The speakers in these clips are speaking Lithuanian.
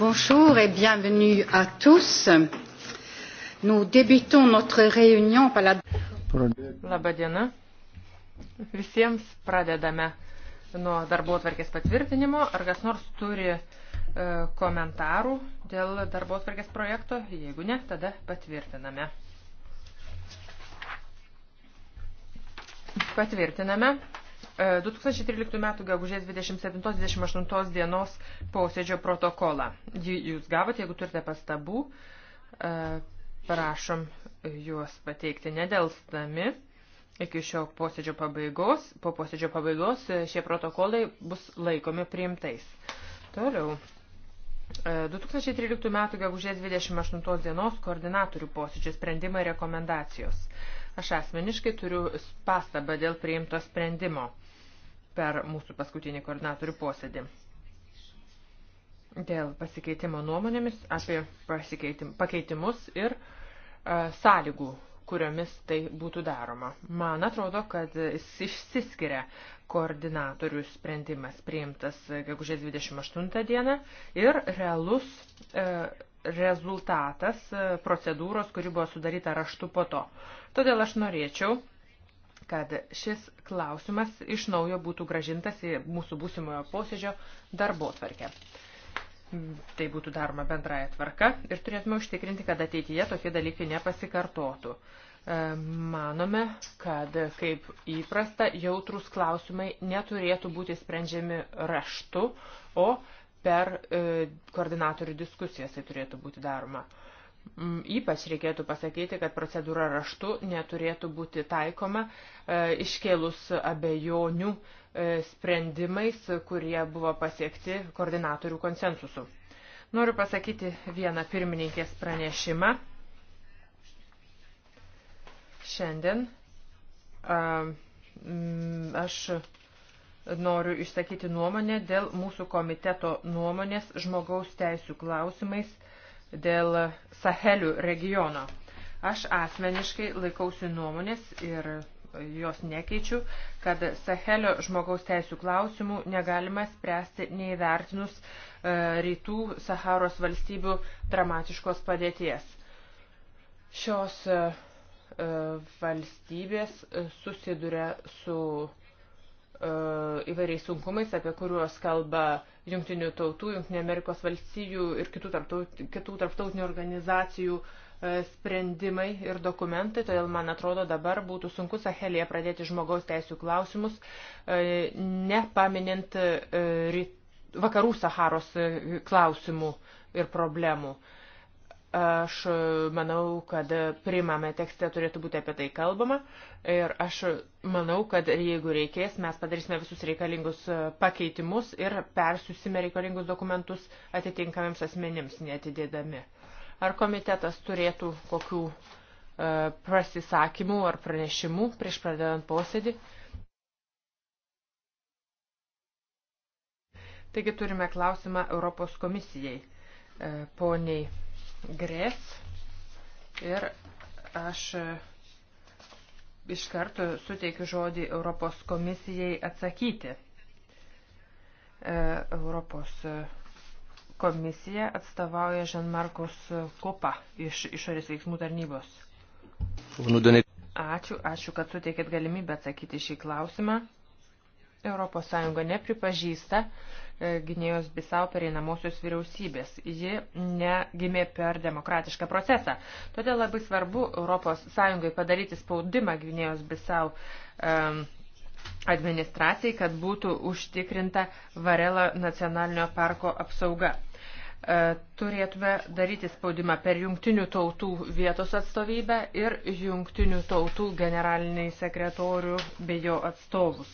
Bonjour et bienvenue à tous. Nous débutons notre réunion par la... Labadiena. Visiems pradedame nuo darbo atvarkės patvirtinimo. Ar kas nors turi e, komentarų dėl darbo atvarkės projekto? Jeigu ne, tada patvirtiname. Patvirtiname 2013 e, m. gegužės 27-28 dienos posėdžio protokolą. Jūs gavote, jeigu turite pastabų, e, prašom juos pateikti nedelstami. Iki šio posėdžio pabaigos, po posėdžio pabaigos e, šie protokolai bus laikomi priimtais. Toliau. 2013 m. gegužės 28 dienos koordinatorių posėdžio sprendimai rekomendacijos. Aš asmeniškai turiu pastabą dėl priimto sprendimo per mūsų paskutinį koordinatorių posėdį. Dėl pasikeitimo nuomonėmis apie pakeitimus ir a, e, sąlygų, kuriomis tai būtų daroma. Man atrodo, kad išsiskiria koordinatorių sprendimas priimtas gegužės 28 dieną ir realus e, rezultatas e, procedūros, kuri buvo sudaryta raštu po to. Todėl aš norėčiau, kad šis klausimas iš naujo būtų gražintas į mūsų būsimojo posėdžio darbo tvarkę. Tai būtų daroma bendraja tvarka ir turėtume užtikrinti, kad ateityje tokie dalykai nepasikartotų. E, manome, kad kaip įprasta, jautrus klausimai neturėtų būti sprendžiami raštu, o per e, koordinatorių diskusijas tai turėtų būti daroma. Mm, ypač reikėtų pasakyti, kad procedūra raštu neturėtų būti taikoma e, iškėlus abejonių e, sprendimais, kurie buvo pasiekti koordinatorių konsensusu. Noriu pasakyti vieną pirmininkės pranešimą. Šiandien mm, aš noriu išsakyti nuomonę dėl mūsų komiteto nuomonės žmogaus teisų klausimais dėl Sahelių regiono. Aš asmeniškai laikausi nuomonės ir jos nekeičiu, kad Sahelio žmogaus teisų klausimų negalima spręsti neįvertinus e, rytų Saharos valstybių dramatiškos padėties. Šios e, e, valstybės susiduria su E, įvairiais sunkumais, apie kuriuos kalba Junktinių tautų, Junktinė Amerikos valstijų ir kitų, tarptaut, kitų tarptautinių organizacijų e, sprendimai ir dokumentai, todėl man atrodo dabar būtų sunku Sahelėje pradėti žmogaus teisų klausimus, e, nepaminint vakarų Saharos klausimų ir problemų. Aš manau, kad primame tekste turėtų būti apie tai kalbama ir aš manau, kad jeigu reikės, mes padarysime visus reikalingus pakeitimus ir persiusime reikalingus dokumentus atitinkamiems asmenims netidėdami. Ar komitetas turėtų kokių e, prasisakymų ar pranešimų prieš pradedant posėdį? Taigi turime klausimą Europos komisijai, e, poniai Grės ir aš iš karto suteikiu žodį Europos komisijai atsakyti. E, Europos komisija atstovauja Žanmarkus Kopa iš išorės veiksmų tarnybos. Ačiū, ačiū, kad suteikėt galimybę atsakyti šį klausimą. ES nepripažįsta E, Gynėjos Bisau pereinamosios vyriausybės. Ji negimė per demokratišką procesą. Todėl labai svarbu ES padaryti spaudimą Gynėjos Bisau um, administracijai, kad būtų užtikrinta Varela nacionalinio parko apsauga. E, turėtume daryti spaudimą per jungtinių tautų vietos atstovybę ir jungtinių tautų generalinį sekretorių bei jo atstovus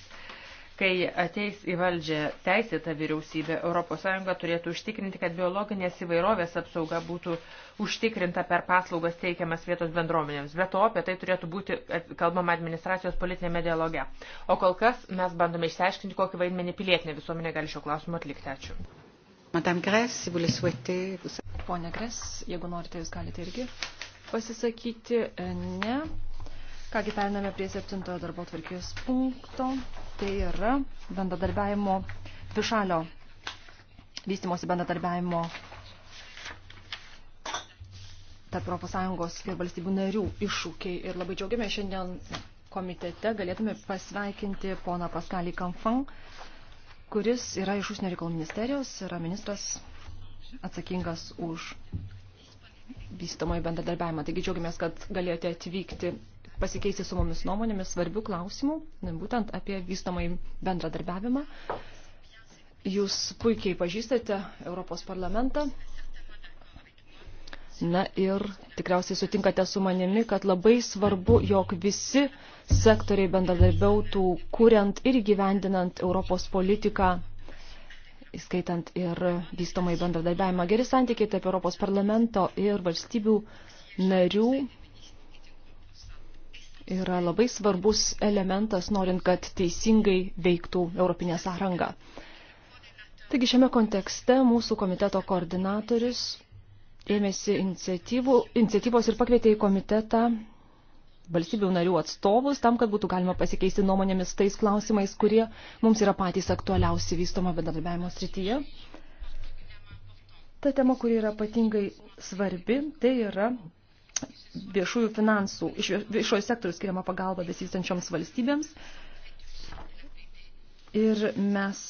Kai ateis į valdžią teisėta vyriausybė, ES turėtų užtikrinti, kad biologinės įvairovės apsauga būtų užtikrinta per paslaugas teikiamas vietos bendruomenėms. Be to, apie tai turėtų būti kalbama administracijos politinėme dialoge. O kol kas mes bandome išsiaiškinti, kokį vaidmenį pilietinė visuomenė gali šio klausimu atlikti. Ačiū. Madame Gres, si vous le souhaitez, vous... Pone Gres, jeigu norite, jūs galite irgi pasisakyti. E, ne. Kągi, periname prie septintojo darbo tvarkės punkto tai yra bendradarbiavimo dvišalio vystimosi bendradarbiavimo tarp ES ir valstybių narių iššūkiai. Ir labai džiaugiamės šiandien komitete galėtume pasveikinti poną Paskalį Kamfan, kuris yra iš užsienio reikalų ministerijos, yra ministras atsakingas už vystamąjį bendradarbiavimą. Taigi džiaugiamės, kad galėjote atvykti pasikeisti su mumis nuomonėmis svarbių klausimų, būtent apie vystamai bendradarbiavimą. Jūs puikiai pažįstate Europos parlamentą. Na ir tikriausiai sutinkate su manimi, kad labai svarbu, jog visi sektoriai bendradarbiautų, kuriant ir gyvendinant Europos politiką įskaitant ir vystomai bendradarbiavimą. Geri santykiai tarp Europos parlamento ir valstybių narių yra labai svarbus elementas, norint, kad teisingai veiktų Europinė sąranga. Taigi šiame kontekste mūsų komiteto koordinatorius ėmėsi iniciatyvos ir pakvietė į komitetą valstybių narių atstovus tam, kad būtų galima pasikeisti nuomonėmis tais klausimais, kurie mums yra patys aktualiausi vystoma bendradarbiavimo srityje. Ta tema, kuri yra ypatingai svarbi, tai yra viešųjų finansų, iš viešojo sektorių skiriama pagalba besivystančioms valstybėms. Ir mes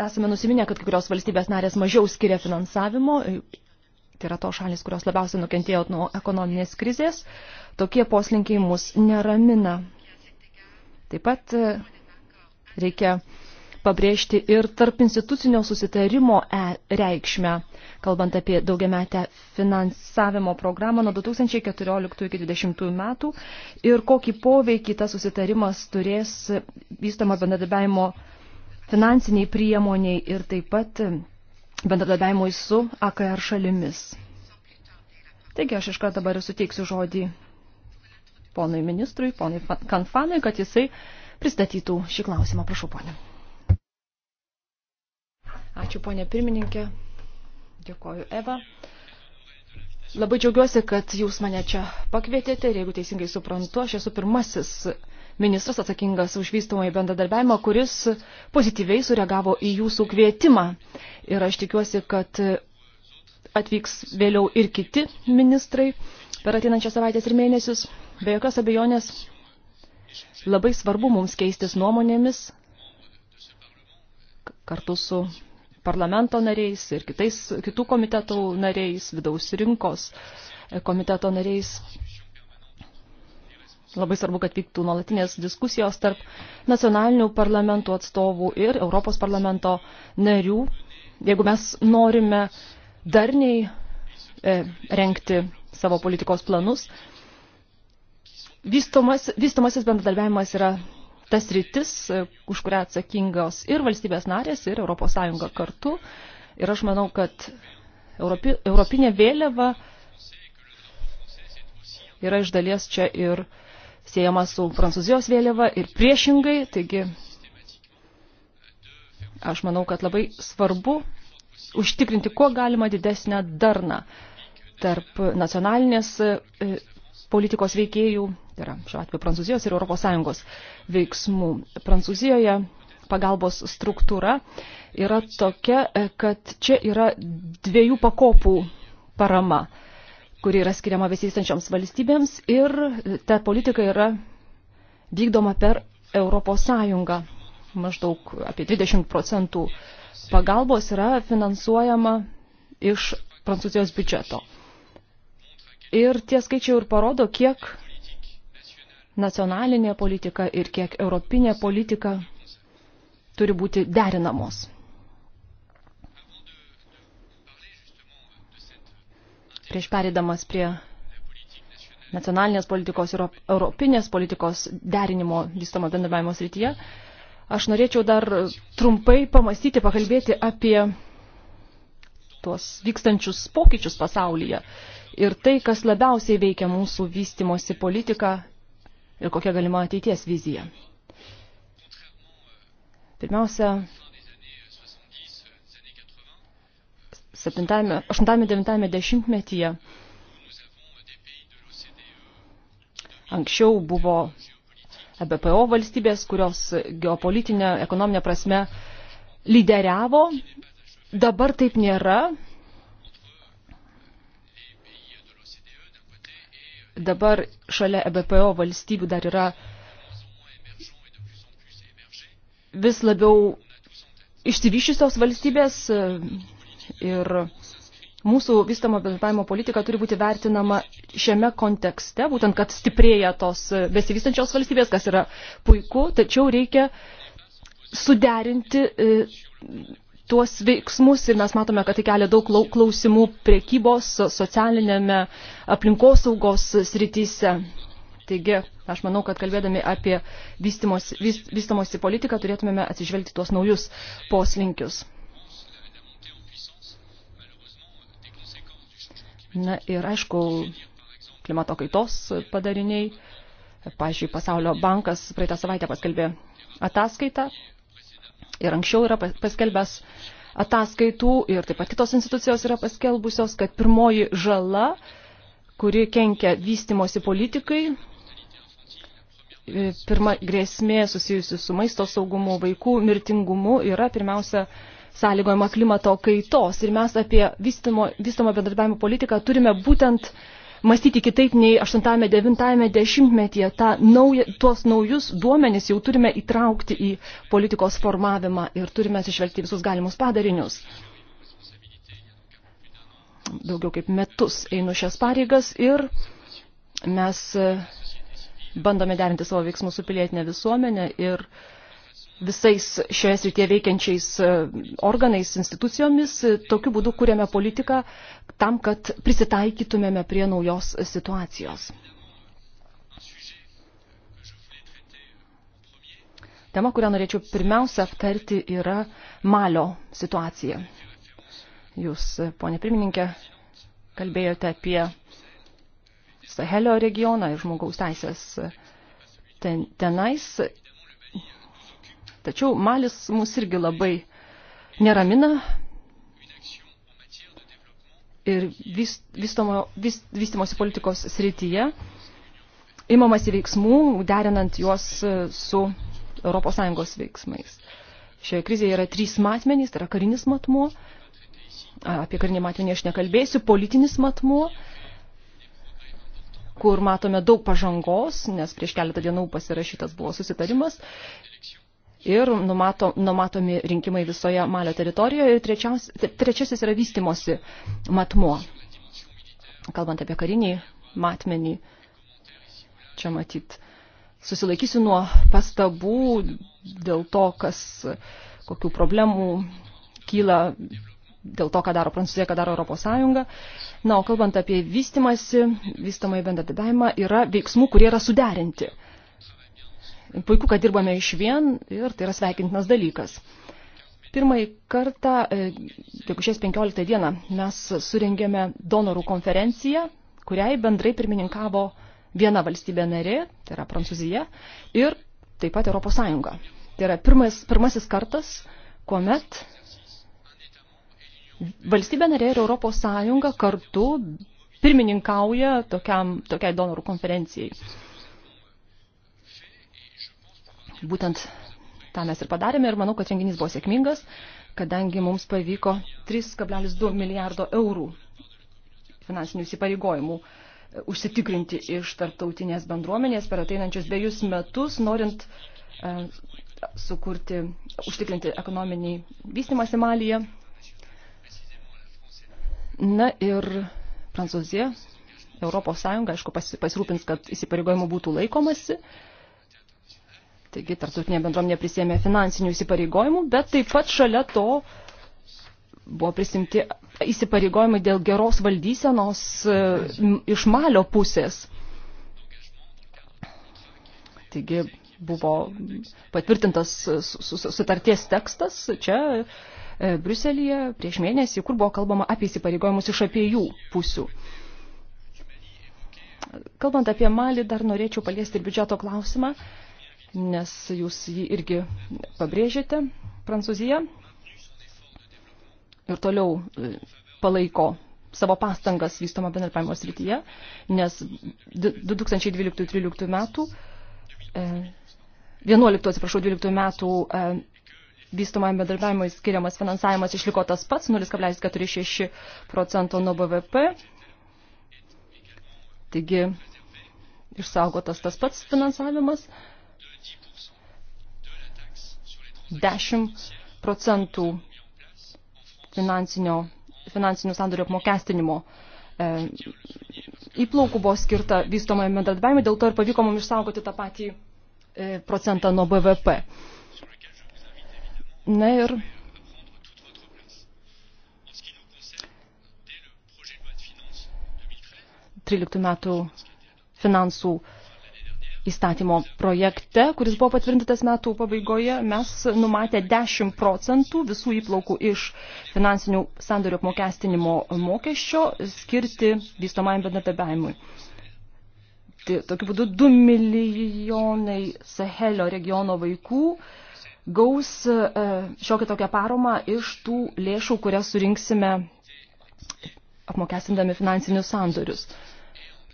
esame nusiminę, kad kai kurios valstybės narės mažiau skiria finansavimo, tai yra to šalis, kurios labiausiai nukentėjo nuo ekonominės krizės. Tokie poslinkiai mus neramina. Taip pat reikia pabrėžti ir tarp institucinio susitarimo e reikšmę, kalbant apie daugiametę finansavimo programą nuo 2014 iki 2020 metų ir kokį poveikį tas susitarimas turės vystamo bendradarbiavimo finansiniai priemoniai ir taip pat bendradarbiavimui su AKR šalimis. Taigi aš iškart dabar suteiksiu žodį ponui ministrui, ponui Kanfanui, kad jisai pristatytų šį klausimą. Prašau, ponė. Ačiū, ponė pirmininkė. Dėkoju, Eva. Labai džiaugiuosi, kad jūs mane čia pakvietėte ir jeigu teisingai suprantu, aš esu pirmasis ministras atsakingas už vystomą į bendradarbiavimą, kuris pozityviai sureagavo į jūsų kvietimą. Ir aš tikiuosi, kad atvyks vėliau ir kiti ministrai per ateinančią savaitės ir mėnesius. Be jokios abejonės labai svarbu mums keistis nuomonėmis kartu su parlamento nariais ir kitais, kitų komitetų nariais, vidaus rinkos komiteto nariais. Labai svarbu, kad vyktų nuolatinės diskusijos tarp nacionalinių parlamentų atstovų ir Europos parlamento narių, jeigu mes norime darniai e, renkti savo politikos planus. Vystomas, vystomasis bendradarbiavimas yra tas rytis, e, už kurią atsakingos ir valstybės narės, ir ES kartu. Ir aš manau, kad Europi, europinė vėliava yra iš dalies čia ir siejama su prancūzijos vėliava ir priešingai. Taigi aš manau, kad labai svarbu užtikrinti kuo galima didesnę darną tarp nacionalinės e, politikos veikėjų tai yra šiuo atveju Prancūzijos ir ES veiksmų. Prancūzijoje pagalbos struktūra yra tokia, e, kad čia yra dviejų pakopų parama, kuri yra skiriama besistančioms valstybėms ir ta politika yra vykdoma per Europos Sąjungą. Maždaug apie 20 procentų pagalbos yra finansuojama iš Prancūzijos biudžeto. Ir tie skaičiai ir parodo, kiek nacionalinė politika ir kiek europinė politika turi būti derinamos. Prieš perėdamas prie nacionalinės politikos ir europinės politikos derinimo vystomo bendravimo srityje, aš norėčiau dar trumpai pamastyti, pakalbėti apie tuos vykstančius pokyčius pasaulyje ir tai, kas labiausiai veikia mūsų vystimosi politiką ir kokia galima ateities vizija. Pirmiausia, 8-9 dešimtmetyje anksčiau buvo EBPO valstybės, kurios geopolitinė, ekonominė prasme lyderiavo. Dabar taip nėra, dabar šalia EBPO valstybių dar yra vis labiau išsivyščiusios valstybės e, ir mūsų vystamo bendradarbiavimo politika turi būti vertinama šiame kontekste, būtent kad stiprėja tos besivystančios valstybės, kas yra puiku, tačiau reikia suderinti e, tuos veiksmus ir mes matome, kad tai kelia daug klausimų priekybos, socialinėme, aplinkosaugos srityse. Taigi, aš manau, kad kalbėdami apie vystimos, vyst, vystamosi politiką turėtumėme atsižvelgti tuos naujus poslinkius. Na ir aišku, klimato kaitos padariniai. Pavyzdžiui, Pasaulio bankas praeitą savaitę paskelbė ataskaitą, ir anksčiau yra paskelbęs ataskaitų ir taip pat kitos institucijos yra paskelbusios, kad pirmoji žala, kuri kenkia vystimosi politikai, e, pirma grėsmė susijusi su maisto saugumu, vaikų mirtingumu yra pirmiausia sąlygojama klimato kaitos. Ir mes apie vystymo, vystomo bendradarbiavimo politiką turime būtent uh, mąstyti kitaip nei 8-9 dešimtmetyje. Ta nauja, tuos naujus duomenis jau turime įtraukti į politikos formavimą ir turime atsižvelgti visus galimus padarinius. Daugiau kaip metus einu šias pareigas ir mes e, bandome derinti savo veiksmus su pilietinė visuomenė ir uh, visais šioje srityje veikiančiais e, organais, institucijomis. E, tokiu būdu kūrėme politiką tam, kad prisitaikytumėme prie naujos situacijos. Tema, kurią norėčiau pirmiausia aptarti, yra Malio situacija. Jūs, e, ponė pirmininkė, kalbėjote apie Sahelio regioną ir žmogaus teisės ten, tenais Tačiau Malis mus irgi labai neramina ir vystomo, vyst, vystimosi politikos srityje imamasi veiksmų, derinant juos e, su ES veiksmais. Šioje krizėje yra trys matmenys, tai yra karinis matmuo, apie karinį matmenį aš nekalbėsiu, politinis matmuo, kur matome daug pažangos, nes prieš keletą dienų pasirašytas buvo susitarimas ir numato, numatomi rinkimai visoje Malio teritorijoje. Ir trečias, trečiasis yra vystimosi matmuo. Kalbant apie karinį matmenį, čia matyt, susilaikysiu nuo pastabų dėl to, kas, kokių problemų kyla dėl to, ką daro Prancūzija, ką daro Europos Sąjunga. Na, o kalbant apie vystimasi, vystamąjį bendradarbiavimą, yra veiksmų, kurie yra suderinti. Puiku, kad dirbame iš vien ir tai yra sveikintinas dalykas. Pirmąjį kartą, e, gegužės 15 dieną, mes surengėme donorų konferenciją, kuriai bendrai pirmininkavo viena valstybė narė, tai yra Prancūzija, ir taip pat Europos Sąjunga. Tai yra pirmas, pirmasis kartas, kuomet valstybė narė ir Europos Sąjunga kartu pirmininkauja tokiam, tokiai donorų konferencijai. Būtent tą mes ir padarėme ir manau, kad renginys buvo sėkmingas, kadangi mums pavyko 3,2 milijardo eurų finansinių įsipareigojimų e, užsitikrinti iš tarptautinės bendruomenės per ateinančius dviejus metus, norint e, sukurti, užtikrinti ekonominį vystimąsi Malyje. Na ir Prancūzija, Europos Sąjunga, aišku, pasirūpins, kad įsipareigojimų būtų laikomasi. E, Taigi tarptautinė bendruomenė prisėmė finansinių įsipareigojimų, bet taip pat šalia to buvo prisimti įsipareigojimai dėl geros valdysenos e, iš malio pusės. Taigi buvo patvirtintas sutarties tekstas čia e, Briuselėje prieš mėnesį, kur buvo kalbama apie įsipareigojimus iš abiejų pusių. Kalbant apie Malį, dar norėčiau paliesti ir biudžeto klausimą. Uh, nes jūs jį irgi pabrėžėte, Prancūzija. Ir toliau e, palaiko savo pastangas vystoma bendradarbiavimo srityje, nes 2012-2013 metų, 11, e, atsiprašau, 12 metų e, vystomajam bendradarbiavimui skiriamas finansavimas išliko tas pats, 0,46 procento nuo BVP. Taigi, išsaugotas tas pats finansavimas. 10 procentų finansinių sandorių apmokestinimo e, įplaukų buvo skirta vystomajame bendradarbiavime, dėl to ir pavyko mums išsaugoti tą patį e, procentą nuo BVP. Na ir tryliktų metų finansų įstatymo projekte, kuris buvo patvirtintas metų pabaigoje, mes numatė 10 procentų visų įplaukų iš finansinių sandorių apmokestinimo mokesčio skirti vystomajam bendradarbiavimui. Tai, tokiu būdu 2 milijonai Sahelio regiono vaikų gaus e, šiokią tokią paramą iš tų lėšų, kurias surinksime apmokestindami finansinius sandorius.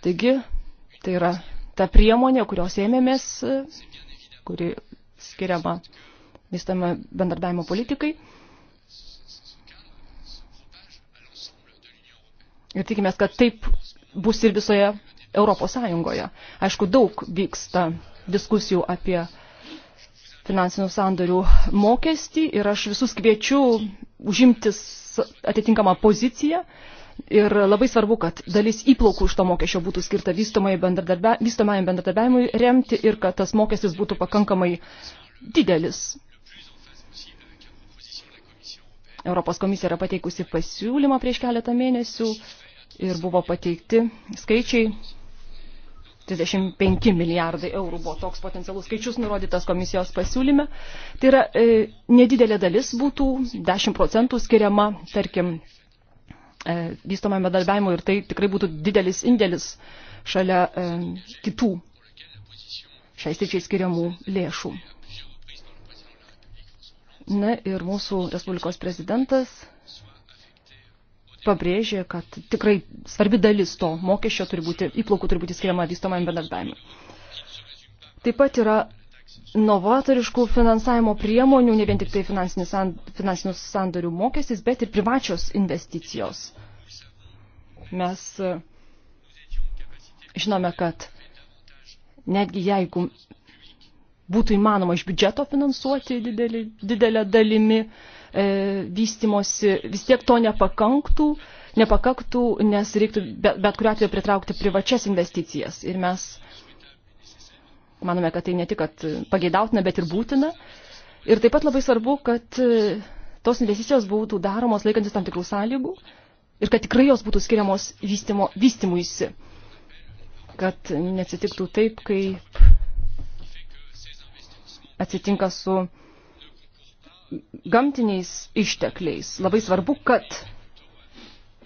Taigi, tai yra ta priemonė, kurios ėmėmės, kuri skiriama vystama bendradavimo politikai. Ir tikimės, kad taip bus ir visoje Europos Sąjungoje. Aišku, daug vyksta diskusijų apie finansinių sandorių mokestį ir aš visus kviečiu užimtis atitinkamą poziciją Ir labai svarbu, kad dalis įplaukų iš to mokesčio būtų skirta vystomajam bendradarbia, bendradarbiavimui remti ir kad tas mokestis būtų pakankamai didelis. Europos komisija yra pateikusi pasiūlymą prieš keletą mėnesių ir buvo pateikti skaičiai. 35 milijardai eurų buvo toks potencialus skaičius nurodytas komisijos pasiūlyme. Tai yra e, nedidelė dalis būtų, 10 procentų skiriama, tarkim, E, vystomam bedarbiavimui ir tai tikrai būtų didelis indėlis šalia e, kitų šiai sričiai skiriamų lėšų. Na ir mūsų Respublikos prezidentas pabrėžė, kad tikrai svarbi dalis to mokesčio turi būti, įplaukų turi būti skiriama vystomam bendradarbiavimui. Taip pat yra novatoriškų finansavimo priemonių, ne vien tik tai finansinių sandorių mokestis, bet ir privačios investicijos. Mes e, žinome, kad netgi jeigu būtų įmanoma iš biudžeto finansuoti didelį, didelę dalimi e, vystimosi, vis tiek to nepakanktų, nepakaktų, nes reiktų bet, bet kuriuo atveju pritraukti privačias investicijas. Ir mes Manome, kad tai ne tik pageidautina, bet ir būtina. Ir taip pat labai svarbu, kad e, tos investicijos būtų daromos laikantis tam tikrų sąlygų ir kad tikrai jos būtų skiriamos vystimo, vystimuisi, kad neatsitiktų taip, kaip atsitinka su gamtiniais ištekliais. Labai svarbu, kad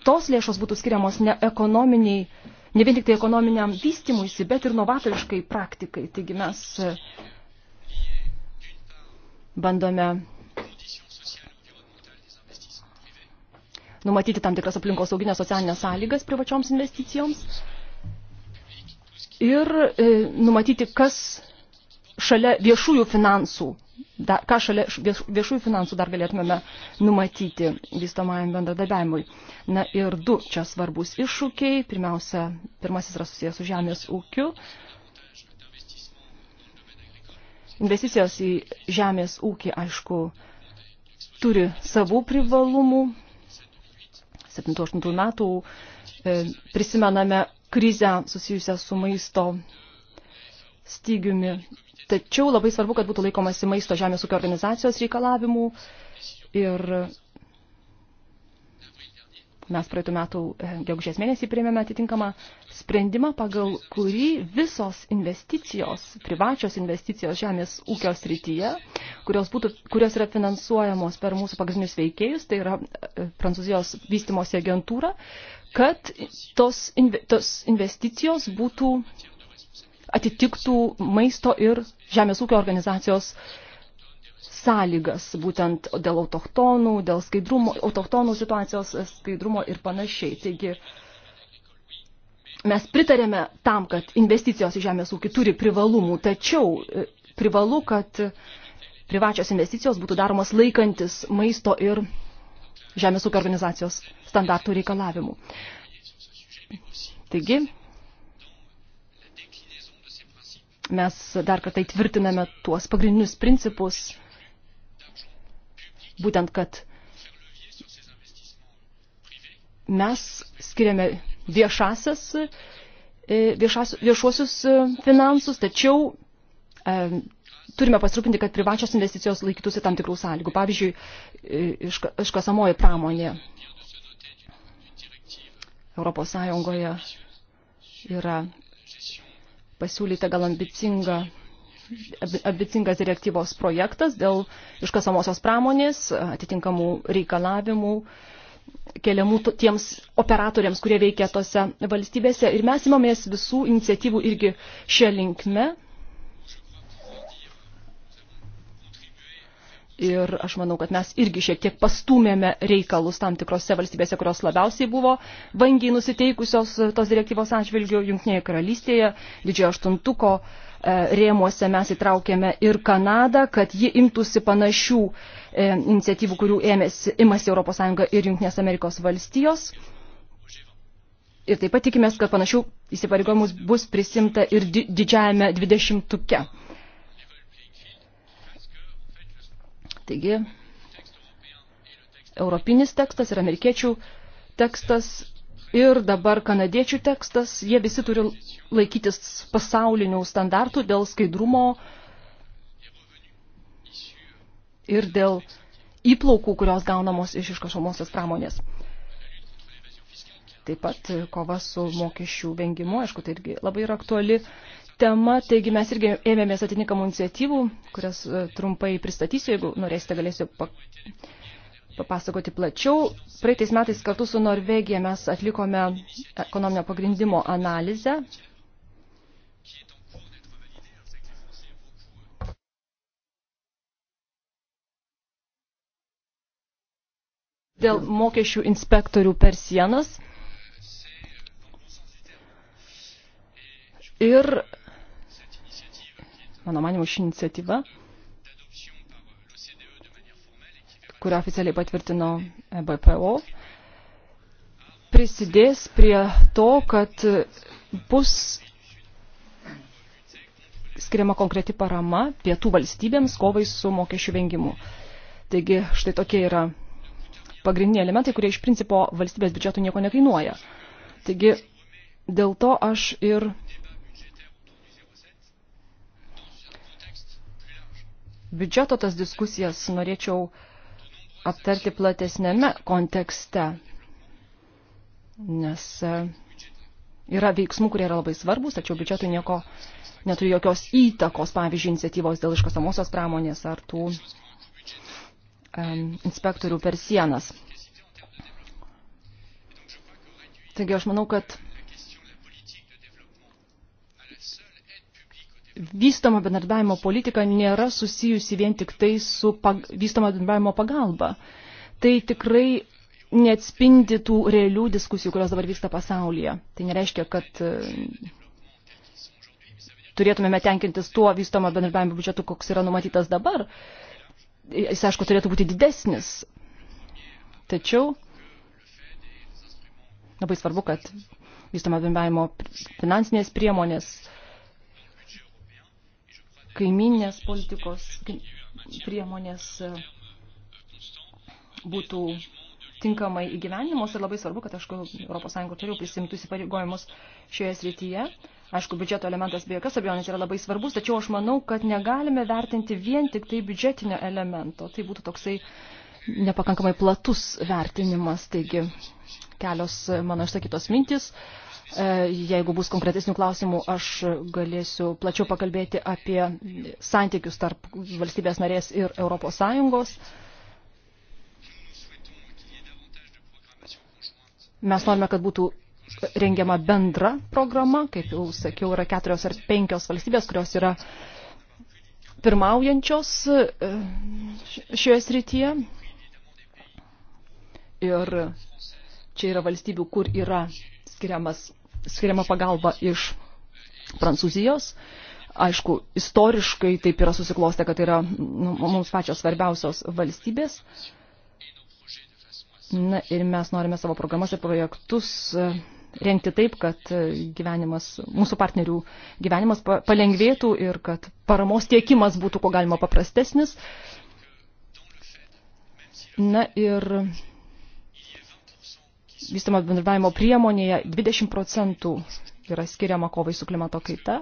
tos lėšos būtų skiriamos ne ekonominiai ne vien tik tai ekonominiam vystimuisi, bet ir novatoriškai praktikai. Taigi mes e, bandome numatyti tam tikras aplinkos sauginės socialinės sąlygas privačioms investicijoms ir e, numatyti, kas šalia viešųjų finansų dar, ką šalia vieš, viešųjų finansų dar galėtumėme numatyti vystomajam bendradarbiavimui. Na ir du čia svarbus iššūkiai. Pirmiausia, pirmasis yra susijęs su žemės ūkiu. Investicijos į žemės ūkį, aišku, turi savų privalumų. 7-8 metų e, prisimename krizę susijusią su maisto stygiumi Tačiau labai svarbu, kad būtų laikomasi maisto žemės ūkio organizacijos reikalavimų ir mes praeitų metų e, gegužės mėnesį priėmėme atitinkamą sprendimą, pagal kurį visos investicijos, privačios investicijos žemės ūkio srityje, kurios, būtų, kurios yra finansuojamos per mūsų pagrindinius veikėjus, tai yra e, Prancūzijos vystimosi agentūra, kad tos, tos investicijos būtų atitiktų maisto ir žemės ūkio organizacijos sąlygas, būtent dėl autochtonų, dėl skaidrumo, autochtonų situacijos skaidrumo ir panašiai. Taigi mes pritarėme tam, kad investicijos į žemės ūkį turi privalumų, tačiau e, privalu, kad privačios investicijos būtų daromas laikantis maisto ir žemės ūkio organizacijos standartų reikalavimų. Taigi, mes dar kartą įtvirtiname tuos pagrindinius principus, būtent, kad mes skiriame viešasias, e, viešas, viešuosius e, finansus, tačiau e, turime pasirūpinti, kad privačios investicijos laikytųsi tam tikrų sąlygų. Pavyzdžiui, e, iškasamoji pramonė Europos Sąjungoje yra pasiūlyta gal ambicinga, ambicingas direktyvos projektas dėl iškasamosios pramonės, atitinkamų reikalavimų keliamų tiems operatoriams, kurie veikia tose valstybėse. Ir mes imamės visų iniciatyvų irgi šią linkme, Ir aš manau, kad mes irgi šiek tiek pastumėme reikalus tam tikrose valstybėse, kurios labiausiai buvo vangiai nusiteikusios tos direktyvos atžvilgių Junktinėje karalystėje, didžiojo aštuntuko e, rėmuose mes įtraukėme ir Kanadą, kad ji imtųsi panašių e, iniciatyvų, kurių ėmėsi, imasi ES ir Junktinės Amerikos valstijos. Ir taip pat tikimės, kad panašių įsipareigojimus bus prisimta ir didžiajame dvidešimtuke. 20 Taigi, europinis tekstas ir amerikiečių tekstas ir dabar kanadiečių tekstas, jie visi turi laikytis pasaulinių standartų dėl skaidrumo ir dėl įplaukų, kurios gaunamos iš iškašomosios pramonės. Taip pat kova su mokesčių vengimu, aišku, tai irgi labai yra aktuali tema, taigi mes irgi ėmėmės atitinkamų iniciatyvų, kurias e, trumpai pristatysiu, jeigu norėsite, galėsiu papasakoti plačiau. Praeitais metais kartu su Norvegija mes atlikome ekonominio pagrindimo analizę. Dėl mokesčių inspektorių per sienas. Ir mano manimo, ši iniciatyva, kurią oficialiai patvirtino BPO, prisidės prie to, kad bus skiriama konkreti parama pietų valstybėms kovai su mokesčių vengimu. Taigi štai tokie yra pagrindiniai elementai, kurie iš principo valstybės biudžeto nieko nekainuoja. Taigi dėl to aš ir biudžeto tas diskusijas norėčiau aptarti platesnėme kontekste, nes e, yra veiksmų, kurie yra labai svarbus, tačiau biudžetui nieko neturi jokios įtakos, pavyzdžiui, iniciatyvos dėl iškasamosios pramonės ar tų um, inspektorių per sienas. Taigi aš manau, kad vystoma bendradarbiavimo politika nėra susijusi vien tik tai su pag vystoma bendradarbiavimo pagalba. Tai tikrai neatspindi tų realių diskusijų, kurios dabar vyksta pasaulyje. Tai nereiškia, kad e, turėtumėme tenkintis tuo vystomo bendradarbiavimo biudžetu, koks yra numatytas dabar. Jis, aišku, turėtų būti didesnis. Tačiau labai svarbu, kad vystomo bendradarbiavimo finansinės priemonės uh, kaiminės politikos priemonės e, būtų tinkamai įgyvenimos ir labai svarbu, kad, aišku, ES toliau prisimtų įsipareigojimus šioje srityje. Aišku, biudžeto elementas be jokios abejonės yra labai svarbus, tačiau aš manau, kad negalime vertinti vien tik tai biudžetinio elemento. Tai būtų toksai nepakankamai platus vertinimas, taigi kelios mano išsakytos mintis E, jeigu bus konkretesnių klausimų, aš galėsiu plačiau pakalbėti apie santykius tarp valstybės narės ir Europos Sąjungos. Mes norime, kad būtų rengiama bendra programa, kaip jau sakiau, yra keturios ar penkios valstybės, kurios yra pirmaujančios e, šioje srityje. Ir čia yra valstybių, kur yra skiriamas skiriama pagalba iš Prancūzijos. Aišku, istoriškai taip yra susiklostę, kad tai yra nu, mums pačios svarbiausios valstybės. Na ir mes norime savo programas ir projektus e, rengti taip, kad e, gyvenimas, mūsų partnerių gyvenimas palengvėtų ir kad paramos tiekimas būtų ko galima paprastesnis. Na ir vystimo bendradarbiavimo priemonėje 20 procentų yra skiriama kovai su klimato kaita,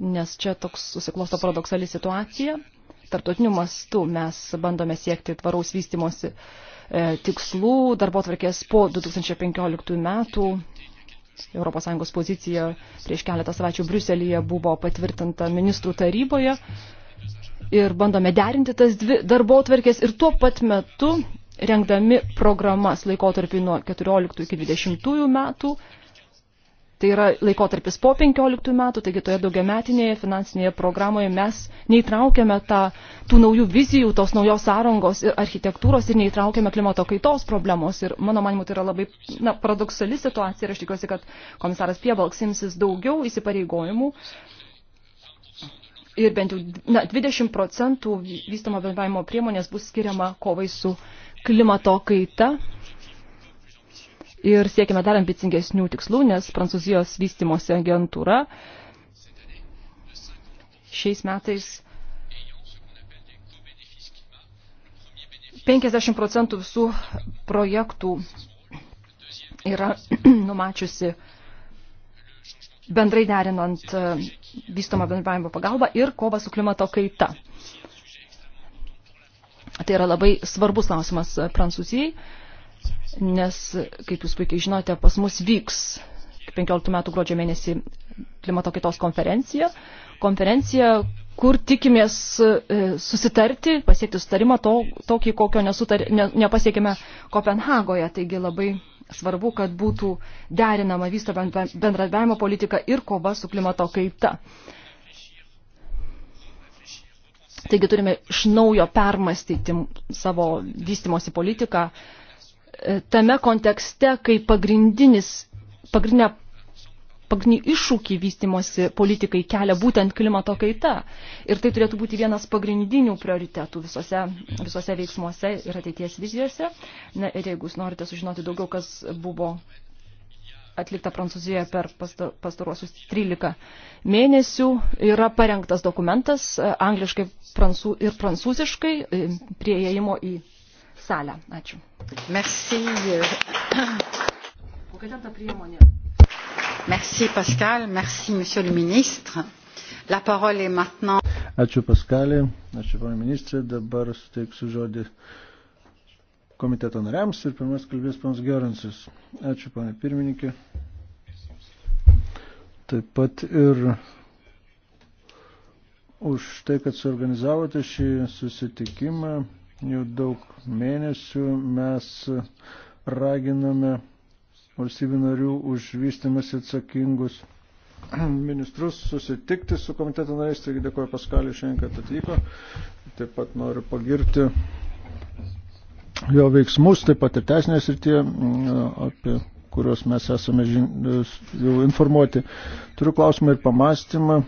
nes čia toks susiklosto paradoksali situacija. Tartotiniu mastu mes bandome siekti tvaraus vystimosi e, tikslų, darbo tvarkės po 2015 metų. ES pozicija prieš keletą savaičių Briuselėje buvo patvirtinta ministrų taryboje ir bandome derinti tas dvi darbo tvarkės ir tuo pat metu rengdami programas laikotarpį nuo 14 iki 20 metų, tai yra laikotarpis po 15 metų, taigi toje daugiametinėje finansinėje programoje mes neįtraukiame tą, tų naujų vizijų, tos naujos sąrangos ir architektūros ir neįtraukiame klimato kaitos problemos. Ir mano manimu, tai yra labai na, paradoksali situacija ir aš tikiuosi, kad komisaras Piebalks imsis daugiau įsipareigojimų ir bent jau na, 20 procentų vystomo bendravimo priemonės bus skiriama kovai su klimato kaita ir siekime dar ambicingesnių tikslų, nes Prancūzijos vystimosi agentūra šiais metais 50 procentų visų projektų yra numačiusi bendrai derinant e, vystomą bendravimo pagalbą ir kovą su klimato kaita. Tai yra labai svarbus klausimas Prancūzijai, nes, kaip jūs puikiai žinote, pas mus vyks 15 metų gruodžio mėnesį klimato kitos konferencija. Konferencija, kur tikimės e, susitarti, pasiekti sutarimą to, tokį, kokio nesutar, ne, nepasiekime Kopenhagoje. Taigi labai svarbu, kad būtų derinama vysto bendradarbiavimo politika ir kova su klimato kaita. Uh, Taigi turime iš naujo permastyti savo vystimosi politiką e, tame kontekste, kai pagrindinis, pagrindinė pagrindinį iššūkį vystimosi politikai kelia būtent klimato kaita. Ir tai turėtų būti vienas pagrindinių prioritetų visose, visose veiksmuose ir ateities vizijose. Na ir jeigu jūs norite sužinoti daugiau, kas buvo atlikta Prancūzijoje per pastaruosius 13 mėnesių. Yra parengtas dokumentas e, angliškai prancū, ir prancūziškai e, prie įėjimo į salę. Ačiū. Merci. Kokia ta priemonė? Merci Pascal, merci Monsieur le Ministre. La parole est maintenant. Ačiū Paskalė, ačiū Pane Ministrė, dabar suteiksiu žodį komiteto nariams ir pirmas kalbės panas Geransis. Ačiū, panė pirmininkė. Taip pat ir už tai, kad suorganizavote šį susitikimą. Jau daug mėnesių mes raginame valstybių narių už vystymas atsakingus ministrus susitikti su komiteto nariais, taigi dėkoju Paskaliu šiandien, kad atvyko. Taip pat noriu pagirti jo veiksmus, taip pat ir teisinės ir tie, mm, apie kuriuos mes esame žin, e, jau informuoti. Turiu klausimą ir pamastymą.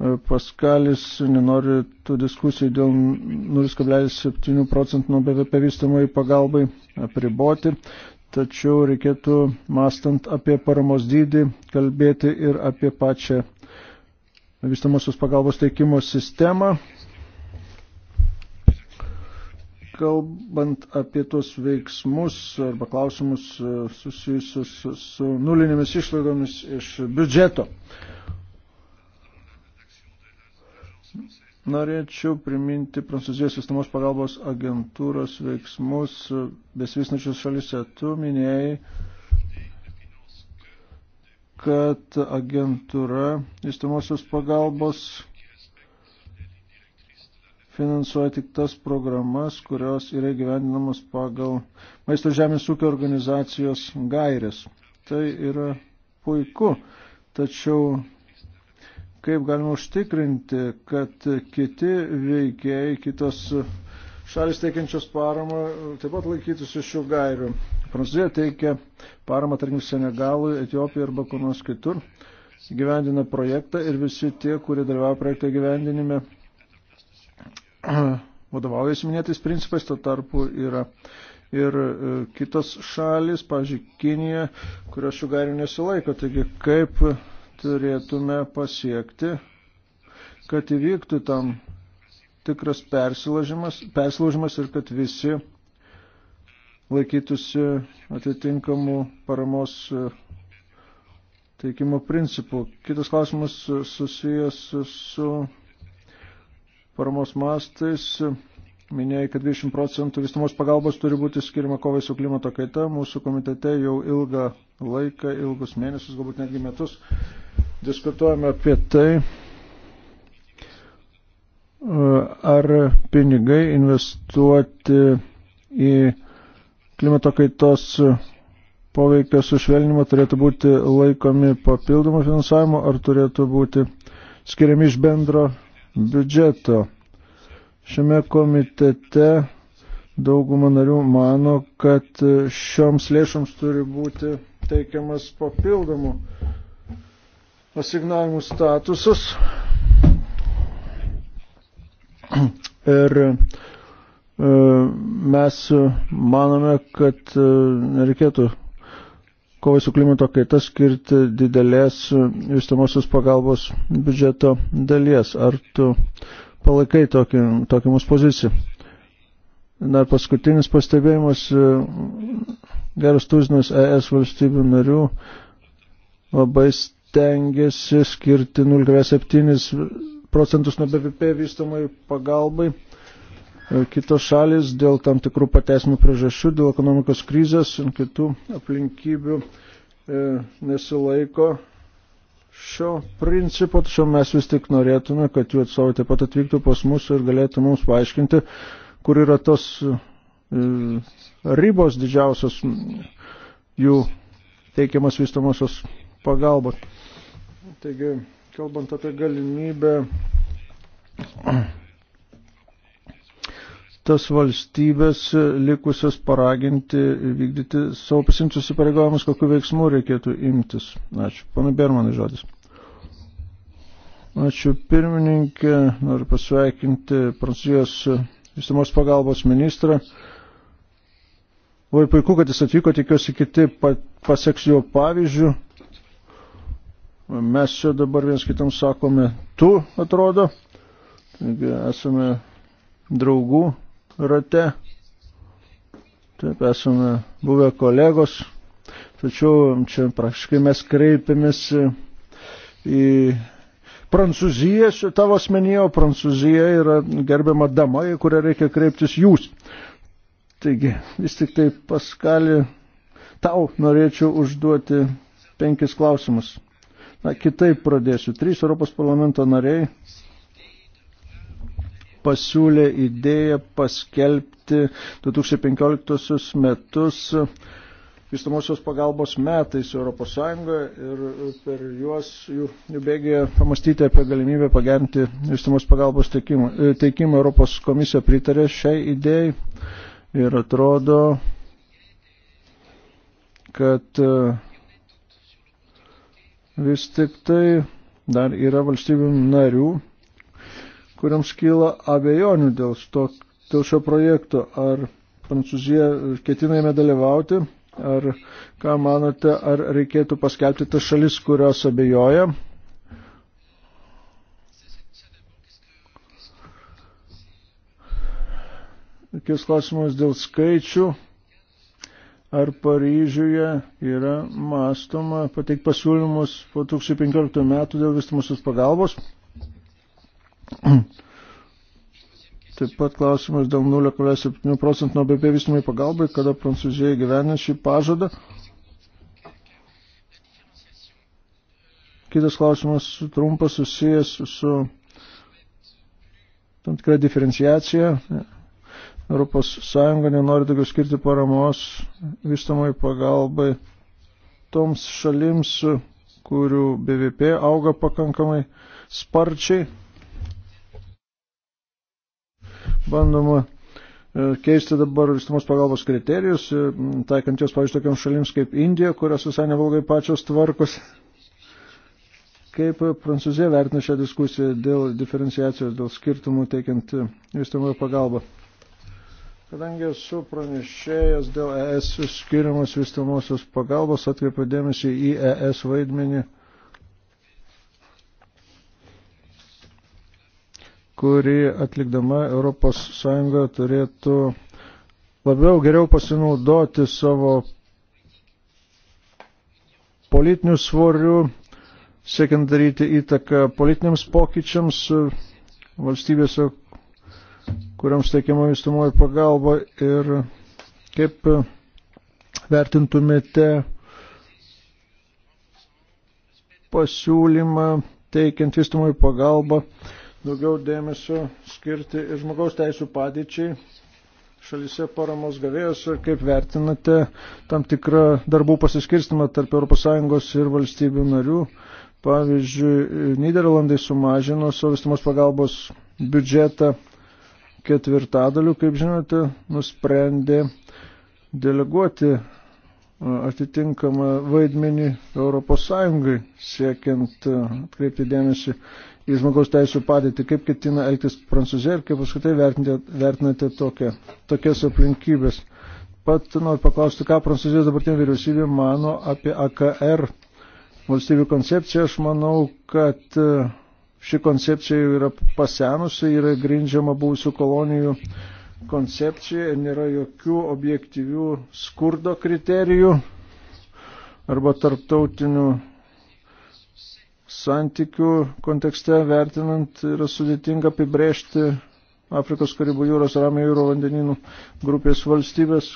E, Paskalis nenori tų diskusijų dėl 0,7 procentų nuo BVP vystamai pagalbai apriboti, tačiau reikėtų, mastant apie paramos dydį, kalbėti ir apie pačią vystamosios pagalbos teikimo sistemą kalbant apie tos veiksmus arba klausimus e, susijusius su, su nulinėmis išlaidomis iš biudžeto. Norėčiau priminti Prancūzijos sistemos pagalbos agentūros veiksmus besvisnačios šalise. Tu minėjai, kad agentūra sistemosios pagalbos finansuoja tik tas programas, kurios yra gyvendinamos pagal Maisto žemės ūkio organizacijos gairės. Tai yra puiku, tačiau kaip galima užtikrinti, kad kiti veikėjai, kitos šalis teikiančios paramą taip pat laikytųsi šių gairių. Prancūzija teikia paramą, tarkim, Senegalui, Etijopijai arba kur nors kitur, gyvendina projektą ir visi tie, kurie dalyvauja projekto gyvendinime, vadovaujasi minėtais principais, to tarpu yra ir e, kitos šalis, pažiūrėjau, Kinija, kurios šių gairių nesilaiko. Taigi, kaip turėtume pasiekti, kad įvyktų tam tikras persilaužimas ir kad visi laikytųsi atitinkamų paramos e, teikimo principų. Kitas klausimas susijęs su paramos mastais. Minėjai, kad 20 procentų visumos pagalbos turi būti skirima kovai su klimato kaita. Mūsų komitete jau ilgą laiką, ilgus mėnesius, galbūt netgi metus, diskutuojame apie tai, ar pinigai investuoti į klimato kaitos poveikio sušvelnimo turėtų būti laikomi papildomų finansavimo, ar turėtų būti skiriami iš bendro biudžeto. Šiame komitete dauguma narių mano, kad šioms lėšoms turi būti teikiamas papildomų asignavimų statusas. Ir e, mes manome, kad e, nereikėtų kovai su klimato kaita skirti didelės vystamosios pagalbos biudžeto dalies. Ar tu palaikai tokį, tokį mūsų poziciją? Dar paskutinis pastebėjimas, geras tuzinas ES valstybių narių labai stengiasi skirti 0,7 procentus nuo BVP vystamai pagalbai E, kitos šalis dėl tam tikrų pateisinų priežasčių, dėl ekonomikos krizės ir kitų aplinkybių e, nesilaiko šio principo, tačiau mes vis tik norėtume, kad jų atstovai taip pat atvyktų pas mus ir galėtų mums paaiškinti, kur yra tos e, ribos didžiausios jų teikiamas vystamosios pagalbos. Taigi, kalbant apie galimybę tas valstybės likusios paraginti vykdyti savo pasimtus įpareigojimus, kokiu veiksmu reikėtų imtis. Ačiū. Pana Bermanai žodis. Ačiū pirmininkė, noriu pasveikinti Prancūzijos visamos pagalbos ministrą. Vai puiku, kad jis atvyko, tikiuosi kiti paseks jo pavyzdžių. Mes čia dabar viens kitam sakome, tu atrodo. Taigi esame draugų rate. Taip, esame buvę kolegos, tačiau čia praktiškai mes kreipiamės į Prancūziją, su tavo asmenyje, o Prancūzija yra gerbiama dama, į kurią reikia kreiptis jūs. Taigi, vis tik tai Paskalį, tau norėčiau užduoti penkis klausimus. Na, kitaip pradėsiu. Trys Europos parlamento nariai pasiūlė idėją paskelbti 2015 metus vystamosios pagalbos metais ES ir per juos jų, jų bėgėje pamastyti apie galimybę pagerinti vystamos pagalbos teikimą. teikimą. Europos komisija pritarė šiai idėjai ir atrodo, kad vis tik tai dar yra valstybių narių, kuriams kyla abejonių dėl, to, dėl šio projekto. Ar Prancūzija ketina jame dalyvauti, ar ką manote, ar reikėtų paskelbti tas šalis, kurios abejoja. Kis klausimas dėl skaičių. Ar Paryžiuje yra mąstoma pateikti pasiūlymus po 2015 metų dėl vystimusios pagalbos? Taip pat klausimas dėl 0,7 procentų nuo BP vystumai pagalbai, kada Prancūzija gyvena šį pažadą. Kitas klausimas trumpas susijęs su tam tikra diferenciacija. Europos Sąjunga nenori daugiau skirti paramos vystamai pagalbai toms šalims, kurių BVP auga pakankamai sparčiai bandoma e, keisti dabar vystumos pagalbos kriterijus, e, taikant jos, pavyzdžiui, tokiam šalims kaip Indija, kurios visai neblogai pačios tvarkos. Kaip Prancūzija vertina šią diskusiją dėl diferenciacijos, dėl skirtumų teikiant e, vystumoje pagalbą? Kadangi esu pranešėjęs dėl ES skiriamos vystumosios pagalbos, atkreipiu dėmesį į ES vaidmenį kuri atlikdama ES turėtų labiau geriau pasinaudoti savo politinių svorių, siekiant daryti įtaką politiniams pokyčiams valstybėse, kuriams teikiama vystumoji pagalba ir kaip vertintumėte pasiūlymą teikiant vystumoji pagalba daugiau dėmesio skirti ir žmogaus teisų padėčiai šalise paramos gavėjos ir kaip vertinate tam tikrą darbų pasiskirstimą tarp ES ir valstybių narių. Pavyzdžiui, Niderlandai sumažino savo visumos pagalbos biudžetą ketvirtadaliu, kaip žinote, nusprendė deleguoti atitinkamą vaidmenį ES siekiant atkreipti dėmesį į žmogaus teisų padėtį. Kaip ketina elgtis Prancūzija ir kaip apskritai vertinate tokia, tokias aplinkybės? Pat noriu paklausti, ką Prancūzijos dabartinė vyriausybė mano apie AKR valstybių koncepciją. Aš manau, kad e, ši koncepcija jau yra pasenusi, yra grindžiama buvusių kolonijų koncepcija ir nėra jokių objektyvių skurdo kriterijų arba tarptautinių santykių kontekste vertinant yra sudėtinga apibrėžti Afrikos Karibų jūros ramio jūro vandeninų grupės valstybės,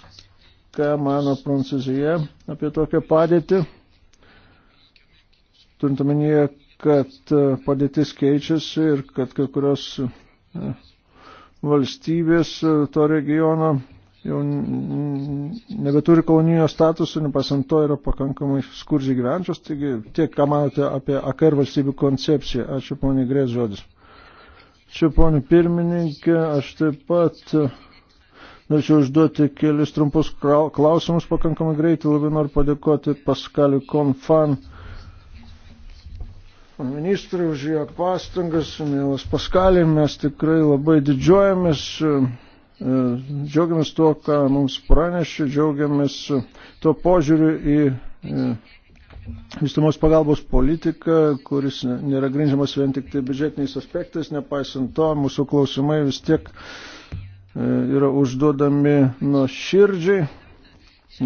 ką mano Prancūzija apie tokią padėtį. Turint omenyje, kad padėtis keičiasi ir kad kai kurios e, valstybės to regiono jau nebeturi kolonijinio statuso, nepasant to yra pakankamai skurdžiai gyvenčios. Taigi tiek, ką manote apie AKR valstybių koncepciją. Ačiū poniai Grės žodis. Čia poniai pirmininkė, aš taip pat e, norėčiau užduoti kelis trumpus klausimus pakankamai greitai. Labai noriu padėkoti Paskaliu Konfan ministrui už jo pastangas. Mielas Paskalė, mes tikrai labai didžiuojamės. E, E, džiaugiamės tuo, ką mums pranešė, džiaugiamės tuo požiūriu į e, vystumos pagalbos politika, kuris nėra grindžiamas vien tik tai biudžetiniais aspektais, nepaisant to, mūsų klausimai vis tiek e, yra užduodami nuo širdžiai,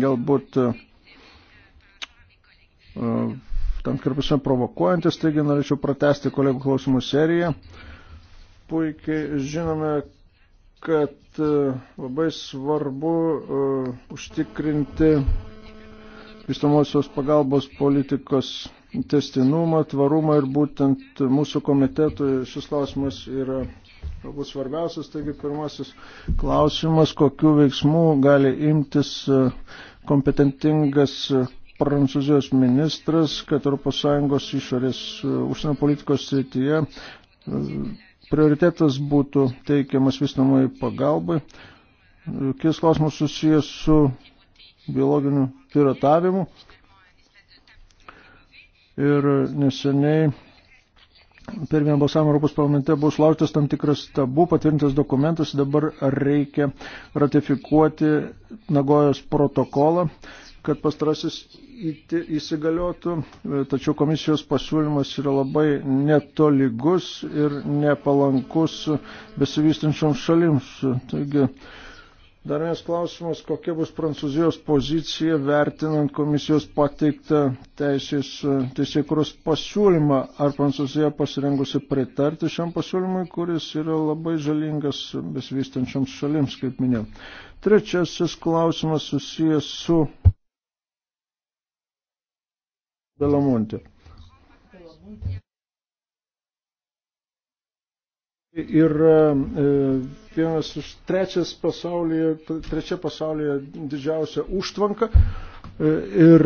galbūt tam kirpusime provokuojantis, taigi norėčiau pratesti kolegų klausimų seriją. Puikiai žinome, kad E, labai svarbu uh, užtikrinti vystamosios pagalbos politikos testinumą, tvarumą ir būtent mūsų komitetui šis klausimas yra galbūt svarbiausias. Taigi pirmasis klausimas, kokiu veiksmu gali imtis e, kompetentingas prancūzijos ministras, kad ES išorės užsienio politikos srityje prioritetas būtų teikiamas visnamai pagalbai. Kies klausimas susijęs su biologiniu piratavimu. Ir neseniai per vieną balsavimą Europos parlamente buvo sulaužtas tam tikras tabu, patvirtintas dokumentas, dabar reikia ratifikuoti Nagojos protokolą, kad pastarasis įsigaliotų, tačiau komisijos pasiūlymas yra labai netolygus ir nepalankus besivystančioms šalims. Taigi, dar vienas klausimas, kokia bus Prancūzijos pozicija vertinant komisijos pateiktą teisės, teisėkuros pasiūlymą. Ar Prancūzija pasirengusi pritarti šiam pasiūlymui, kuris yra labai žalingas besivystančioms šalims, kaip minėjau. Trečiasis klausimas susijęs su Belamontė. Yra eh, vienas iš trečias pasaulyje, trečia pasaulyje didžiausia užtvanka eh, ir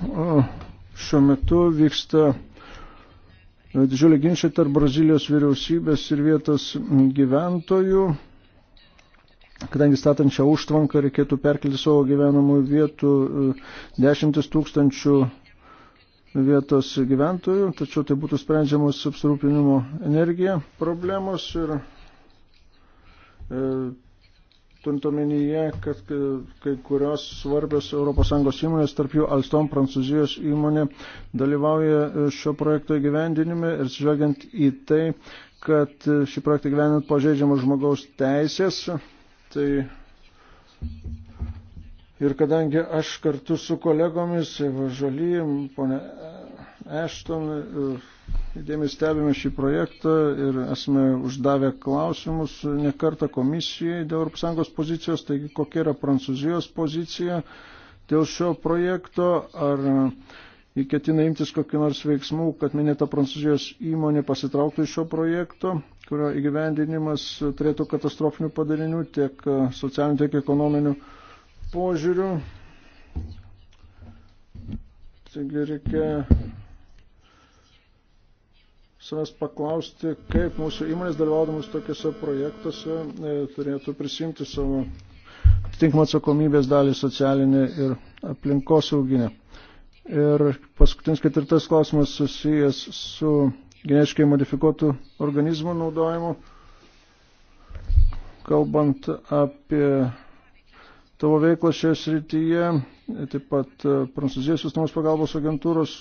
šiuo metu vyksta eh, didžiulį ginčią tarp Brazilijos vyriausybės ir vietos gyventojų, kadangi statant šią užtvanką reikėtų perkelti savo gyvenamų vietų dešimtis tūkstančių vietos gyventojų, tačiau tai būtų sprendžiamos apsirūpinimo energija problemos ir e, turint omenyje, kad kai kurios svarbios ES įmonės, tarp jų Alstom Prancūzijos įmonė, dalyvauja e, šio projekto įgyvendinime ir žvelgiant į tai, kad e, šį projektą gyvenant pažeidžiamos žmogaus teisės, tai Ir kadangi aš kartu su kolegomis, Važalyjim, ponė Ešton, e, įdėmiai stebime šį projektą ir esame uždavę klausimus nekartą komisijai dėl ES pozicijos, taigi kokia yra Prancūzijos pozicija dėl šio projekto, ar jį ketina imtis kokiu nors veiksmu, kad minėta Prancūzijos įmonė pasitrauktų iš šio projekto, kurio įgyvendinimas turėtų katastrofinių padarinių tiek socialinių, tiek ekonominių požiūriu. Taigi reikia savęs paklausti, kaip mūsų įmonės dalyvaudamas tokiuose projektuose e, turėtų prisimti savo atitinkamą atsakomybės dalį socialinę ir aplinkosauginę. Ir paskutinis ketvirtas klausimas susijęs su genetiškai modifikuotų organizmų naudojimu. Kalbant apie tavo veiklą šioje srityje, taip pat e, Prancūzijos sistemos pagalbos agentūros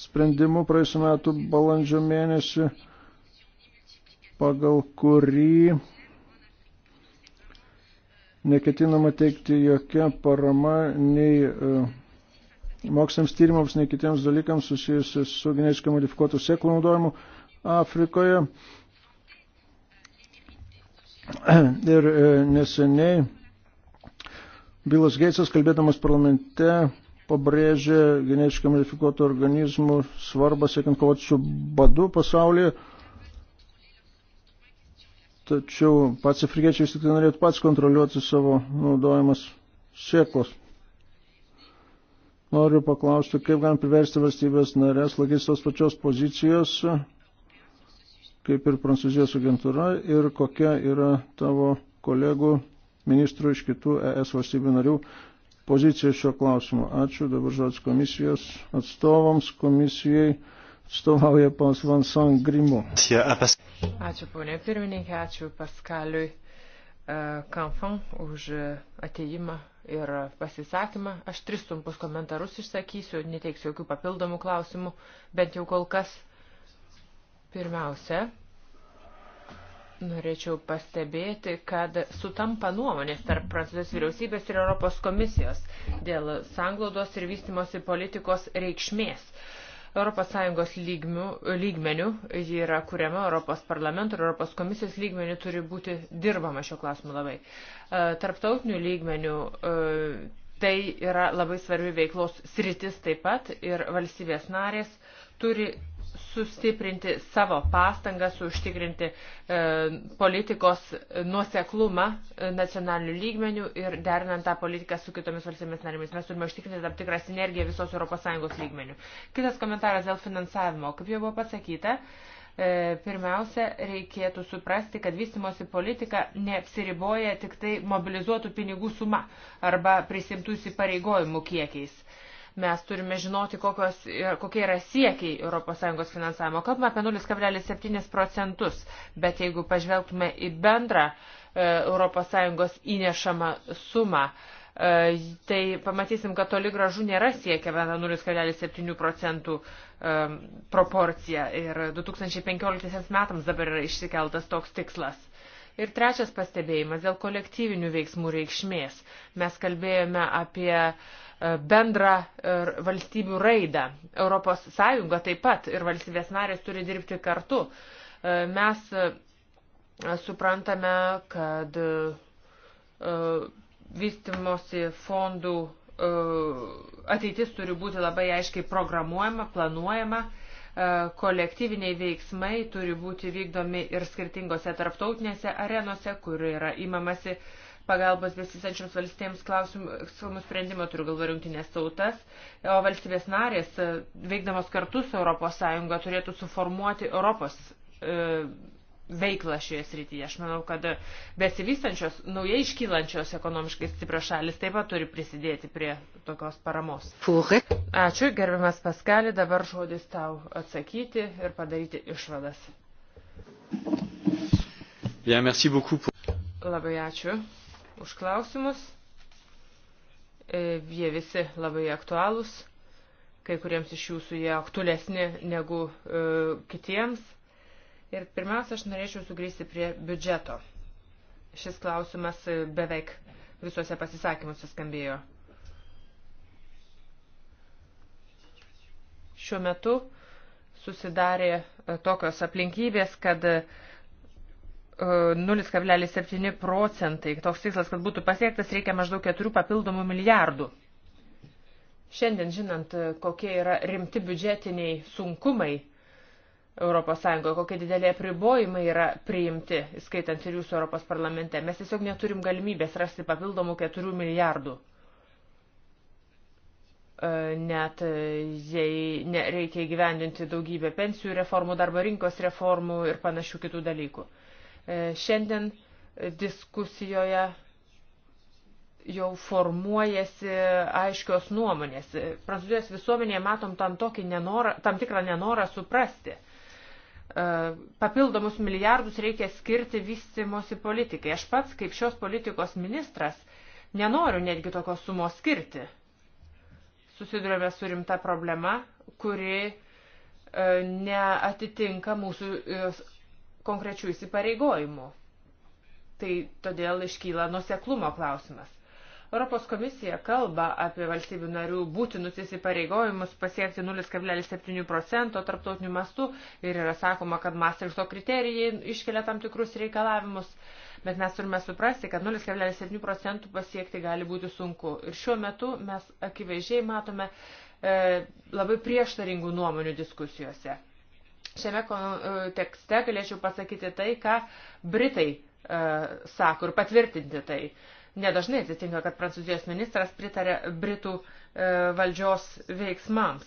sprendimu praėjusiu metu balandžio mėnesį, pagal kurį neketinama teikti jokia parama nei e, moksliniams tyrimams, nei kitiems dalykams susijusius su genetiškai modifikuotų sėklų naudojimu Afrikoje. Ir e, neseniai Bilas Geitsas, kalbėdamas parlamente, pabrėžė genetiškai modifikuotų organizmų svarbą siekiant kovoti su badu pasaulyje. Tačiau pats afrikiečiai vis tik tai norėtų pats kontroliuoti savo naudojamas sėklos. Noriu paklausti, kaip galim priversti valstybės narės laikytis tos pačios pozicijos, kaip ir Prancūzijos agentūra, ir kokia yra tavo kolegų ministrų iš kitų ES valstybių narių poziciją šio klausimu. Ačiū dabar žodis komisijos atstovams, komisijai atstovauja pas Vansan Grimu. Ačiū ponė pirmininkė, ačiū Paskaliui Kamfan e, už ateimą ir pasisakymą. Aš tris trumpus komentarus išsakysiu, neteiksiu jokių papildomų klausimų, bent jau kol kas. Pirmiausia, Norėčiau pastebėti, kad sutampa nuomonės tarp Prancūzijos vyriausybės ir Europos komisijos dėl sanglaudos ir vystimosi politikos reikšmės. ES lygmių, lygmenių ji yra kuriama Europos parlamento ir Europos komisijos lygmenių turi būti dirbama šio klausimu labai. E, tarptautinių lygmenių e, tai yra labai svarbi veiklos sritis taip pat ir valstybės narės turi sustiprinti savo pastangas, užtikrinti e, politikos nuoseklumą e, nacionalinių lygmenių ir derinant tą politiką su kitomis valstybėmis narėmis. Mes turime užtikrinti tam tikrą sinergiją visos ES lygmenių. Kitas komentaras dėl finansavimo. Kaip jau buvo pasakyta, e, pirmiausia, reikėtų suprasti, kad vystimosi politika neapsiriboja tik tai mobilizuotų pinigų suma arba prisimtų įsipareigojimų kiekiais. E, Mes turime žinoti, kokios, kokie yra siekiai ES finansavimo. Kalbame apie 0,7 procentus, bet jeigu pažvelgtume į bendrą e, ES įnešamą sumą, e, tai pamatysim, kad toli gražu nėra siekia 0,7 procentų e, proporcija ir 2015 metams dabar yra išsikeltas toks tikslas. Ir trečias pastebėjimas dėl kolektyvinių veiksmų reikšmės. Mes kalbėjome apie uh, bendrą e, valstybių raidą. Europos Sąjunga taip pat ir valstybės narės turi dirbti kartu. E, mes e, suprantame, kad vystimosi fondų ateitis turi būti labai aiškiai programuojama, planuojama, kolektyviniai veiksmai turi būti vykdomi ir skirtingose tarptautinėse arenose, kur yra imamasi uh, pagalbos besisančioms valstybėms klausimų sprendimo, turiu galvo rinktinės tautas, o valstybės narės, e, veikdamos kartu su ES, turėtų suformuoti Europos e, veiklą šioje srityje. Aš manau, kad besivystančios, naujai iškylančios ekonomiškai stiprios šalis taip pat turi prisidėti prie tokios paramos. Ačiū, gerbiamas Paskali, dabar žodis tau atsakyti ir padaryti išvadas. Bien, merci beaucoup. Labai ačiū už klausimus. E, jie visi labai aktualūs, kai kuriems iš jūsų jie aktualesni negu e, kitiems. Ir pirmiausia, aš norėčiau sugrįžti prie biudžeto. Šis klausimas e, beveik visuose pasisakymuose skambėjo. Šiuo metu susidarė e, tokios aplinkybės, kad e, 0,7 procentai. Toks tikslas, kad būtų pasiektas, reikia maždaug 4 papildomų milijardų. Šiandien žinant, kokie yra rimti biudžetiniai sunkumai ES, kokie dideliai apribojimai yra priimti, skaitant ir jūsų Europos parlamente, mes tiesiog neturim galimybės rasti papildomų 4 milijardų. E, net e, jei nereikia įgyvendinti daugybę pensijų reformų, darbo rinkos reformų ir panašių kitų dalykų. E, šiandien diskusijoje jau formuojasi aiškios nuomonės. E, prancūzijos visuomenėje matom tam, nenorą, tam tikrą nenorą suprasti. E, papildomus milijardus reikia skirti vystimosi politikai. Aš pats, kaip šios politikos ministras, nenoriu netgi tokios sumos skirti. Susidurėme su rimta problema, kuri neatitinka mūsų konkrečių įsipareigojimų. Tai todėl iškyla nuseklumo klausimas. Europos komisija kalba apie valstybių narių būtinus įsipareigojimus pasiekti 0,7 procento tarptautinių mastų ir yra sakoma, kad Maastrichto kriterijai iškelia tam tikrus reikalavimus, bet mes turime suprasti, kad 0,7 procentų pasiekti gali būti sunku. Ir šiuo metu mes akivaizdžiai matome e, labai prieštaringų nuomonių diskusijose šiame e, tekste galėčiau pasakyti tai, ką Britai uh, sako ir patvirtinti tai. Nedažnai atsitinka, kad prancūzijos ministras pritarė Britų uh, valdžios veiksmams.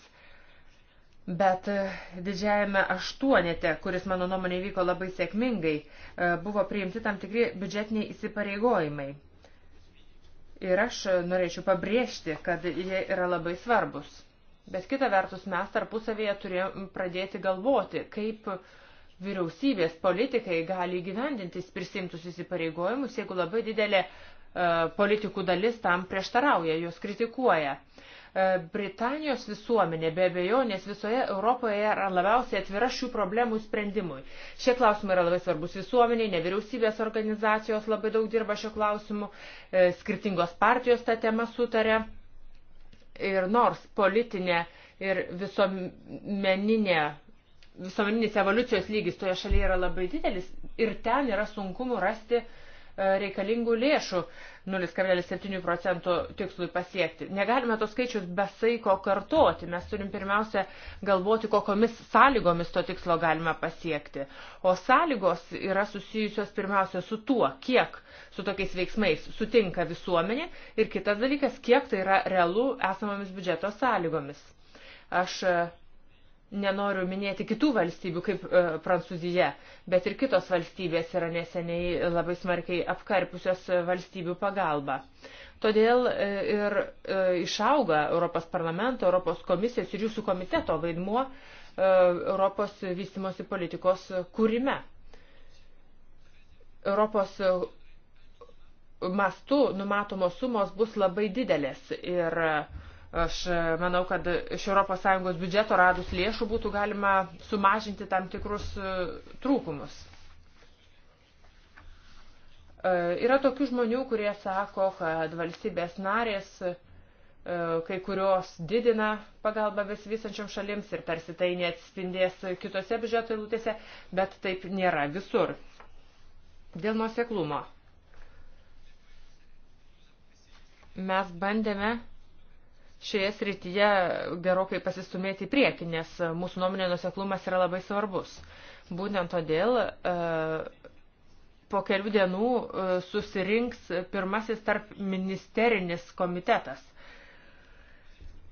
Bet uh, didžiajame aštuonete, kuris mano nuomonė vyko labai sėkmingai, uh, buvo priimti tam tikri biudžetiniai įsipareigojimai. Ir aš norėčiau pabrėžti, kad jie yra labai svarbus. Bet kita vertus, mes tarpusavėje turėjom pradėti galvoti, kaip vyriausybės politikai gali įgyvendintis prisimtus įsipareigojimus, jeigu labai didelė e, politikų dalis tam prieštarauja, juos kritikuoja. E, Britanijos visuomenė be abejonės visoje Europoje yra labiausiai atvira šių problemų sprendimui. Šie klausimai yra labai svarbus visuomeniai, nevyriausybės organizacijos labai daug dirba šio klausimu, e, skirtingos partijos tą temą sutarė. Ir nors politinė ir visuomeninė, visuomeninis evoliucijos lygis toje šalyje yra labai didelis, ir ten yra sunkumų rasti uh, E, reikalingų lėšų 0,7 procentų tikslui pasiekti. Negalime tos skaičius besaiko kartoti. Mes turim pirmiausia galvoti, kokomis sąlygomis to tikslo galime pasiekti. O sąlygos yra susijusios pirmiausia su tuo, kiek su tokiais veiksmais sutinka visuomenė ir kitas dalykas, kiek tai yra realu esamomis biudžeto sąlygomis. Aš Nenoriu minėti kitų valstybių kaip e, Prancūzija, bet ir kitos valstybės yra neseniai labai smarkiai apkarpusios valstybių pagalbą. Todėl e, ir e, išauga Europos parlamento, Europos komisijos ir jūsų komiteto vaidmuo e, Europos vystimosi politikos kūrime. Europos mastu numatomos sumos bus labai didelės ir e, Aš e, manau, kad iš ES biudžeto radus lėšų būtų galima sumažinti tam tikrus e, trūkumus. E, yra tokių žmonių, kurie sako, kad valstybės narės kai kurios didina pagalbą besivysančiam šalims ir tarsi tai neatspindės kitose biudžeto eilutėse, bet taip nėra visur. Dėl nuoseklumo. Mes bandėme šioje srityje gerokai pasistumėti į priekį, nes mūsų nuomonė nuseklumas yra labai svarbus. Būtent todėl e, po kelių dienų e, susirinks pirmasis tarp ministerinis komitetas.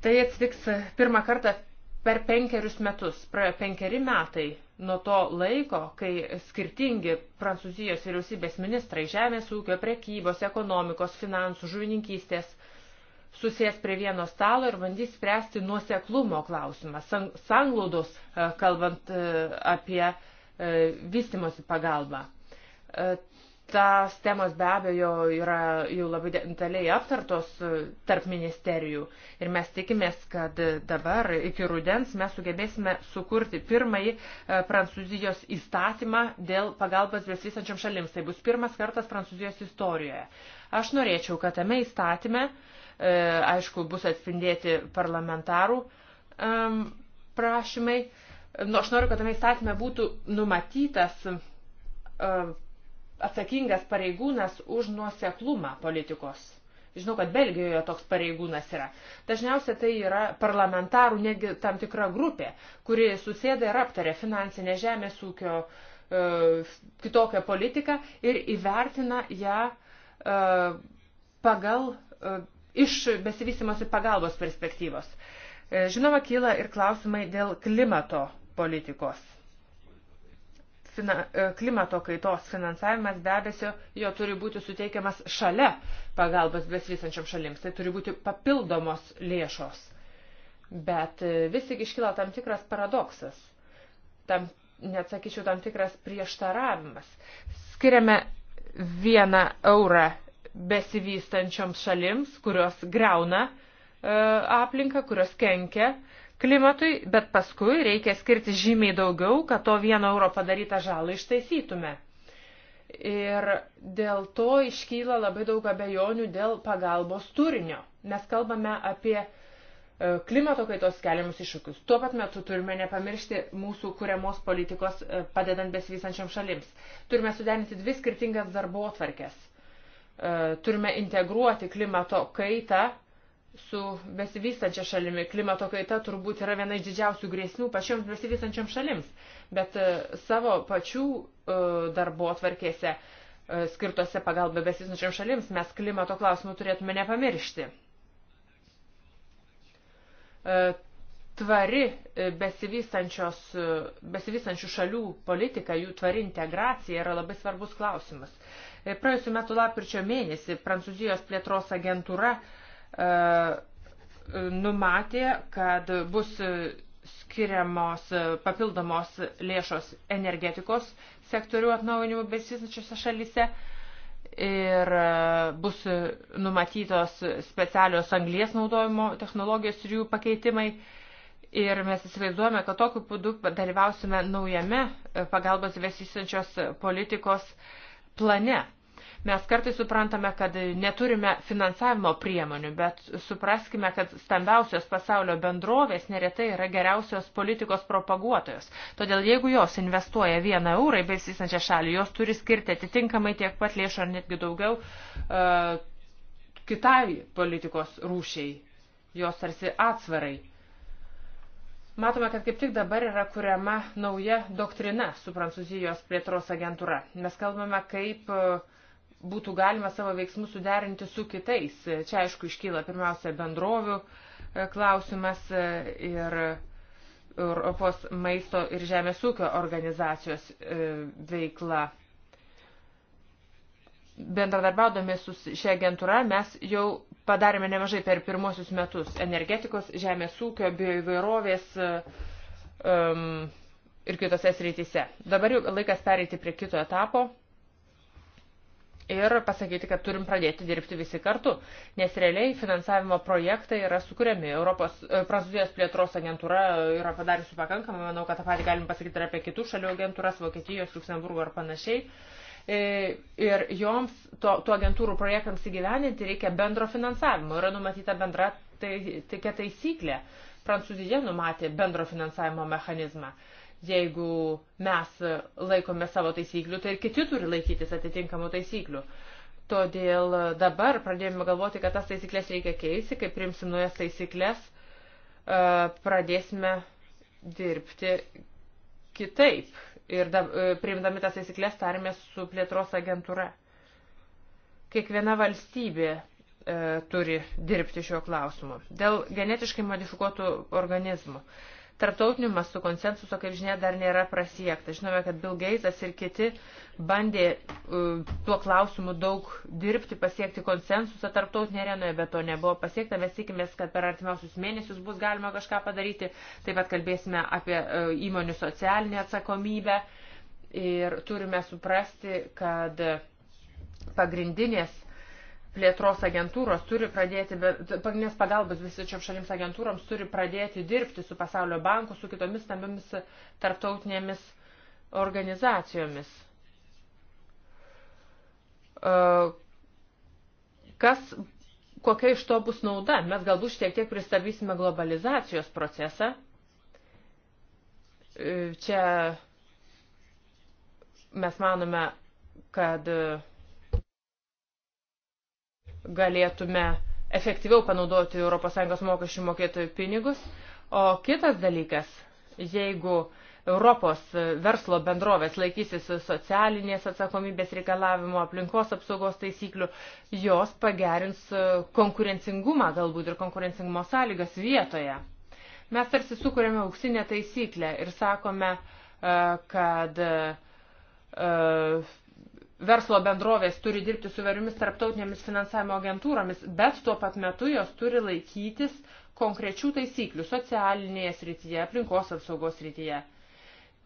Tai atsitiks pirmą kartą per penkerius metus, praėjo penkeri metai nuo to laiko, kai skirtingi Prancūzijos vyriausybės ministrai žemės ūkio, prekybos, ekonomikos, finansų, žuvininkystės susės prie vieno stalo ir bandys spręsti nuoseklumo klausimą, sanglaudos, e, kalbant e, apie e, vystimosi pagalbą. Tas temas be abejo yra jau labai detaliai aptartos tarp ministerijų ir mes tikimės, kad dabar iki rudens mes sugebėsime sukurti pirmąjį Prancūzijos įstatymą dėl pagalbos besisančiam šalims. Tai bus pirmas kartas Prancūzijos istorijoje. Aš norėčiau, kad tame įstatyme uh, E, aišku, bus atspindėti parlamentarų prašymai. Nu, aš noriu, kad tame įstatyme būtų numatytas e, atsakingas pareigūnas už nuoseklumą politikos. Žinau, kad Belgijoje toks pareigūnas yra. Dažniausiai tai yra parlamentarų, netgi tam tikra grupė, kuri susėda ir aptarė finansinę žemės ūkio e, kitokią politiką ir įvertina ją e, pagal e, iš besivystimosi pagalbos perspektyvos. E, žinoma, kyla ir klausimai dėl klimato politikos. Fina, e, klimato kaitos finansavimas be abejo, jo turi būti suteikiamas šalia pagalbos besvysančiam šalims. Tai turi būti papildomos lėšos. Bet e, vis tik iškyla tam tikras paradoksas. Tam, net sakyčiau, tam tikras prieštaravimas. Skiriame vieną eurą besivystančioms šalims, kurios greuna e, aplinką, kurios kenkia klimatui, bet paskui reikia skirti žymiai daugiau, kad to vieno euro padarytą žalą ištaisytume. Ir dėl to iškyla labai daug abejonių dėl pagalbos turinio. Mes kalbame apie e, klimato kaitos keliamus iššūkius. Tuo pat metu turime nepamiršti mūsų kuriamos politikos e, padedant besivysančiom šalims. Turime suderinti dvi skirtingas darbo atvarkės. E, turime integruoti klimato kaitą su besivystančia šalimi. Klimato kaita turbūt yra viena iš didžiausių grėsmių pačioms besivystančiam šalims, bet e, savo pačių e, darbo atvarkėse skirtose pagalba besivystančiam šalims mes klimato klausimų turėtume nepamiršti. Tvari besivystančių šalių politika, jų tvari integracija yra labai svarbus klausimas. E, praėjusiu metu lapkričio mėnesį Prancūzijos plėtros agentūra e, numatė, kad bus skiriamos papildomos lėšos energetikos sektorių atnaujinimų besisinčiose šalyse ir e, bus numatytos specialios anglies naudojimo technologijos ir jų pakeitimai. Ir mes įsivaizduojame, kad tokiu būdu dalyvausime naujame e, pagalbos vesisinčios politikos uh, plane. Mes kartai suprantame, kad neturime finansavimo priemonių, bet supraskime, kad stambiausios pasaulio bendrovės neretai yra geriausios politikos propaguotojos. Todėl jeigu jos investuoja vieną eurą į besisančią šalį, jos turi skirti atitinkamai tiek pat lėšų ar netgi daugiau uh, kitai politikos rūšiai, jos tarsi atsvarai. Matome, kad kaip tik dabar yra kuriama nauja doktrina su Prancūzijos plėtros agentūra. Mes kalbame, kaip e, būtų galima savo veiksmus suderinti su kitais. Čia, aišku, iškyla pirmiausia bendrovių e, klausimas e, ir Europos maisto ir žemės ūkio organizacijos veikla. Bendradarbiaudami su šia agentūra mes jau padarėme nemažai per pirmosius metus energetikos, žemės ūkio, bioįvairovės um, ir kitose srityse. Dabar jau laikas pereiti prie kito etapo ir pasakyti, kad turim pradėti dirbti visi kartu, nes realiai finansavimo projektai yra sukūriami. Europos e, Prancūzijos plėtros agentūra yra padariusi pakankamai, manau, kad tą patį galim pasakyti ir apie kitų šalių agentūras, Vokietijos, Luksemburgo ar panašiai. Uh, E, ir joms, to, to agentūrų projektams įgyveninti reikia bendro finansavimo. Yra numatyta bendra tai, tokia taisyklė. Prancūzija numatė bendro finansavimo mechanizmą. Jeigu mes laikome savo taisyklių, tai ir kiti turi laikytis atitinkamų taisyklių. Todėl dabar pradėjome galvoti, kad tas taisyklės reikia keisti, kai primsim naujas taisyklės, e, pradėsime dirbti kitaip ir da, e, priimdami tas taisyklės tarėmės su plėtros agentūra. Kiekviena valstybė e, turi dirbti šiuo klausimu. Dėl genetiškai modifikuotų organizmų. E, Tarptautiniu mastu konsensuso, kaip žinia, dar nėra prasiekta. Žinome, kad Bill Gatesas ir kiti bandė uh, tuo klausimu daug dirbti, pasiekti konsensusą tarptautinė arenoje, bet to nebuvo pasiekta. Mes tikimės, kad per artimiausius mėnesius bus galima kažką padaryti. Taip pat kalbėsime apie uh, įmonių socialinę atsakomybę ir turime suprasti, kad pagrindinės uh, plėtros agentūros turi pradėti, pagrindinės pagalbos visičiom šalims agentūroms turi pradėti dirbti su pasaulio banku, su kitomis stambiomis tarptautinėmis organizacijomis. E, kas, kokia iš to bus nauda? Mes galbūt šiek tiek pristabdysime globalizacijos procesą. E, čia mes manome, kad uh, galėtume efektyviau panaudoti ES mokesčių mokėtojų pinigus. O kitas dalykas, jeigu Europos verslo bendrovės laikysis socialinės atsakomybės reikalavimo, aplinkos apsaugos taisyklių, jos pagerins konkurencingumą galbūt ir konkurencingumo sąlygas vietoje. Mes tarsi sukūrėme auksinę taisyklę ir sakome, e, kad e, verslo bendrovės turi dirbti su variomis tarptautinėmis finansavimo agentūromis, bet tuo pat metu jos turi laikytis konkrečių taisyklių socialinėje srityje, aplinkos apsaugos srityje.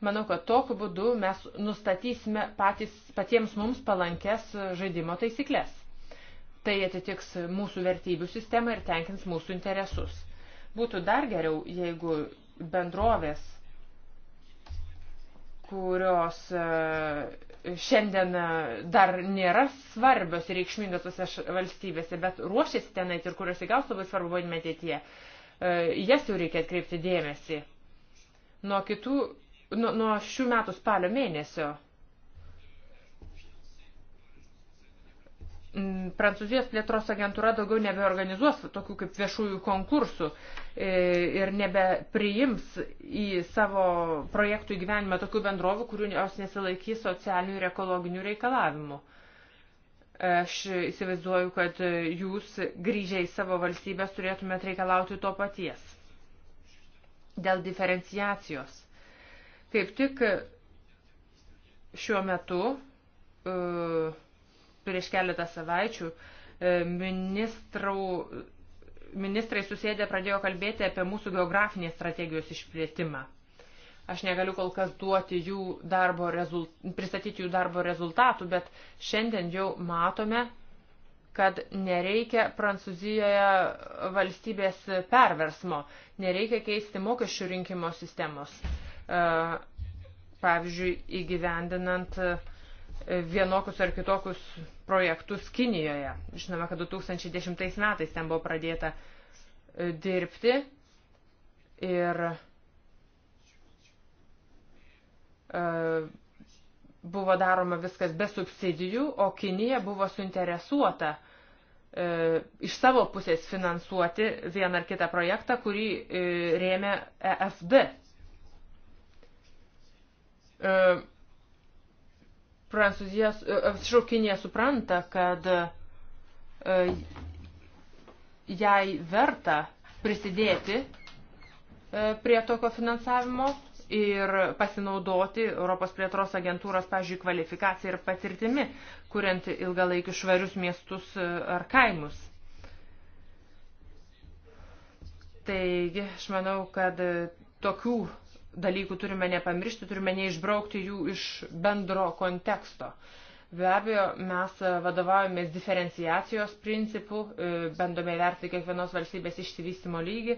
Manau, kad tokiu būdu mes nustatysime patys, patiems mums palankes žaidimo taisyklės. Tai atitiks mūsų vertybių sistemą ir tenkins mūsų interesus. Būtų dar geriau, jeigu bendrovės kurios e, šiandien e, dar nėra svarbios ir reikšmingos tose valstybėse, bet ruošiasi tenai ir kurios įgaus labai svarbu vaidmenį ateityje, e, jas jau reikia atkreipti dėmesį. Nuo, kitų, nuo, nuo šių metų spalio mėnesio Prancūzijos plėtros agentūra daugiau nebeorganizuos tokių kaip viešųjų konkursų e, ir nebepriims į savo projektų įgyvenimą tokių bendrovų, kurių jos nesilaikys socialinių ir ekologinių reikalavimų. Aš įsivaizduoju, kad jūs grįžę į savo valstybės turėtumėt reikalauti to paties. Dėl diferenciacijos. Kaip tik šiuo metu uh, prieš keletą savaičių e, ministrau, ministrai susėdė pradėjo kalbėti apie mūsų geografinės strategijos išplėtimą. Aš negaliu kol kas duoti jų darbo rezult, pristatyti jų darbo rezultatų, bet šiandien jau matome, kad nereikia Prancūzijoje valstybės perversmo, nereikia keisti mokesčių rinkimo sistemos. E, pavyzdžiui, įgyvendinant uh, vienokius ar kitokius projektus Kinijoje. Žinome, kad 2010 metais ten buvo pradėta e, dirbti ir e, buvo daroma viskas be subsidijų, o Kinija buvo suinteresuota e, iš savo pusės finansuoti vieną ar kitą projektą, kurį rėmė EFD Prancūzija, e, atsiprašau, Kinija supranta, kad e, jai verta prisidėti e, prie tokio finansavimo ir pasinaudoti Europos plėtros agentūros, pažiūrėjau, kvalifikaciją ir patirtimi, kuriant ilgalaikius švarius miestus ar kaimus. Taigi, aš manau, kad tokių dalykų turime nepamiršti, turime neišbraukti jų iš bendro konteksto. Be abejo, mes vadovaujamės diferenciacijos principų, e, bandome vertinti kiekvienos valstybės išsivystimo lygį.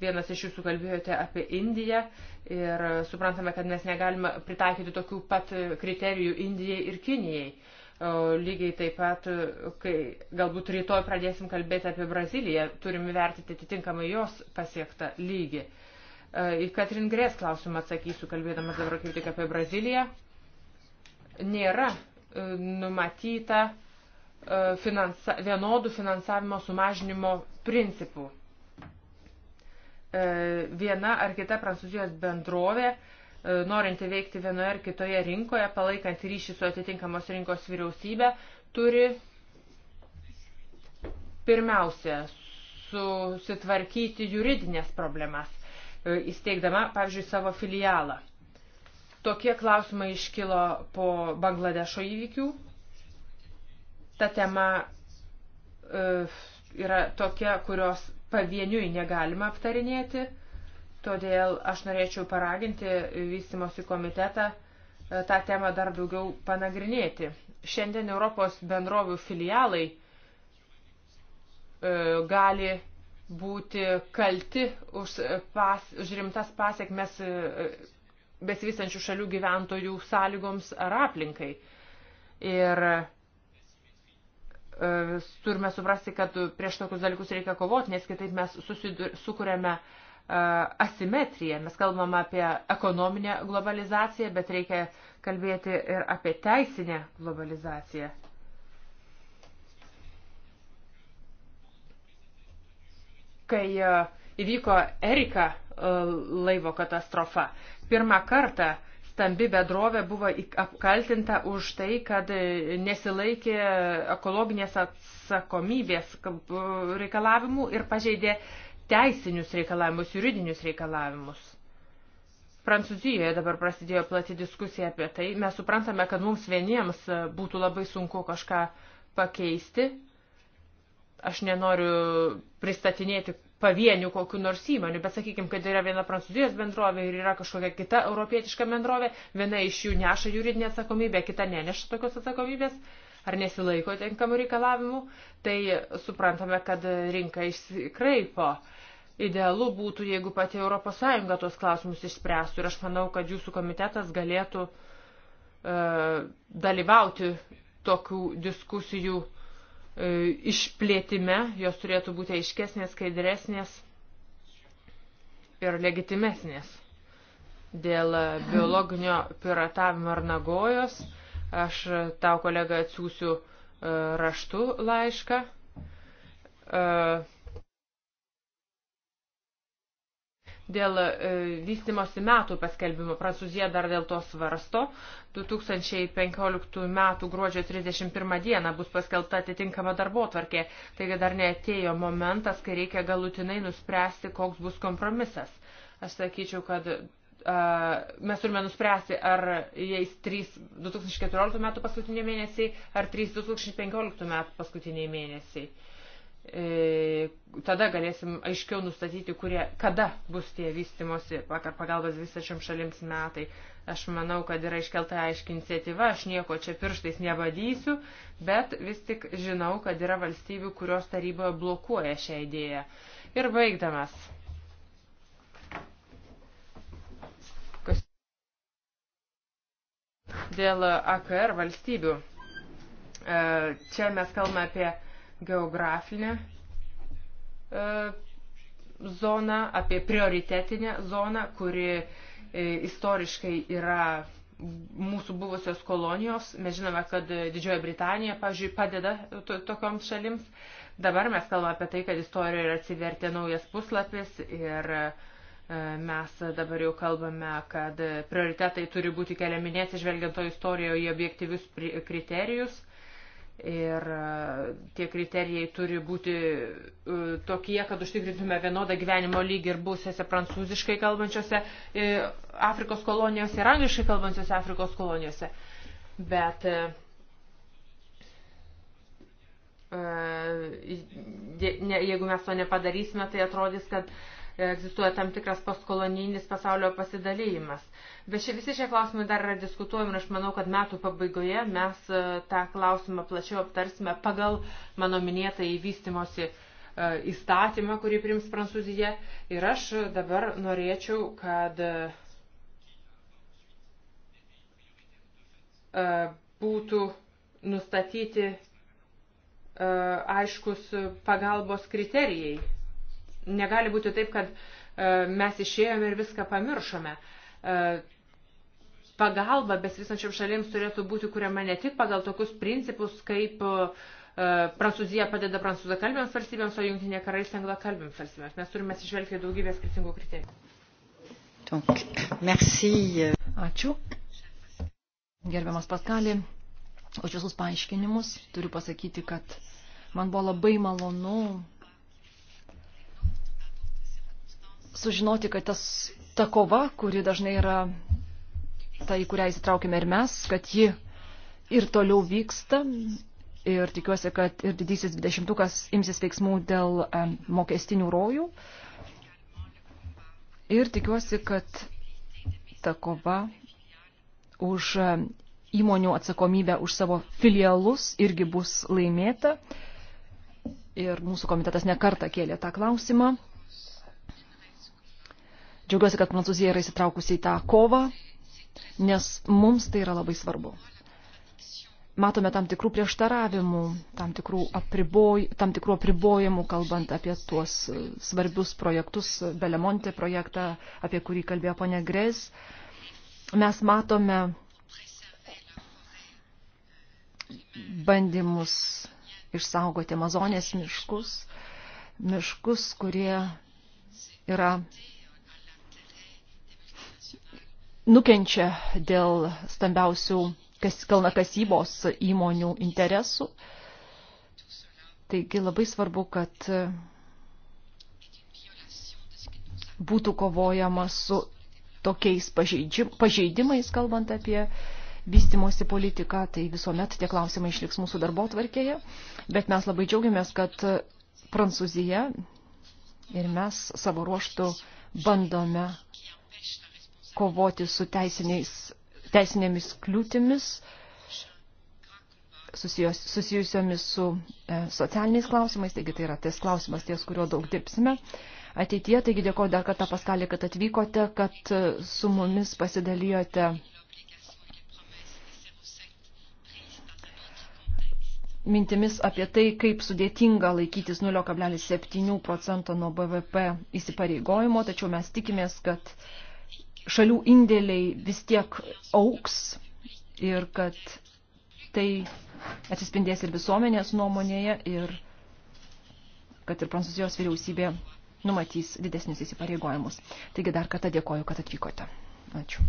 Vienas iš jūsų kalbėjote apie Indiją ir suprantame, kad mes negalime pritaikyti tokių pat kriterijų Indijai ir Kinijai. Lygiai taip pat, kai galbūt rytoj pradėsim kalbėti apie Braziliją, turim vertinti atitinkamai jos pasiektą lygį. Į Katrin Grės klausimą atsakysiu, kalbėdamas dabar kaip tik apie Braziliją. Nėra e, numatyta e, finansa, vienodų finansavimo sumažinimo principų. E, viena ar kita prancūzijos bendrovė, norinti veikti vienoje ar kitoje rinkoje, palaikant ryšį su atitinkamos rinkos vyriausybė, turi pirmiausia susitvarkyti juridinės problemas E, įsteigdama, pavyzdžiui, savo filialą. Tokie klausimai iškilo po Bangladešo įvykių. Ta tema e, yra tokia, kurios pavieniui negalima aptarinėti. Todėl aš norėčiau paraginti vystimosi komitetą e, tą temą dar daugiau panagrinėti. Šiandien Europos bendrovių filialai gali būti kalti už, pas, už rimtas pasiekmes e, besivystančių šalių gyventojų sąlygoms ar aplinkai. Ir e, turime suprasti, kad prieš tokius dalykus reikia kovoti, nes kitaip mes susidur, sukuriame e, asimetriją. Mes kalbam apie ekonominę globalizaciją, bet reikia kalbėti ir apie teisinę globalizaciją. kai e, įvyko Erika e, laivo katastrofa. Pirmą kartą stambi bedrovė buvo apkaltinta už tai, kad e, nesilaikė ekologinės atsakomybės reikalavimų ir pažeidė teisinius reikalavimus, juridinius reikalavimus. Prancūzijoje dabar prasidėjo plati diskusija apie tai. Mes suprantame, kad mums vieniems būtų labai sunku kažką pakeisti, Aš nenoriu pristatinėti pavienių kokių nors įmonių, bet sakykime, kad yra viena prancūzijos bendrovė ir yra kažkokia kita europietiška bendrovė, viena iš jų neša juridinę atsakomybę, kita neneša tokios atsakomybės ar nesilaiko tenkamų reikalavimų, tai suprantame, kad rinka išsikraipo. Idealu būtų, jeigu pati ES tuos klausimus išspręstų ir aš manau, kad jūsų komitetas galėtų e, dalyvauti tokių diskusijų E, išplėtime, jos turėtų būti aiškesnės, skaidresnės ir legitimesnės. Dėl biologinio piratavimo ar nagojos aš tau kolega atsiųsiu e, raštu laišką. E, dėl e, vystimosi metų paskelbimo. Prancūzija dar dėl to svarsto. 2015 metų gruodžio 31 dieną bus paskelbta atitinkama darbo tvarkė, taigi dar neatėjo momentas, kai reikia galutinai nuspręsti, koks bus kompromisas. Aš sakyčiau, kad mes turime nuspręsti, ar jais 3 2014 metų paskutiniai mėnesiai, ar 3 2015 metų paskutiniai mėnesiai. E, tada galėsim aiškiau nustatyti, kurie, kada bus tie vystimosi pagalbos visačiam šalims metai. Aš manau, kad yra iškelta aiški iniciatyva, aš nieko čia pirštais nebadysiu, bet vis tik žinau, kad yra valstybių, kurios taryboje blokuoja šią idėją. Ir baigdamas. Kas... Dėl AKR valstybių. E, čia mes kalbame apie geografinę e, zoną, apie prioritetinę zoną, kuri e, istoriškai yra mūsų buvusios kolonijos. Mes žinome, kad Didžioji Britanija, pažiūrėjau, padeda to, tokioms šalims. Dabar mes kalbame apie tai, kad istorijoje yra atsivertė naujas puslapis ir e, mes dabar jau kalbame, kad prioritetai turi būti keliami neatsižvelgiant to istorijoje į objektyvius kriterijus. Ir e, tie kriterijai turi būti e, tokie, kad užtikrintume vienodą gyvenimo lygį ir būsėse prancūziškai kalbančiose e, Afrikos kolonijose ir angliškai kalbančiose Afrikos kolonijose. Bet jeigu mes to nepadarysime, tai atrodys, kad egzistuoja tam tikras postkolonijinis pasaulio pasidalėjimas. Bet šie, visi šie klausimai dar yra diskutuojami ir aš manau, kad metų pabaigoje mes e, tą klausimą plačiau aptarsime pagal mano minėtą įvystimosi e, įstatymą, kurį prims Prancūzija. Ir aš dabar norėčiau, kad e, būtų nustatyti aiškus pagalbos kriterijai Negali būti taip, kad e, mes išėjome ir viską pamiršome. E, pagalba besvysančiam šalims turėtų būti kuriama ne tik pagal tokius principus, kaip e, Prancūzija padeda prancūzakalbėms valstybėms, o Junktinė karalystė anglakalbėms valstybėms. Mes turime atsižvelgti daugybę skirtingų kriterijų. Donc, merci. Euh. Ačiū. Gerbiamas Paskalė, už visus paaiškinimus turiu pasakyti, kad man buvo labai malonu sužinoti, kad tas, ta kova, kuri dažnai yra ta, į kurią įsitraukime ir mes, kad ji ir toliau vyksta. Ir tikiuosi, kad ir didysis dvidešimtukas imsis veiksmų dėl mokestinių rojų. Ir tikiuosi, kad ta kova už įmonių atsakomybę už savo filialus irgi bus laimėta. Ir mūsų komitetas nekarta kėlė tą klausimą. Džiaugiuosi, kad Prancūzija yra įsitraukusi į tą kovą, nes mums tai yra labai svarbu. Matome tam tikrų prieštaravimų, tam tikrų, apriboj, tam tikrų apribojimų, kalbant apie tuos e, svarbius projektus, Belemonte projektą, apie kurį kalbėjo ponė Grės. Mes matome bandymus išsaugoti Amazonės miškus, miškus, kurie yra nukenčia dėl stambiausių kalnakasybos įmonių interesų. Taigi labai svarbu, kad būtų kovojama su tokiais pažeidimais, kalbant apie vystimosi politiką, tai visuomet tie klausimai išliks mūsų darbo tvarkėje, bet mes labai džiaugiamės, kad Prancūzija ir mes savo ruoštų bandome kovoti su teisinėmis kliūtimis susijos, susijusiomis su e, socialiniais klausimais, taigi tai yra tas klausimas ties, kuriuo daug dirbsime ateityje. Taigi dėkoju dar kartą Paskalį, kad atvykote, kad e, su mumis pasidalijote mintimis apie tai, kaip sudėtinga laikytis 0,7 procento nuo BVP įsipareigojimo, tačiau mes tikimės, kad šalių indėliai vis tiek auks ir kad tai atsispindės ir visuomenės nuomonėje ir kad ir Prancūzijos vyriausybė numatys didesnius įsipareigojimus. Taigi dar kartą dėkoju, kad atvykote. Ačiū.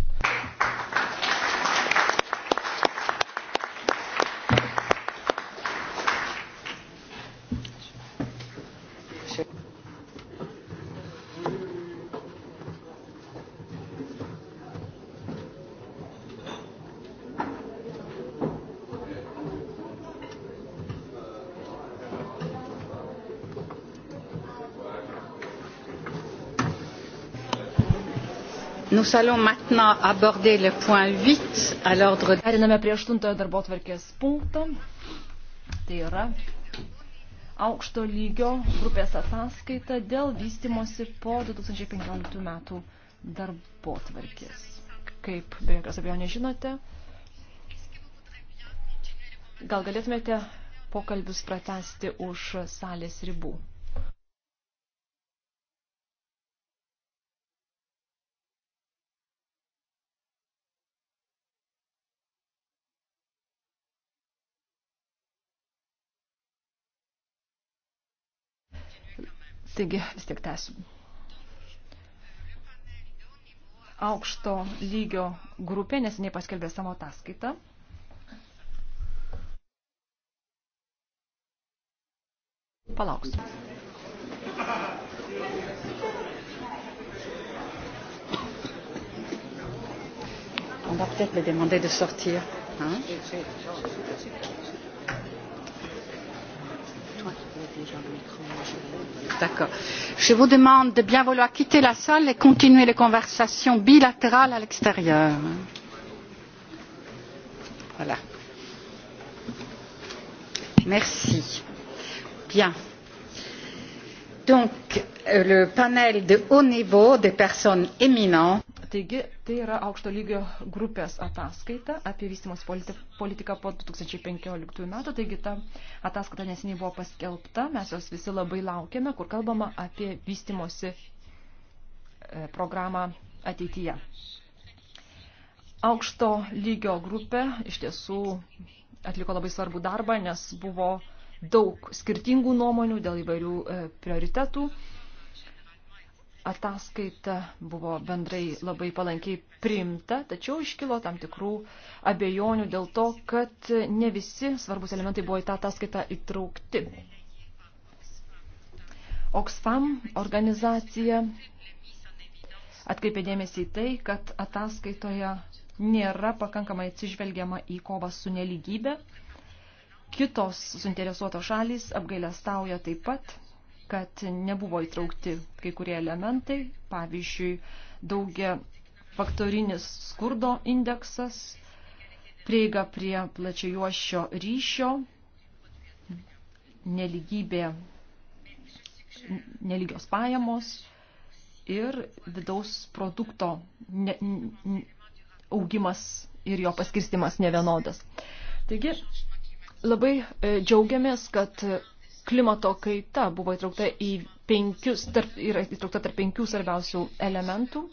Nous allons maintenant aborder le point 8 à l'ordre. Periname prie 8 darbo tvarkės punkto. Tai yra aukšto lygio grupės ataskaita dėl vystimosi po 2015 metų darbo tvarkės. Kaip be jokios abejonės žinote, gal galėtumėte pokalbius pratesti už salės ribų. Taigi vis tiek tęsiu. Aukšto lygio grupė nesiniai paskelbė savo ataskaitą. Palauksiu. On va peut-être lui demander de sortir. Hein je vous demande de bien vouloir quitter la salle et continuer les conversations bilatérales à l'extérieur. Voilà. Merci. Bien. Donc, euh, le panel de haut niveau des personnes éminentes Taigi, tai yra aukšto lygio grupės ataskaita apie vystimos politiką po 2015 metų. Taigi, ta ataskaita nesiniai buvo paskelbta, mes jos visi labai laukiame, kur kalbama apie vystimosi e, programą ateityje. Aukšto lygio grupė iš tiesų atliko labai svarbų darbą, nes buvo daug skirtingų nuomonių dėl įvairių e, prioritetų ataskaita buvo bendrai labai palankiai priimta, tačiau iškilo tam tikrų abejonių dėl to, kad ne visi svarbus elementai buvo į tą ataskaitą įtraukti. Oxfam organizacija atkreipė dėmesį į tai, kad ataskaitoje nėra pakankamai atsižvelgiama į kovą su neligybė. Kitos suinteresuotos šalys apgailestauja taip pat kad nebuvo įtraukti kai kurie elementai, pavyzdžiui, daugia faktorinis skurdo indeksas, prieiga prie plačiajuošio ryšio, neligybė, neligios pajamos ir vidaus produkto ne, n, augimas ir jo paskirstimas nevienodas. Taigi, labai e, džiaugiamės, kad klimato kaita buvo įtraukta į penkius, tarp, yra įtraukta tarp penkių svarbiausių elementų.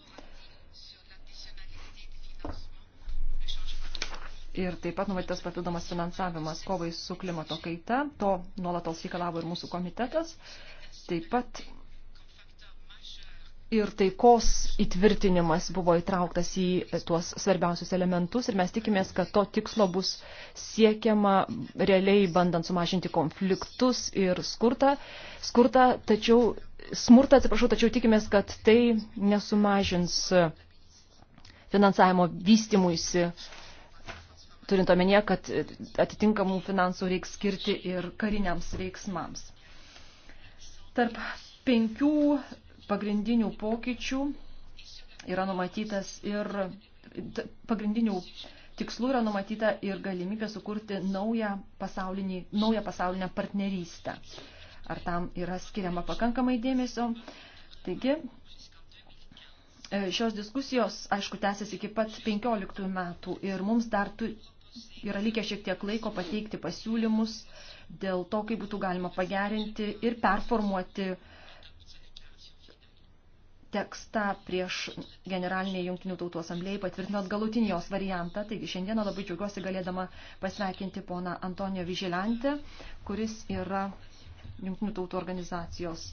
Ir taip pat numatytas papildomas finansavimas kovai su klimato kaita. To nuolatos reikalavo ir mūsų komitetas. Taip pat ir taikos įtvirtinimas buvo įtrauktas į tuos svarbiausius elementus ir mes tikimės, kad to tikslo bus siekiama realiai bandant sumažinti konfliktus ir skurtą, skurtą tačiau, smurtą, atsiprašau, tačiau tikimės, kad tai nesumažins finansavimo vystimuisi, turint omenyje, kad atitinkamų finansų reiks skirti ir kariniams veiksmams. Tarp penkių pagrindinių pokyčių yra numatytas ir pagrindinių tikslų yra numatyta ir galimybė sukurti naują, pasaulinį, naują pasaulinę partnerystę. Ar tam yra skiriama pakankamai dėmesio? Taigi, e, šios diskusijos, aišku, tęsiasi iki pat 15 metų ir mums dar tu, yra likę šiek tiek laiko pateikti pasiūlymus dėl to, kaip būtų galima pagerinti ir performuoti uh, tekstą prieš generalinį jungtinių tautų asamblėjai patvirtinot galutinį jos variantą. Taigi šiandieną labai džiaugiuosi galėdama pasveikinti poną Antonijo Vigilantę, kuris yra jungtinių tautų organizacijos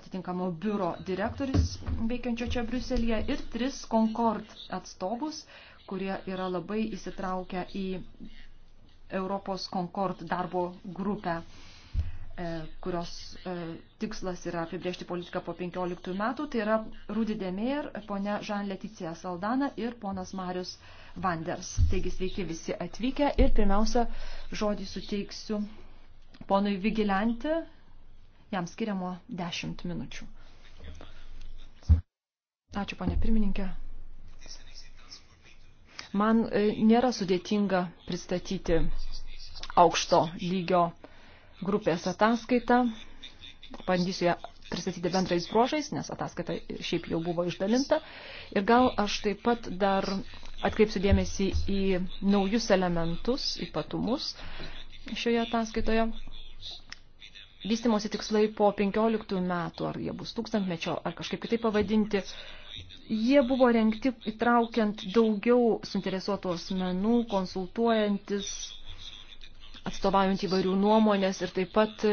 atitinkamo biuro direktorius veikiančio čia Briuselėje ir tris Concord atstovus, kurie yra labai įsitraukę į Europos Concord darbo grupę E, kurios e, tikslas yra apibriežti politiką po 15 metų, tai yra Rūdi Demir, ponia Žan Leticija Saldana ir ponas Marius Vanders. Taigi sveiki visi atvykę ir pirmiausia žodį suteiksiu ponui Vigilianti, jam skiriamo 10 minučių. Ačiū, ponė pirmininkė. Man e, nėra sudėtinga pristatyti aukšto lygio grupės ataskaitą. Bandysiu ją pristatyti bendrais bruožais, nes ataskaita šiaip jau buvo išdalinta. Ir gal aš taip pat dar atkreipsiu dėmesį į naujus elementus, ypatumus šioje ataskaitoje. Vystimosi tikslai po 15 metų, ar jie bus tūkstantmečio, ar kažkaip kitaip pavadinti, jie buvo renkti įtraukiant daugiau suinteresuotų asmenų, konsultuojantis atstovaujant įvairių nuomonės ir taip pat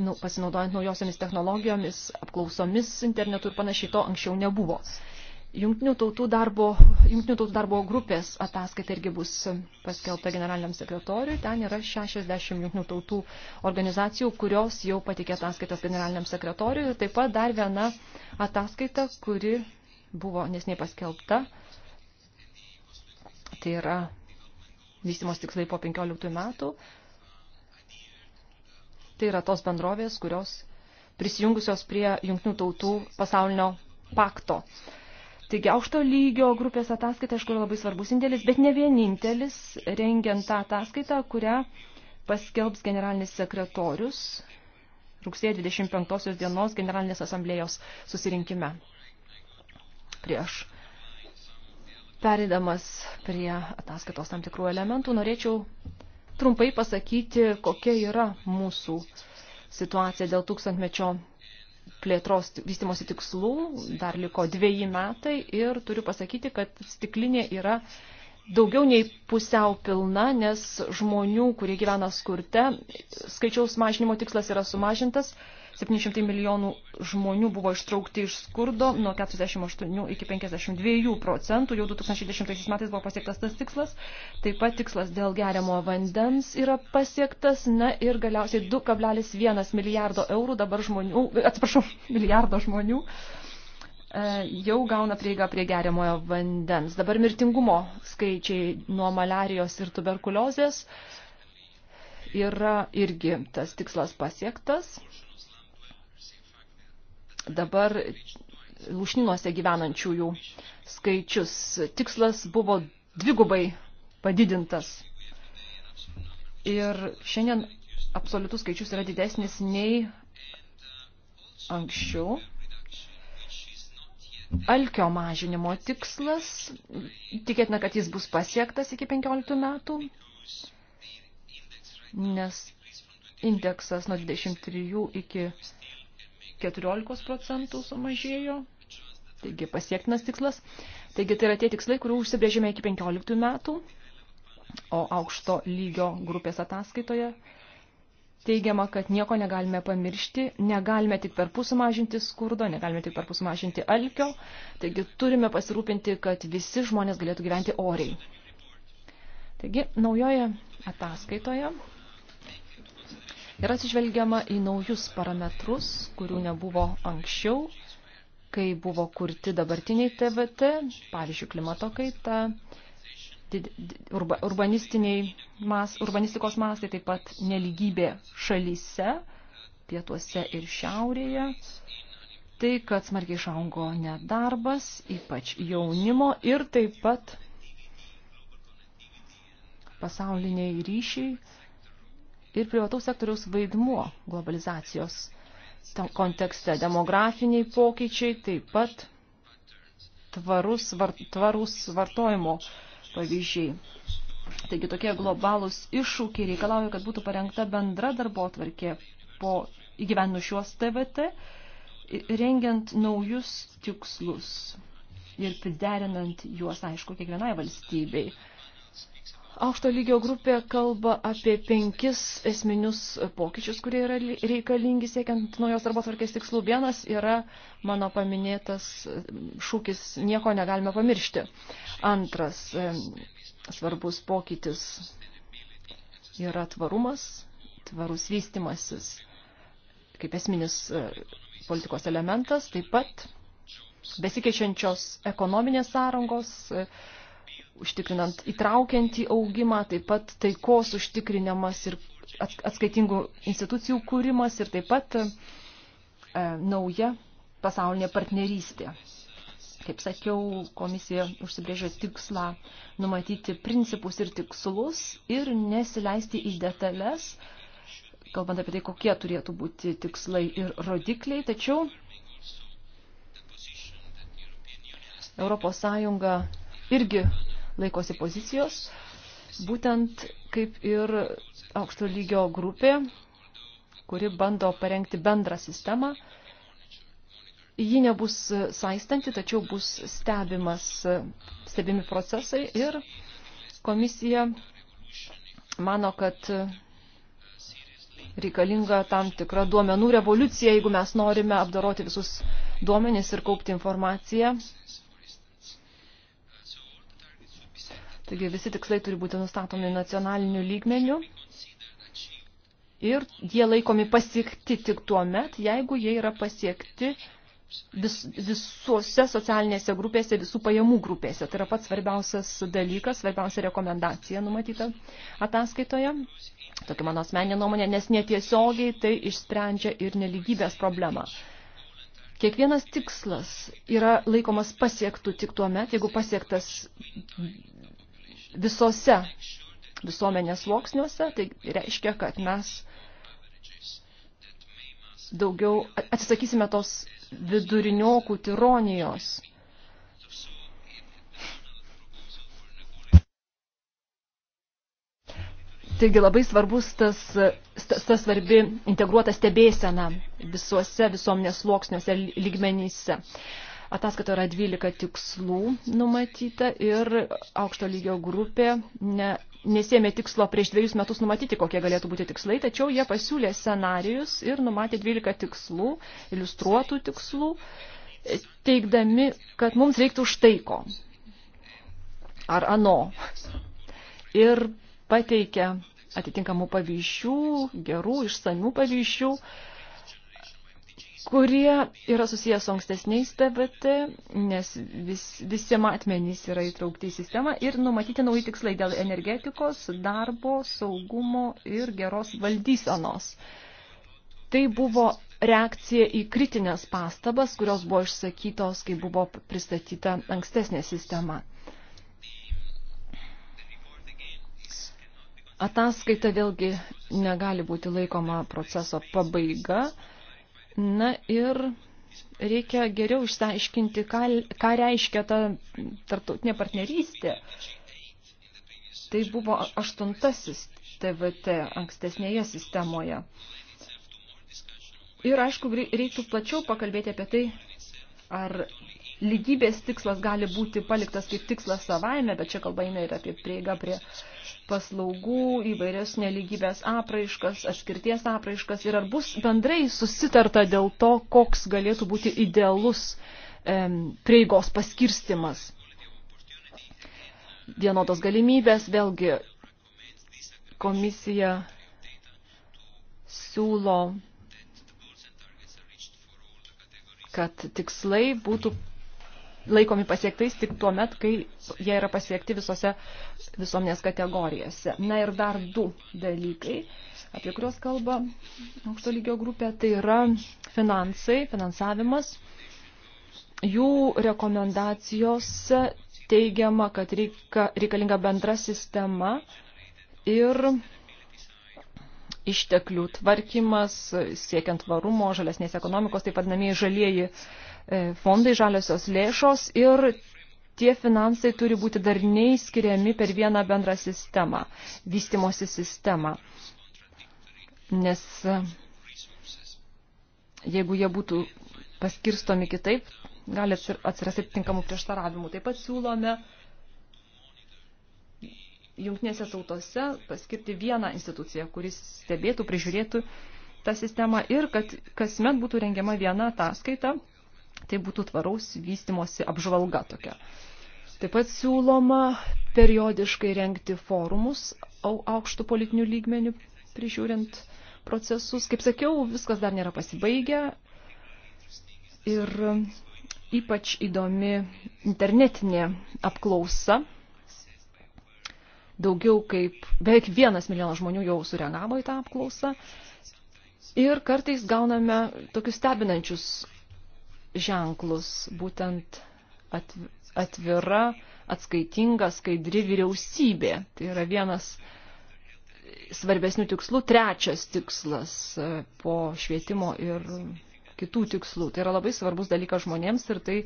nu, pasinaudojant naujosiomis technologijomis, apklausomis internetu ir panašiai to anksčiau nebuvo. Jungtinių tautų, darbo, jungtinių tautų darbo grupės ataskaita irgi bus paskelbta generaliniam sekretoriui. Ten yra 60 jungtinių tautų organizacijų, kurios jau patikė ataskaitas generaliniam sekretoriui. Ir taip pat dar viena ataskaita, kuri buvo nesnei paskelbta. Tai yra vystimos tikslai po 15 metų. Tai yra tos bendrovės, kurios prisijungusios prie Junktinių tautų pasaulinio pakto. Taigi aukšto lygio grupės ataskaita, aišku, yra labai svarbus indėlis, bet ne vienintelis, rengiant tą ataskaitą, kurią paskelbs generalinis sekretorius rugsėjo 25 dienos generalinės asamblėjos susirinkime. Prieš perėdamas prie ataskaitos tam tikrų elementų, norėčiau trumpai pasakyti, kokia yra mūsų situacija dėl tūkstantmečio plėtros vystimosi tikslų. Dar liko dviejai metai ir turiu pasakyti, kad stiklinė yra daugiau nei pusiau pilna, nes žmonių, kurie gyvena skurte, skaičiaus mažinimo tikslas yra sumažintas 700 milijonų žmonių buvo ištraukti iš skurdo nuo 48 iki 52 procentų. Jau 2010 metais buvo pasiektas tas tikslas. Taip pat tikslas dėl geriamo vandens yra pasiektas. Na ir galiausiai 2,1 milijardo eurų dabar žmonių, atsiprašau, milijardo žmonių e, jau gauna prieigą prie geriamojo vandens. Dabar mirtingumo skaičiai nuo maliarijos ir tuberkuliozės yra irgi tas tikslas pasiektas dabar lūšninuose gyvenančiųjų skaičius. Tikslas buvo dvigubai padidintas. Ir šiandien absoliutus skaičius yra didesnis nei anksčiau. Alkio mažinimo tikslas, tikėtina, kad jis bus pasiektas iki 15 metų, nes indeksas nuo 23 iki 20 14 procentų sumažėjo, taigi pasiektinas tikslas. Taigi tai yra tie tikslai, kurių užsibrėžėme iki 15 metų, o aukšto lygio grupės ataskaitoje teigiama, kad nieko negalime pamiršti, negalime tik per pusę mažinti skurdo, negalime tik per pusę mažinti alkio, taigi turime pasirūpinti, kad visi žmonės galėtų gyventi oriai. Taigi, naujoje ataskaitoje yra atsižvelgiama į naujus parametrus, kurių nebuvo anksčiau, kai buvo kurti dabartiniai TVT, pavyzdžiui, klimato kaita, urba, mas, urbanistikos mastai, taip pat neligybė šalyse, pietuose ir šiaurėje. Tai, kad smarkiai išaugo nedarbas, ypač jaunimo ir taip pat pasauliniai ryšiai ir privataus sektoriaus vaidmuo globalizacijos kontekste. Demografiniai pokyčiai taip pat tvarus, var, tvarus vartojimo pavyzdžiai. Taigi tokie globalūs iššūkiai reikalauja, kad būtų parengta bendra darbo tvarkė po įgyvenu šiuos TVT, rengiant naujus tikslus ir priderinant juos, aišku, kiekvienai valstybei. Aukšto lygio grupė kalba apie penkis esminius pokyčius, kurie yra reikalingi siekiant naujos darbo tvarkės tikslų. Vienas yra mano paminėtas šūkis nieko negalime pamiršti. Antras e, svarbus pokytis yra tvarumas, tvarus vystimasis kaip esminis e, politikos elementas, taip pat besikeičiančios ekonominės sąrangos, e, užtikrinant įtraukiantį augimą, taip pat taikos užtikrinimas ir atskaitingų institucijų kūrimas ir taip pat e, nauja pasaulinė partnerystė. Kaip sakiau, komisija užsibrėžė tikslą numatyti principus ir tikslus ir nesileisti į detalės, kalbant apie tai, kokie turėtų būti tikslai ir rodikliai, tačiau Europos Sąjunga irgi laikosi pozicijos, būtent kaip ir aukšto lygio grupė, kuri bando parengti bendrą sistemą. Ji nebus saistanti, tačiau bus stebimas, stebimi procesai ir komisija mano, kad reikalinga tam tikra duomenų revoliucija, jeigu mes norime apdaroti visus duomenis ir kaupti informaciją Taigi visi tikslai turi būti nustatomi nacionaliniu lygmeniu ir jie laikomi pasiekti tik tuo met, jeigu jie yra pasiekti vis, visuose socialinėse grupėse, visų pajamų grupėse. Tai yra pats svarbiausias dalykas, svarbiausia rekomendacija numatyta ataskaitoje. Tokia mano asmeninė nuomonė, nes netiesiogiai tai išsprendžia ir neligybės problemą. Kiekvienas tikslas yra laikomas pasiektų tik tuo met, jeigu pasiektas visose visuomenės sluoksniuose, tai reiškia, kad mes daugiau atsisakysime tos viduriniokų tironijos. Taigi labai svarbus tas, tas, tas svarbi integruota stebėsena visuose visuomenės sluoksniuose lygmenyse. Uh, Ataskaito yra 12 tikslų numatyta ir aukšto lygio grupė ne, nesėmė tikslo prieš dviejus metus numatyti, kokie galėtų būti tikslai, tačiau jie pasiūlė scenarius ir numatė 12 tikslų, iliustruotų tikslų, teikdami, kad mums reiktų štai ko ar ano. Ir pateikia atitinkamų pavyzdžių, gerų, išsamių pavyzdžių, kurie yra susijęs su ankstesniais TVT, nes vis, visi matmenys yra įtraukti į sistemą ir numatyti nauji tikslai dėl energetikos, darbo, saugumo ir geros valdysenos. Tai buvo reakcija į kritinės pastabas, kurios buvo išsakytos, kai buvo pristatyta ankstesnė sistema. Ataskaita vėlgi negali būti laikoma proceso pabaiga, Na ir reikia geriau išsiaiškinti, ką, ką reiškia ta tarptautinė partnerystė. Tai buvo aštuntasis TVT ankstesnėje sistemoje. Ir aišku, reiktų plačiau pakalbėti apie tai, ar lygybės tikslas gali būti paliktas kaip tikslas savaime, bet čia kalba eina ir apie prieigą prie paslaugų, įvairias neligybės apraiškas, atskirties apraiškas ir ar bus bendrai susitarta dėl to, koks galėtų būti idealus e, prieigos paskirstimas. Vienodos galimybės, vėlgi komisija siūlo, kad tikslai būtų laikomi pasiektais tik tuo met, kai jie yra pasiekti visose visuomenės kategorijose. Na ir dar du dalykai, apie kuriuos kalba aukšto lygio grupė, tai yra finansai, finansavimas. Jų rekomendacijose teigiama, kad reika, reikalinga bendra sistema ir išteklių tvarkymas, siekiant varumo, žalesnės ekonomikos, taip vadinamieji žalieji E, fondai, žaliosios lėšos ir tie finansai turi būti darniai skiriami per vieną bendrą sistemą, vystimosi sistemą. Nes e, jeigu jie būtų paskirstomi kitaip, gali atsirasti tinkamų prieštaravimų. Taip pat siūlome jungtinėse tautose paskirti vieną instituciją, kuris stebėtų, prižiūrėtų tą sistemą ir kad kasmet būtų rengiama viena ataskaita tai būtų tvaraus vystimosi apžvalga tokia. Taip pat siūloma periodiškai renkti forumus aukštų politinių lygmenių prižiūrint procesus. Kaip sakiau, viskas dar nėra pasibaigę ir ypač įdomi internetinė apklausa. Daugiau kaip beveik vienas milijonas žmonių jau sureagavo į tą apklausą. Ir kartais gauname tokius stebinančius ženklus, būtent atvira, atskaitinga, skaidri vyriausybė. Tai yra vienas svarbesnių tikslų, trečias tikslas e, po švietimo ir kitų tikslų. Tai yra labai svarbus dalykas žmonėms ir tai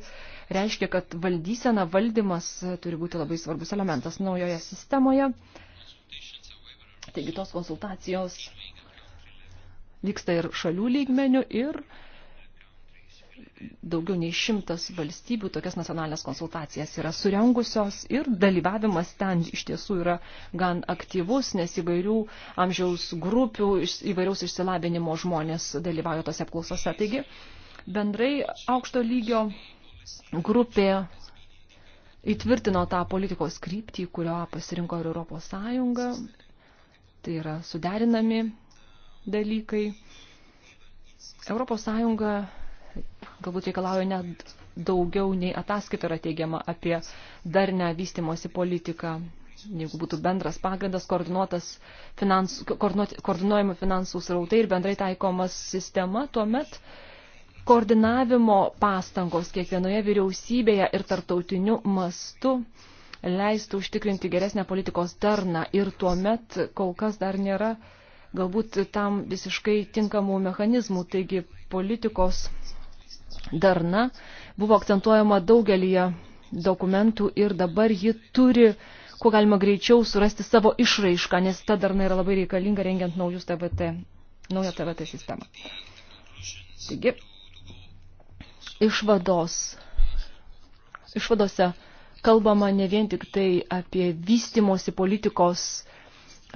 reiškia, kad valdysena, valdymas turi būti labai svarbus elementas naujoje sistemoje. Taigi tos konsultacijos vyksta ir šalių lygmenių ir uh, daugiau nei šimtas valstybių tokias nacionalinės konsultacijas yra surengusios ir dalyvavimas ten iš tiesų yra gan aktyvus, nes įvairių amžiaus grupių, įvairiaus išsilavinimo žmonės dalyvauja tose apklausose. Taigi, bendrai aukšto lygio grupė įtvirtino tą politikos kryptį, kurio pasirinko ir Europos Sąjunga. Tai yra suderinami dalykai. Europos Sąjunga galbūt reikalauja net daugiau nei ataskaita yra teigiama apie darnę vystimosi politiką, jeigu būtų bendras pagrindas, koordinuotas finans, koordinuojami finansų srautai ir bendrai taikomas sistema, tuomet koordinavimo pastangos kiekvienoje vyriausybėje ir tartautiniu mastu leistų užtikrinti geresnę politikos darną ir tuomet kol kas dar nėra galbūt tam visiškai tinkamų mechanizmų, taigi politikos darna buvo akcentuojama daugelyje dokumentų ir dabar ji turi kuo galima greičiau surasti savo išraišką, nes ta darna yra labai reikalinga rengiant naujus TVT, naują TVT sistemą. Taigi, išvados. Išvadose kalbama ne vien tik tai apie vystimosi politikos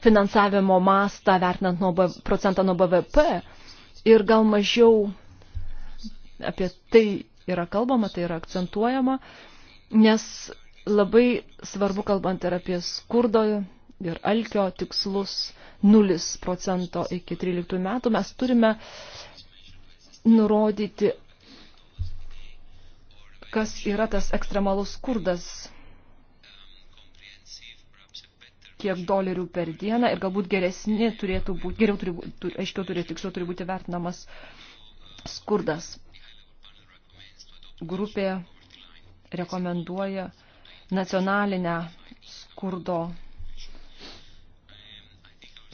finansavimo mastą, vertinant nuo, procentą nuo BVP, ir gal mažiau apie tai yra kalbama, tai yra akcentuojama, nes labai svarbu kalbant ir apie skurdo ir alkio tikslus 0 procento iki 13 metų, mes turime nurodyti, kas yra tas ekstremalus skurdas, kiek dolerių per dieną ir galbūt geresni turėtų būti, geriau turi būti, aiškiau turėtų, tiksliau turi būti vertinamas skurdas grupė rekomenduoja nacionalinę skurdo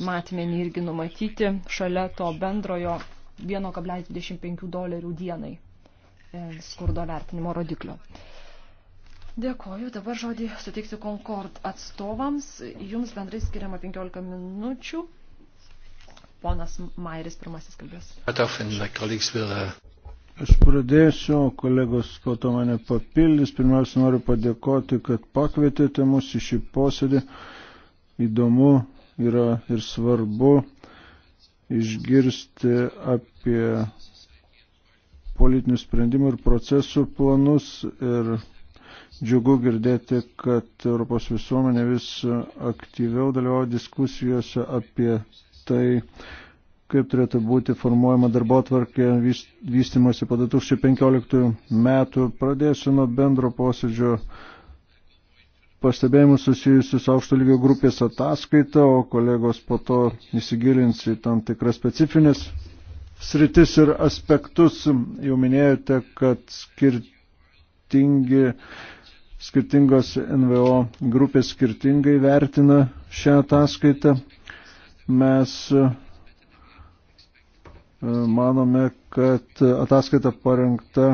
matmenį irgi numatyti šalia to bendrojo 1,25 dolerių dienai e, skurdo vertinimo rodiklio. Dėkoju. Dabar žodį suteiksiu Concord atstovams. Jums bendrai skiriama 15 minučių. Ponas Mairis pirmasis kalbės. Aš pradėsiu, kolegos po to mane papildys. Pirmiausia, noriu padėkoti, kad pakvietėte mus į šį posėdį. Įdomu yra ir svarbu išgirsti apie politinių sprendimų ir procesų planus ir džiugu girdėti, kad Europos visuomenė vis aktyviau dalyvauja diskusijose apie tai, kaip turėtų būti formuojama darbo tvarkė vystimosi po 2015 metų. Pradėsiu nuo bendro posėdžio pastebėjimų susijusių su aukšto lygio grupės ataskaita, o kolegos po to įsigilins į tam tikras specifinės sritis ir aspektus. Jau minėjote, kad skirtingi, skirtingos NVO grupės skirtingai vertina šią ataskaitą. Mes E, manome, kad ataskaita parengta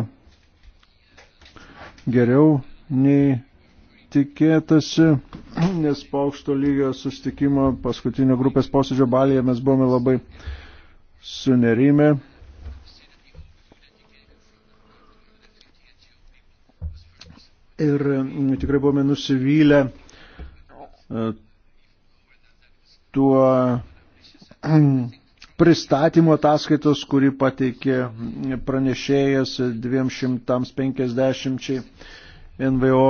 geriau nei tikėtasi, nes po aukšto lygio sustikimo paskutinio grupės posėdžio balyje mes buvome labai sunerime. Ir mm, tikrai buvome nusivylę e, tuo pristatymo ataskaitos, kuri pateikė pranešėjas 250 NVO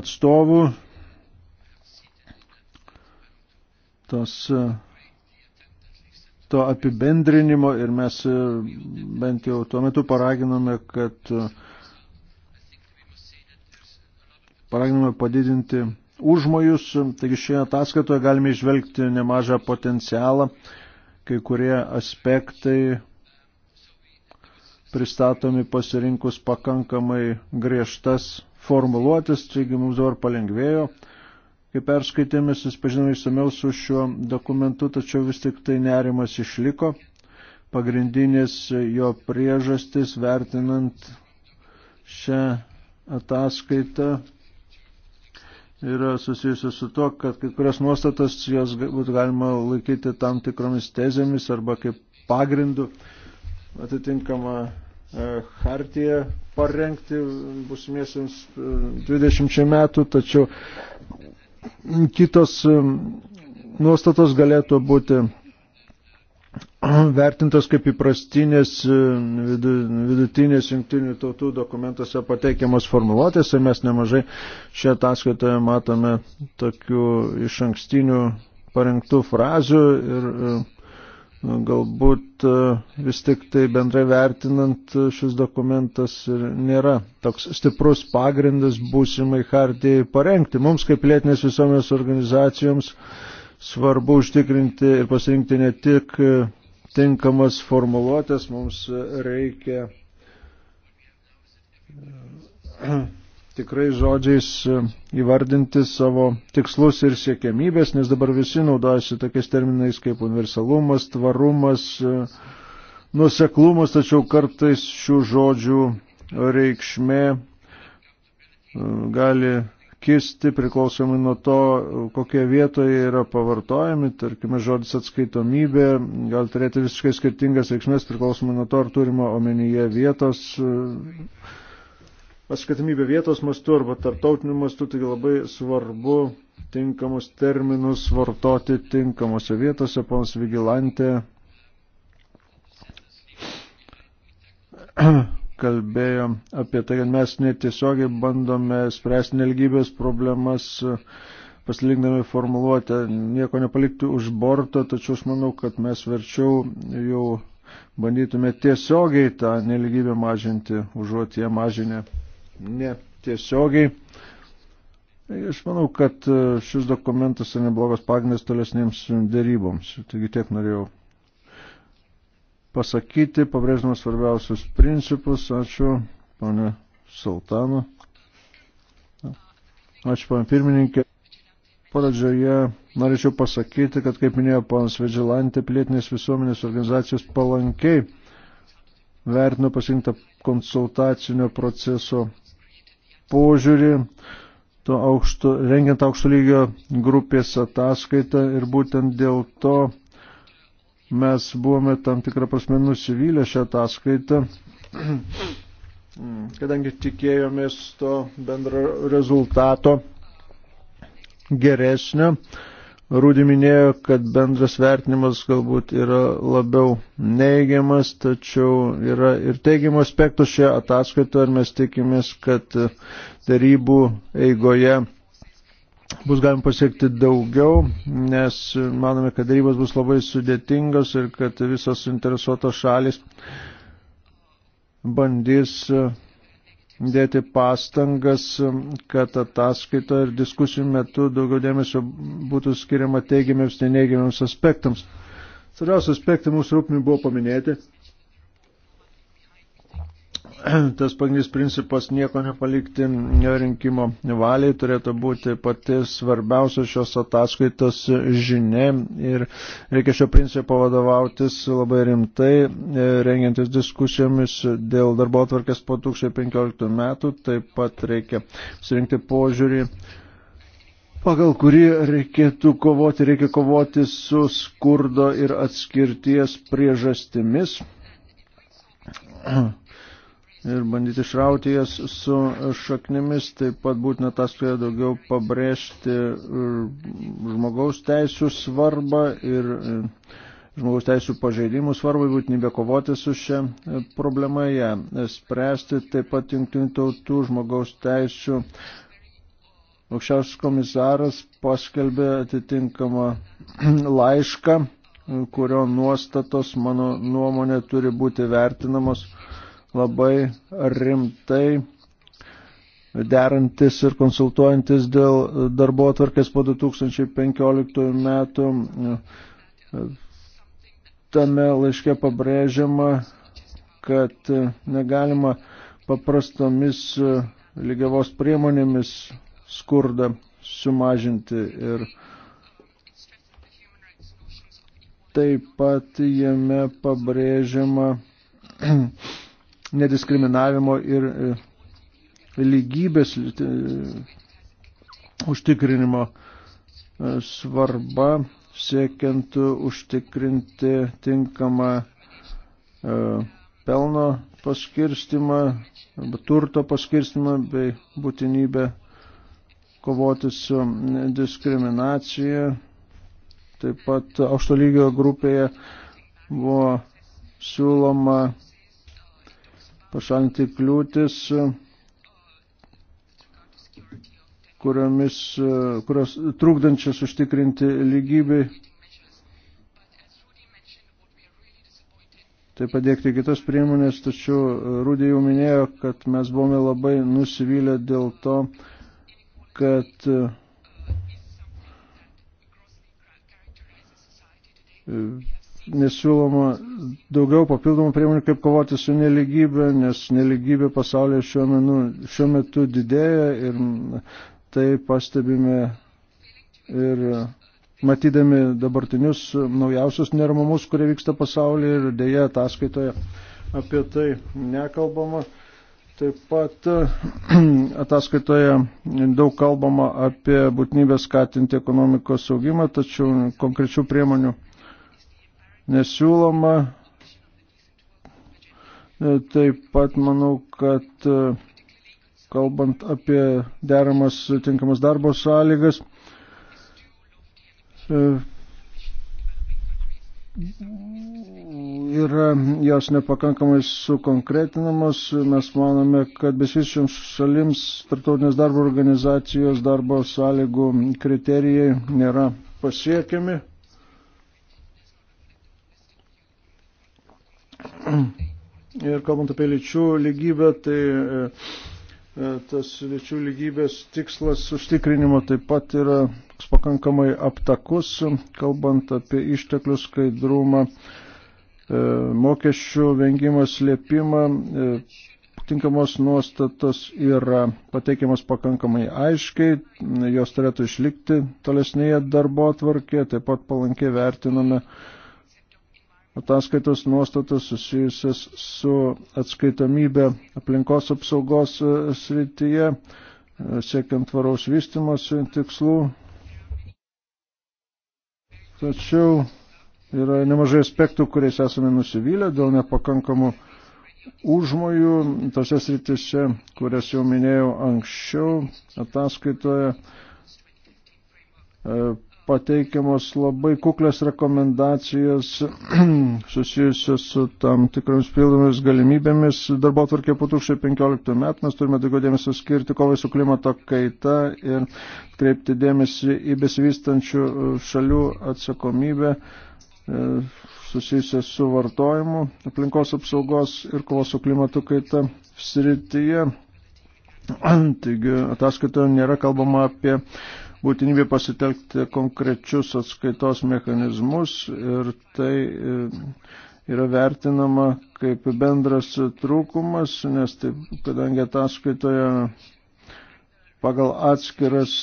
atstovų. Tos to apibendrinimo ir mes e, bent jau tuo metu paraginome, kad e, paraginome padidinti užmojus, taigi šioje ataskaitoje galime išvelgti nemažą potencialą kai kurie aspektai pristatomi pasirinkus pakankamai griežtas formuluotis, taigi mums dabar palengvėjo. Kai perskaitėme, susipažinome įsamiau su šiuo dokumentu, tačiau vis tik tai nerimas išliko. Pagrindinės jo priežastis vertinant šią ataskaitą yra susijusi su to, kad kai kurias nuostatas jos būtų galima laikyti tam tikromis tezėmis arba kaip pagrindu atitinkamą e, hartiją parengti busimiesiams 20 e, metų, tačiau kitos e, nuostatos galėtų būti vertintos kaip įprastinės e, vidutinės jungtinių tautų dokumentuose pateikiamos formuluotės ir mes nemažai šią ataskaitoje matome tokių iš ankstinių parengtų frazių ir e, nu, galbūt e, vis tik tai bendrai vertinant šis dokumentas ir nėra toks stiprus pagrindas būsimai hartijai parengti. Mums kaip lėtinės visuomenės organizacijoms svarbu užtikrinti ir pasirinkti ne tik e, tinkamas formuluotės, mums reikia e, tikrai žodžiais e, įvardinti savo tikslus ir siekiamybės, nes dabar visi naudojasi tokiais terminais kaip universalumas, tvarumas, nuseklumas, tačiau kartais šių žodžių reikšmė gali kisti priklausomai nuo to, kokie vietoje yra pavartojami, tarkime, žodis atskaitomybė gali turėti visiškai skirtingas reikšmės priklausomai nuo to, ar turima omenyje vietos atskaitomybė vietos mastu arba tarptautiniu mastu, taigi labai svarbu tinkamus terminus vartoti tinkamose vietose, ponas Vigilantė kalbėjo apie tai, kad mes netiesiogiai bandome spręsti nelgybės problemas, pasilinkdami formuluotę, nieko nepalikti už borto, tačiau aš manau, kad mes verčiau jau bandytume tiesiogiai tą nelgybę mažinti, užuot ją mažinę netiesiogiai. Aš manau, kad šis dokumentas yra neblogas pagrindas tolesnėms dėryboms. Taigi tiek norėjau pasakyti, pabrėždamas svarbiausius principus. Ačiū, pane Sultano. Ačiū, pane pirmininkė. Pradžioje norėčiau pasakyti, kad, kaip minėjo ponas Vedžilantė, pilietinės visuomenės organizacijos palankiai vertino pasirinktą konsultacinio proceso požiūrį, to aukšto, rengiant aukšto lygio grupės ataskaitą ir būtent dėl to Mes buvome tam tikrą prasme nusivylę šią ataskaitą, kadangi tikėjomės to bendro rezultato geresnio. Rūdį minėjo, kad bendras vertinimas galbūt yra labiau neigiamas, tačiau yra ir teigiamų aspektų šioje ataskaitoje ir mes tikimės, kad darybų eigoje bus galima pasiekti daugiau, nes manome, kad darybos bus labai sudėtingos ir kad visos suinteresuotos šalis bandys dėti pastangas, kad ataskaito ir diskusijų metu daugiau dėmesio būtų skiriama teigiamiams, neneigiamiams aspektams. Svarbiausi aspektai mūsų rūpmi buvo paminėti. tas pagrindinis principas nieko nepalikti rinkimo valiai turėtų būti pati svarbiausia šios ataskaitos žinia ir reikia šio principo vadovautis labai rimtai, e, rengiantis diskusijomis dėl darbo atvarkės po 2015 metų, taip pat reikia surinkti požiūrį pagal kurį reikėtų kovoti, reikia kovoti su skurdo ir atskirties priežastimis ir bandyti išrauti jas su šaknimis, taip pat būtina tas prie daugiau pabrėžti žmogaus teisų svarbą ir e, žmogaus teisų pažeidimų svarbą, būtinybė kovoti su šia e, problema, ją spręsti, taip pat jungtinių tautų žmogaus teisų aukščiausias komisaras paskelbė atitinkamą laišką, kurio nuostatos, mano nuomonė, turi būti vertinamos labai rimtai derantis ir konsultuojantis dėl darbo atvarkės po 2015 metų. Tame laiške pabrėžiama, kad negalima paprastomis lygiavos priemonėmis skurdą sumažinti ir taip pat jame pabrėžiama nediskriminavimo ir e, lygybės e, užtikrinimo e, svarba siekiant užtikrinti tinkamą pelno paskirstimą arba turto paskirstimą bei būtinybę kovoti su diskriminacija. Taip pat aukšto lygio grupėje buvo siūloma pašalinti kliūtis, kuriomis, kurios trukdančios užtikrinti lygybį. Taip padėkti kitas priemonės, tačiau Rūdė jau minėjo, kad mes buvome labai nusivylę dėl to, kad uh, nesiūloma daugiau papildomų priemonių, kaip kovoti su neligybė, nes neligybė pasaulyje šiuo, menu, šiuo metu didėja ir tai pastebime ir matydami dabartinius naujausius neramumus, kurie vyksta pasaulyje ir dėja ataskaitoje apie tai nekalbama. Taip pat ataskaitoje daug kalbama apie būtinybę skatinti ekonomikos saugimą, tačiau konkrečių priemonių nesiūloma. E, taip pat manau, kad e, kalbant apie deramas tinkamas darbo sąlygas, e, yra jos nepakankamai sukonkretinamos. Mes manome, kad besiščiams šalims tartautinės darbo organizacijos darbo sąlygų kriterijai nėra pasiekiami. Ir kalbant apie lyčių lygybę, tai e, e, tas lyčių lygybės tikslas užtikrinimo taip pat yra pakankamai aptakus, kalbant apie išteklių skaidrumą, e, mokesčių vengimą, slėpimą. Tinkamos nuostatos yra pateikiamas pakankamai aiškiai, jos turėtų išlikti tolesnėje darbo tvarkė, taip pat palankiai vertiname uh, ataskaitos nuostatas susijusias su atskaitomybė aplinkos apsaugos e, srityje, e, siekiant tvaraus vystimosi tikslų. Tačiau yra nemažai aspektų, kuriais esame nusivylę dėl nepakankamų užmojų tose sritise, kurias jau minėjau anksčiau ataskaitoje e, pateikiamos labai kuklės rekomendacijos susijusios su tam tikromis pildomis galimybėmis. Darbo tvarkė po 2015 metų mes turime daugiau dėmesio skirti kovai su klimato kaita ir kreipti dėmesį į besivystančių šalių atsakomybę e, susijusios su vartojimu, aplinkos apsaugos ir kovos su klimato kaita srityje. Taigi ataskaitoje nėra kalbama apie būtinybė pasitelkti konkrečius atskaitos mechanizmus ir tai e, yra vertinama kaip bendras trūkumas, nes taip, kadangi ataskaitoje pagal atskiras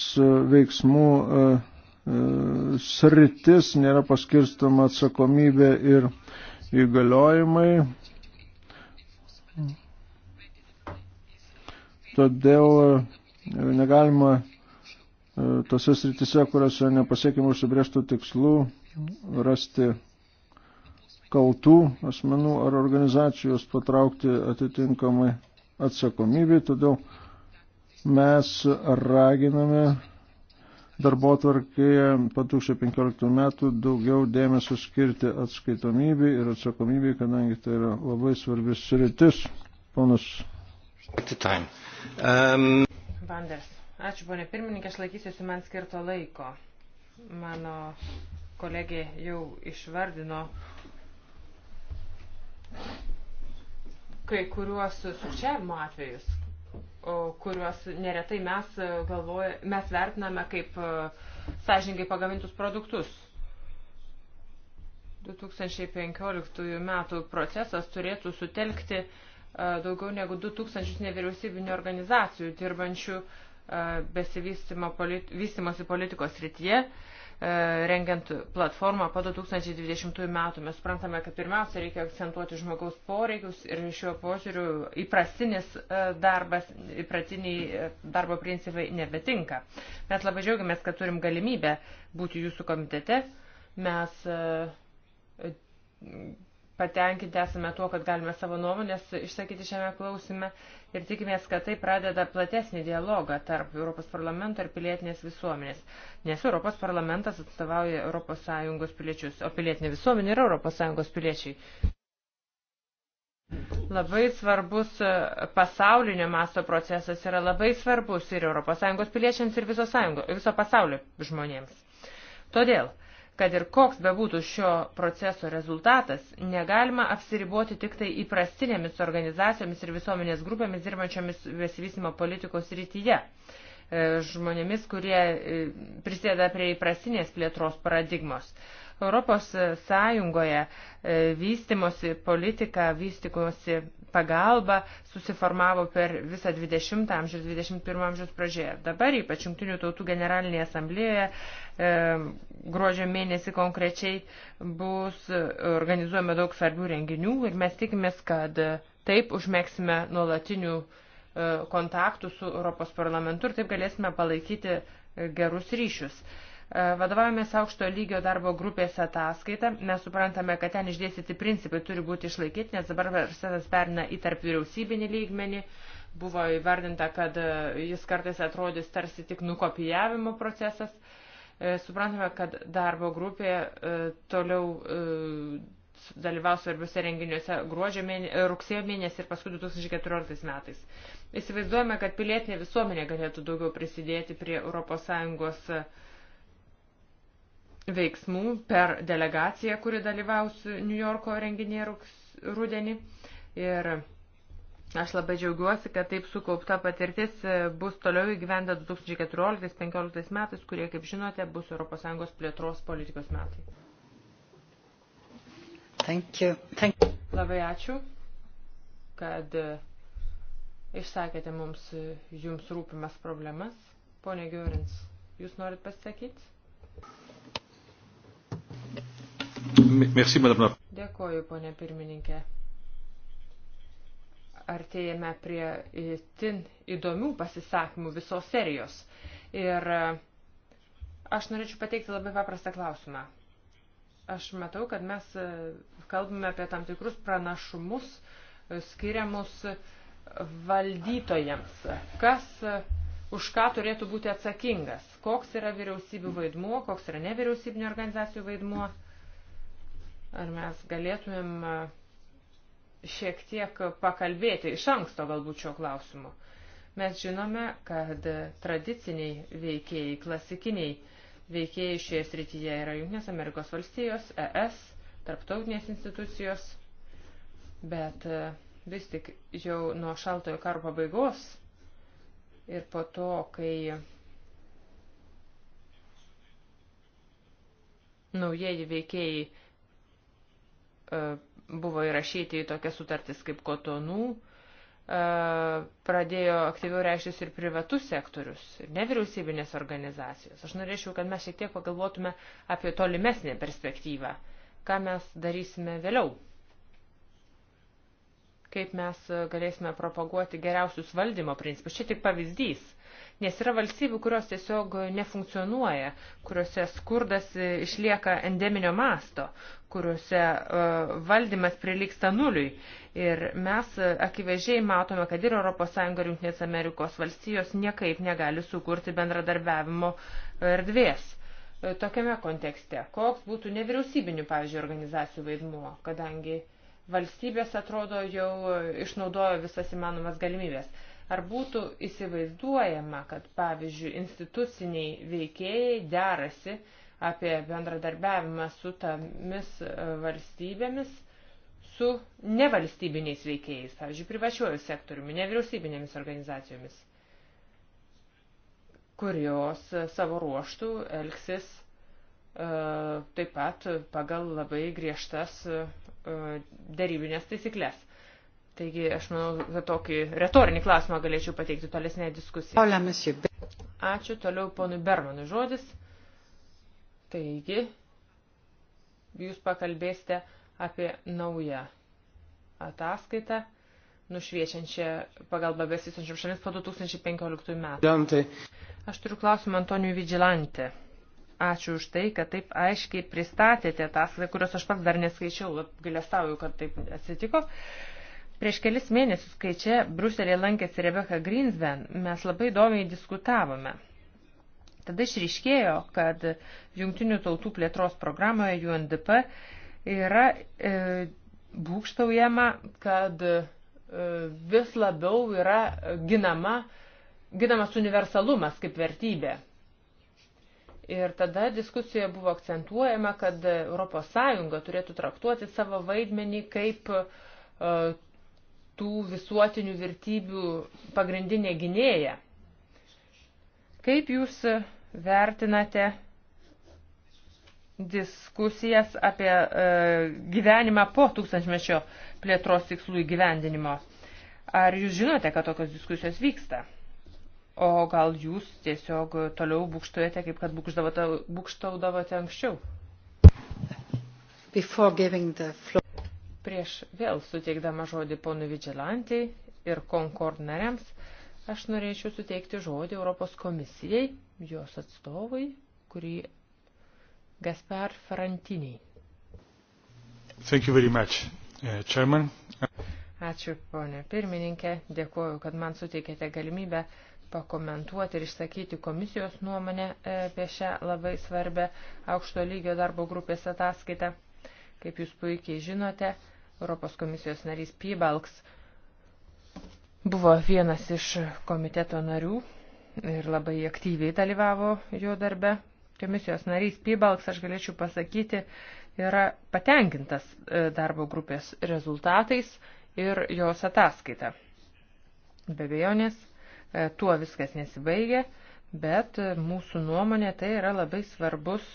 veiksmų e, e, sritis nėra paskirstama atsakomybė ir įgaliojimai. Todėl negalima tose sritise, kuriuose nepasiekime užsibrieštų tikslų, rasti kaltų asmenų ar organizacijos patraukti atitinkamai atsakomybį. Todėl mes raginame darbo tvarkėje po 2015 metų daugiau dėmesio skirti atskaitomybį ir atsakomybį, kadangi tai yra labai svarbis sritis. Ponas. Um... Vanders. Ačiū, ponė pirmininkė, aš laikysiuosi man skirto laiko. Mano kolegė jau išvardino kai kuriuos sukčiavimo atvejus, kuriuos neretai mes, galvoja, mes vertiname kaip e, sąžininkai pagamintus produktus. 2015 metų procesas turėtų sutelkti e, daugiau negu 2000 nevyriausybinio organizacijų dirbančių uh, E, besivystimo politi politikos rytyje, e, rengiant platformą po 2020 metų. Mes suprantame, kad pirmiausia reikia akcentuoti žmogaus poreikius ir šiuo požiūriu įprastinis e, darbas, įpratiniai darbo principai nebetinka. Mes labai džiaugiamės, kad turim galimybę būti jūsų komitete. Mes patenkinti esame tuo, kad galime savo nuomonės išsakyti šiame klausime ir tikimės, kad tai pradeda platesnį dialogą tarp Europos parlamento ir pilietinės visuomenės, nes Europos parlamentas atstovauja ES piliečius, o pilietinė visuomenė yra ES piliečiai. Labai svarbus e, pasaulinio masto procesas yra labai svarbus ir ES piliečiams, ir viso, sąjungo, viso pasaulio žmonėms. Todėl kad ir koks bebūtų šio proceso rezultatas, negalima apsiriboti tik tai įprastinėmis organizacijomis ir visuomenės grupėmis dirbančiomis besivysimo politikos rytyje. E, žmonėmis, kurie e, prisėda prie įprastinės plėtros paradigmos. Europos Sąjungoje e, vystimosi politika, vystimosi pagalba susiformavo per visą 20 amžiaus, 21 amžiaus pradžioje. Dabar ypač Junktinių tautų generalinėje asamblėje e, gruodžio mėnesį konkrečiai bus organizuojama daug svarbių renginių ir mes tikimės, kad taip užmėgsime nuolatinių e, kontaktų su Europos parlamentu ir taip galėsime palaikyti gerus ryšius. E, Vadovavomės aukšto lygio darbo grupės ataskaitą. Mes suprantame, kad ten išdėstyti principai turi būti išlaikyti, nes dabar verslas perina į tarp vyriausybinį lygmenį. Buvo įvardinta, kad e, jis kartais atrodys tarsi tik nukopijavimo procesas. E, suprantame, kad darbo grupė toliau dalyvaus svarbiuose renginiuose gruodžio mėnesį, rugsėjo mėnesį ir paskui 2014 metais. Įsivaizduojame, kad pilietinė visuomenė galėtų daugiau prisidėti prie ES veiksmų per delegaciją, kuri dalyvaus New Yorko renginėje rudenį. Ir aš labai džiaugiuosi, kad taip sukaupta patirtis e, bus toliau įgyvenda 2014-2015 metais, kurie, kaip žinote, bus ES plėtros politikos metai. Thank you. Thank you. Labai ačiū, kad e, išsakėte mums e, jums rūpimas problemas. Pone Giorins, jūs norit pasakyti? Merci, madame. Dėkoju, ponė pirmininkė. Artėjame prie tin įdomių pasisakymų visos serijos. Ir e, aš norėčiau pateikti labai paprastą klausimą. Aš matau, kad mes e, kalbame apie tam tikrus pranašumus e, skiriamus valdytojams. Kas už ką turėtų būti atsakingas? Koks yra vyriausybių vaidmuo, koks yra nevyriausybinio organizacijų vaidmuo? Ar mes galėtumėm e, šiek tiek pakalbėti iš anksto galbūt šio klausimu? Mes žinome, kad tradiciniai veikėjai, klasikiniai veikėjai šioje srityje yra Junktinės Amerikos valstijos, ES, tarptautinės institucijos, bet e, vis tik jau nuo šaltojo karo pabaigos ir po to, kai naujieji veikėjai E, buvo įrašyti į tokias sutartis kaip kotonų, e, pradėjo aktyviau reikštis ir privatus sektorius, ir nevyriausybinės organizacijos. Aš norėčiau, kad mes šiek tiek pagalvotume apie tolimesnę perspektyvą, ką mes darysime vėliau, kaip mes galėsime propaguoti geriausius valdymo principus. Čia tik pavyzdys – Nes yra valstybių, kurios tiesiog nefunkcionuoja, kuriuose skurdas e, išlieka endeminio masto, kuriuose e, valdymas priliksta nuliui. Ir mes e, akivaizdžiai matome, kad ir ES ir Junktinės Amerikos valstijos niekaip negali sukurti bendradarbiavimo erdvės tokiame kontekste, koks būtų nevyriausybinių, pavyzdžiui, organizacijų vaidmuo, kadangi valstybės atrodo jau išnaudojo visas įmanomas galimybės. Ar būtų įsivaizduojama, kad, pavyzdžiui, instituciniai veikėjai derasi apie bendradarbiavimą su tomis e, valstybėmis, su nevalstybiniais veikėjais, pavyzdžiui, privačiuoju sektoriumi, nevyriausybinėmis organizacijomis, kurios e, savo ruoštų elgsis e, taip pat pagal labai griežtas darybinės taisyklės. Taigi aš manau, kad tokį retorinį klausimą galėčiau pateikti tolesnėje diskusijoje. Ačiū, toliau ponui Bermanui žodis. Taigi, jūs pakalbėsite apie naują ataskaitą, nušviečiančią pagalbą besisančiam šalims po 2015 metų. Aš turiu klausimą Antonijui Vigilantė. Ačiū už tai, kad taip aiškiai pristatėte ataskaitą, kurios aš pats dar neskaičiau, gailestauju, kad taip atsitiko. Uh, Prieš kelis mėnesius, kai čia Bruselėje lankėsi Rebecca Greensben, mes labai įdomiai diskutavome. Tada išryškėjo, kad Junktinių tautų plėtros programoje UNDP yra e, būkštaujama, kad e, vis labiau yra ginama, ginamas universalumas kaip vertybė. Ir tada diskusijoje buvo akcentuojama, kad ES turėtų traktuoti savo vaidmenį kaip e, tų visuotinių vertybių pagrindinė gynėja. Kaip jūs vertinate diskusijas apie e, gyvenimą po tūkstančmečio plėtros tikslų įgyvendinimo? Ar jūs žinote, kad tokios diskusijos vyksta? O gal jūs tiesiog toliau būkštojate, kaip kad būkštaudavote anksčiau? Before giving the floor. Prieš vėl suteikdama žodį ponui Vigilantai ir Concord nariams, aš norėčiau suteikti žodį Europos komisijai, jos atstovui, kurį Gaspar Ferrantiniai. Thank you very much, uh, Chairman. Ačiū, ponė pirmininkė. Dėkuoju, kad man suteikėte galimybę pakomentuoti ir išsakyti komisijos nuomonę e, apie šią labai svarbę aukšto lygio darbo grupės ataskaitą. Kaip jūs puikiai žinote, Europos komisijos narys Pybalks buvo vienas iš komiteto narių ir labai aktyviai dalyvavo jo darbe. Komisijos narys Pybalks, aš galėčiau pasakyti, yra patenkintas e, darbo grupės rezultatais ir jos ataskaita. Be bejonės, e, tuo viskas nesibaigė, bet e, mūsų nuomonė tai yra labai svarbus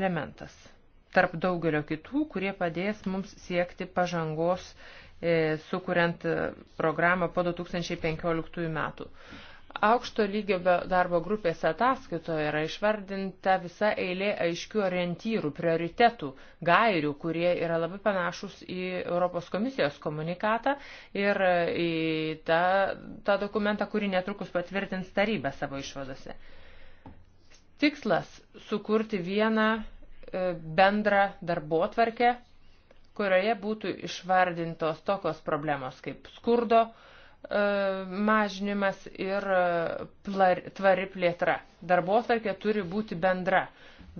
elementas tarp daugelio kitų, kurie padės mums siekti pažangos, e, sukuriant e, programą po 2015 metų. Aukšto lygio darbo grupės ataskaitoje yra išvardinta visa eilė aiškių orientyrų, prioritetų, gairių, kurie yra labai panašus į Europos komisijos komunikatą ir e, į tą, tą dokumentą, kurį netrukus patvirtins taryba savo išvadose. Tikslas - sukurti vieną E, bendrą darbo tvarkę, kurioje būtų išvardintos tokios problemos kaip skurdo e, mažinimas ir e, tvari plėtra. Darbo tvarkė turi būti bendra.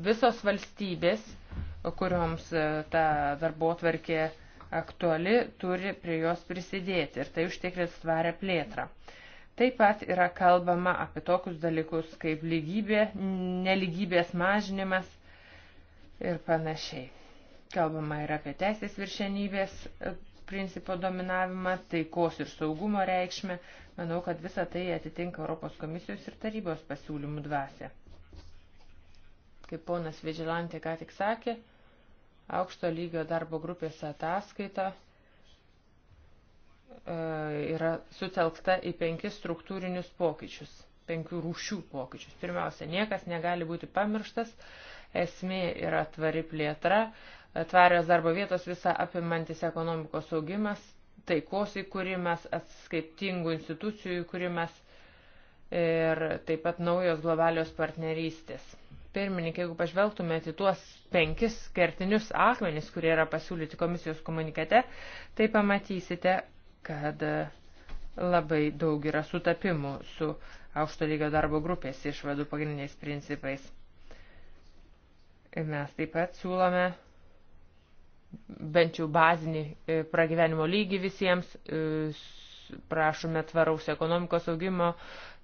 Visos valstybės, kurioms ta darbo tvarkė aktuali, turi prie jos prisidėti ir tai užtikrins tvarę plėtrą. Taip pat yra kalbama apie tokius dalykus kaip lygybė, neligybės mažinimas, ir panašiai. Kalbama ir apie teisės viršenybės e, principo dominavimą, taikos ir saugumo reikšmę. Manau, kad visa tai atitinka Europos komisijos ir tarybos pasiūlymų dvasę. Kaip ponas Vežilantė ką tik sakė, aukšto lygio darbo grupės ataskaita e, yra sutelkta į penkis struktūrinius pokyčius, penkių rūšių pokyčius. Pirmiausia, niekas negali būti pamirštas, Esmė yra tvari plėtra, tvarios darbo vietos visa apimantis ekonomikos augimas, taikos įkūrimas, atskaitingų institucijų įkūrimas ir taip pat naujos globalios partnerystės. Pirmininkai, jeigu pažvelgtumėte į tuos penkis kertinius akmenis, kurie yra pasiūlyti komisijos komunikate, tai pamatysite, kad labai daug yra sutapimų su aukšto lygio darbo grupės išvadų pagrindiniais principais. Mes taip pat siūlome bent jau bazinį e, pragyvenimo lygį visiems, e, prašome tvaraus ekonomikos augimo,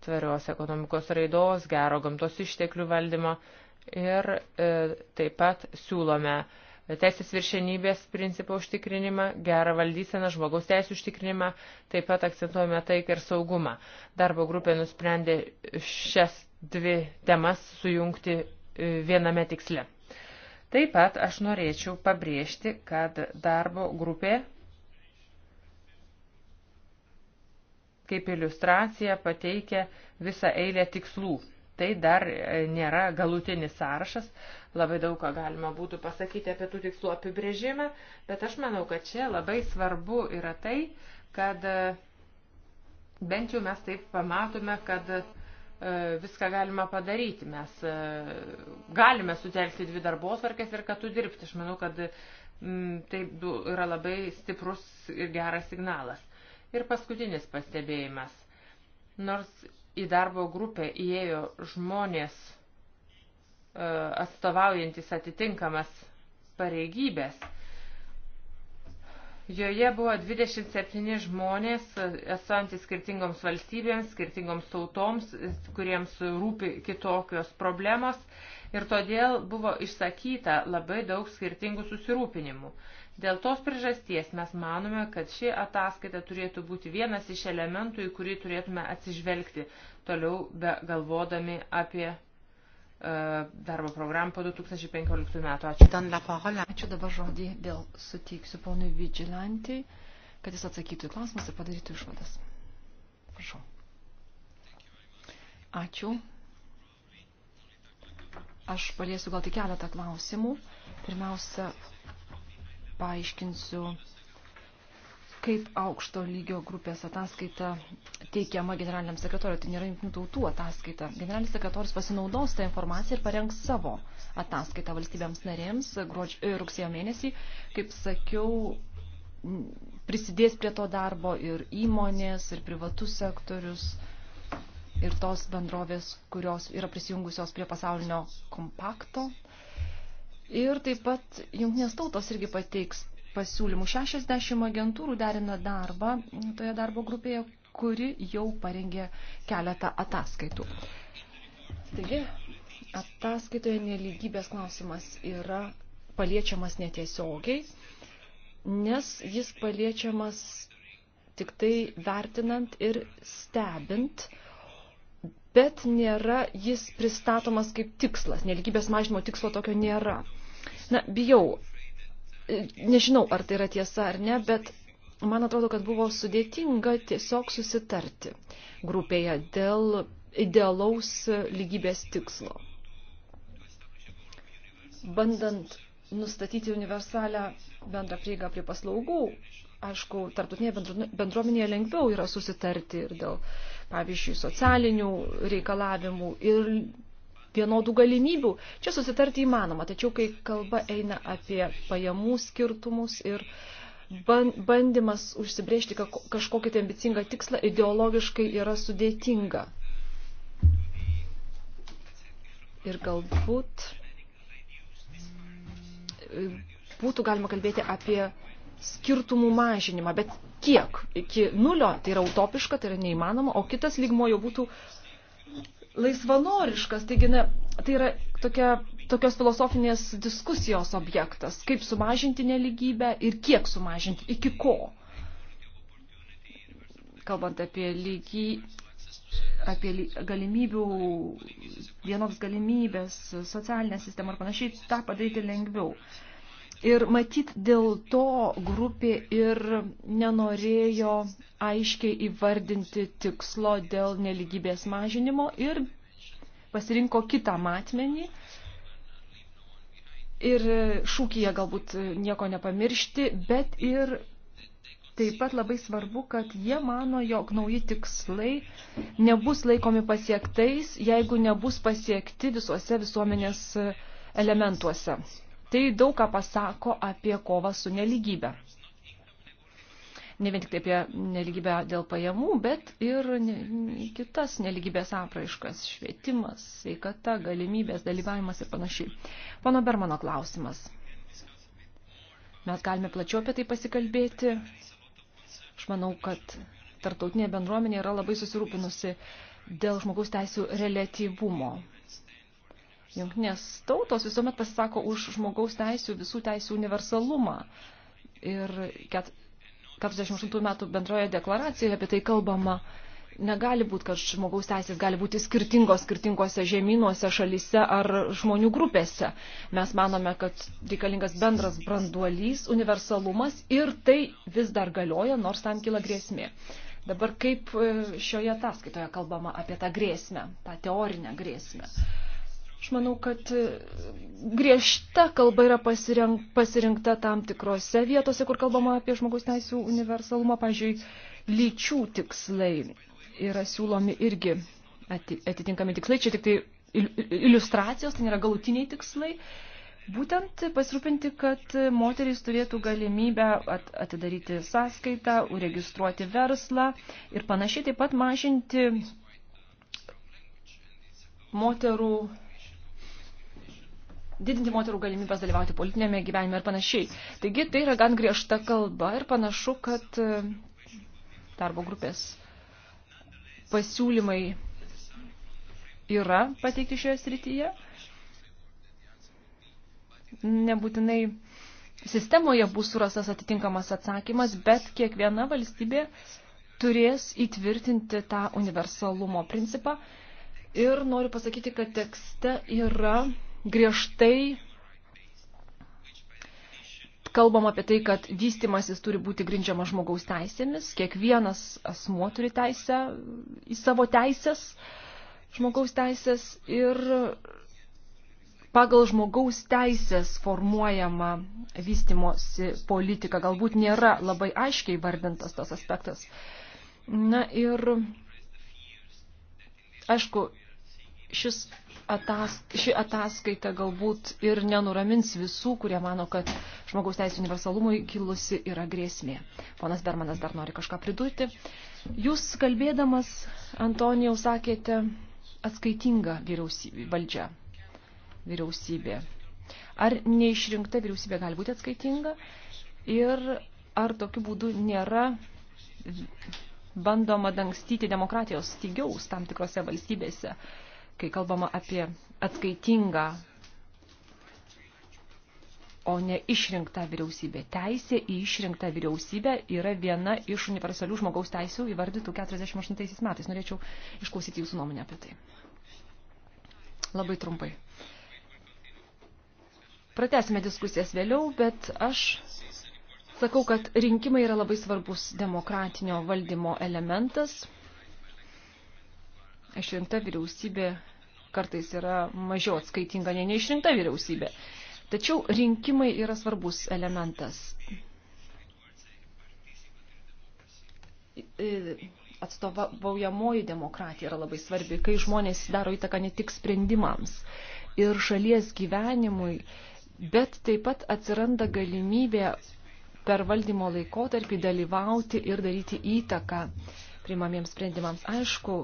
tvarios ekonomikos raidos, gero gamtos išteklių valdymo ir e, taip pat siūlome teisės viršenybės principą užtikrinimą, gerą valdyseną, žmogaus teisų užtikrinimą, taip pat akcentuojame taiką ir saugumą. Darbo grupė nusprendė šias dvi temas sujungti viename tiksle. Taip pat aš norėčiau pabrėžti, kad darbo grupė kaip iliustracija pateikia visą eilę tikslų. Tai dar e, nėra galutinis sąrašas, labai daug ką galima būtų pasakyti apie tų tikslų apibrėžimą, bet aš manau, kad čia labai svarbu yra tai, kad e, bent jau mes taip pamatome, kad E, viską galima padaryti. Mes e, galime sutelkti dvi darbosvarkės ir kartu dirbti. Aš manau, kad mm, tai yra labai stiprus ir geras signalas. Ir paskutinis pastebėjimas. Nors į darbo grupę įėjo žmonės e, atstovaujantis atitinkamas pareigybės, Joje buvo 27 žmonės, esantys skirtingoms valstybėms, skirtingoms tautoms, kuriems rūpi kitokios problemos ir todėl buvo išsakyta labai daug skirtingų susirūpinimų. Dėl tos priežasties mes manome, kad ši ataskaita turėtų būti vienas iš elementų, į kurį turėtume atsižvelgti toliau be galvodami apie E, darbo programą po 2015 metų. Ačiū. Ačiū dabar žodį vėl suteiksiu ponui Vigilantį, kad jis atsakytų į klausimus ir padarytų išvadas. Prašau. Ačiū. Aš paliesiu gal tik keletą klausimų. Pirmiausia, paaiškinsiu kaip aukšto lygio grupės ataskaita teikiama generaliniam sekretoriui. Tai nėra jungtinių tautų ataskaita. Generalinis sekretorius pasinaudos tą informaciją ir parengs savo ataskaitą valstybėms narėms gruodž... E, rugsėjo mėnesį. Kaip sakiau, prisidės prie to darbo ir įmonės, ir privatus sektorius, ir tos bendrovės, kurios yra prisijungusios prie pasaulinio kompakto. Ir taip pat jungtinės tautos irgi pateiks pasiūlymų. 60 agentūrų derina darbą toje darbo grupėje, kuri jau parengė keletą ataskaitų. Taigi, ataskaitoje nelygybės klausimas yra paliečiamas netiesiogiai, nes jis paliečiamas tik tai vertinant ir stebint, bet nėra jis pristatomas kaip tikslas. Nelygybės mažinimo tikslo tokio nėra. Na, bijau, nežinau, ar tai yra tiesa ar ne, bet man atrodo, kad buvo sudėtinga tiesiog susitarti grupėje dėl idealaus lygybės tikslo. Bandant nustatyti universalią bendrą prieigą prie paslaugų, aišku, tarptautinėje bendruomenėje lengviau yra susitarti ir dėl, pavyzdžiui, socialinių reikalavimų ir vienodų galimybių. Čia susitarti įmanoma, tačiau kai kalba eina apie pajamų skirtumus ir bandymas užsibrėžti kažkokį tai ambicingą tikslą ideologiškai yra sudėtinga. Ir galbūt būtų galima kalbėti apie skirtumų mažinimą, bet kiek? Iki nulio tai yra utopiška, tai yra neįmanoma, o kitas lygmo jau būtų laisvanoriškas, taigi na, tai yra tokia, tokios filosofinės diskusijos objektas, kaip sumažinti neligybę ir kiek sumažinti, iki ko. Kalbant apie lygį, apie galimybių, vienoks galimybės, socialinę sistemą ir panašiai, tą padaryti lengviau. Uh, Ir matyt, dėl to grupė ir nenorėjo aiškiai įvardinti tikslo dėl neligybės mažinimo ir pasirinko kitą matmenį. Ir šūkyje galbūt nieko nepamiršti, bet ir taip pat labai svarbu, kad jie mano, jog nauji tikslai nebus laikomi pasiektais, jeigu nebus pasiekti visuose visuomenės elementuose. Tai daug ką pasako apie kovą su neligybė. Ne vien tik tai apie neligybę dėl pajamų, bet ir kitas neligybės apraiškas - švietimas, sveikata, galimybės, dalyvavimas ir panašiai. Pano Bermano klausimas. Mes galime plačiau apie tai pasikalbėti. Aš manau, kad tartautinė bendruomenė yra labai susirūpinusi dėl žmogaus teisų relativumo. Junknės tautos visuomet pasisako už žmogaus teisų, visų teisų universalumą. Ir 48 metų bendroje deklaracijoje apie tai kalbama. Negali būti, kad žmogaus teisės gali būti skirtingos skirtingose žemynuose, šalyse ar žmonių grupėse. Mes manome, kad reikalingas bendras branduolys, universalumas ir tai vis dar galioja, nors tam kyla grėsmė. Dabar kaip e, šioje ataskaitoje kalbama apie tą grėsmę, tą teorinę grėsmę. Uh, Aš manau, kad e, griežta kalba yra pasirink, pasirinkta tam tikrose vietose, kur kalbama apie žmogaus teisų universalumą. Pavyzdžiui, lyčių tikslai yra siūlomi irgi atitinkami tikslai. Čia tik tai iliustracijos, tai nėra galutiniai tikslai. Būtent pasirūpinti, kad moterys turėtų galimybę atidaryti sąskaitą, uregistruoti verslą ir panašiai taip pat mažinti moterų didinti moterų galimybės dalyvauti politinėme gyvenime ir panašiai. Taigi tai yra gan griežta kalba ir panašu, kad e, darbo grupės pasiūlymai yra pateikti šioje srityje. Nebūtinai sistemoje bus surastas atitinkamas atsakymas, bet kiekviena valstybė turės įtvirtinti tą universalumo principą. Ir noriu pasakyti, kad tekste yra griežtai kalbam apie tai, kad vystimasis turi būti grindžiama žmogaus teisėmis, kiekvienas asmuo turi teisę į savo teisės, žmogaus teisės ir pagal žmogaus teisės formuojama vystimosi politika. Galbūt nėra labai aiškiai vardintas tas aspektas. Na ir, aišku, šis atask, ši ataskaita galbūt ir nenuramins visų, kurie mano, kad žmogaus teisų universalumui kilusi yra grėsmė. Ponas Bermanas dar nori kažką pridurti. Jūs kalbėdamas, Antonijau, sakėte atskaitinga vyriausybė, valdžia, vyriausybė. Ar neišrinkta vyriausybė gali būti atskaitinga ir ar tokiu būdu nėra bandoma dangstyti demokratijos stygiaus tam tikrose valstybėse, kai kalbama apie atskaitingą, o ne išrinktą vyriausybę. Teisė į išrinktą vyriausybę yra viena iš universalių žmogaus teisių įvardytų 48 metais. Norėčiau išklausyti jūsų nuomonę apie tai. Labai trumpai. Pratesime diskusijas vėliau, bet aš sakau, kad rinkimai yra labai svarbus demokratinio valdymo elementas išrinkta vyriausybė kartais yra mažiau atskaitinga nei neišrinkta vyriausybė. Tačiau rinkimai yra svarbus elementas. Atstovaujamoji demokratija yra labai svarbi, kai žmonės daro įtaką ne tik sprendimams ir šalies gyvenimui, bet taip pat atsiranda galimybė per valdymo laikotarpį dalyvauti ir daryti įtaką priimamiems sprendimams. Aišku,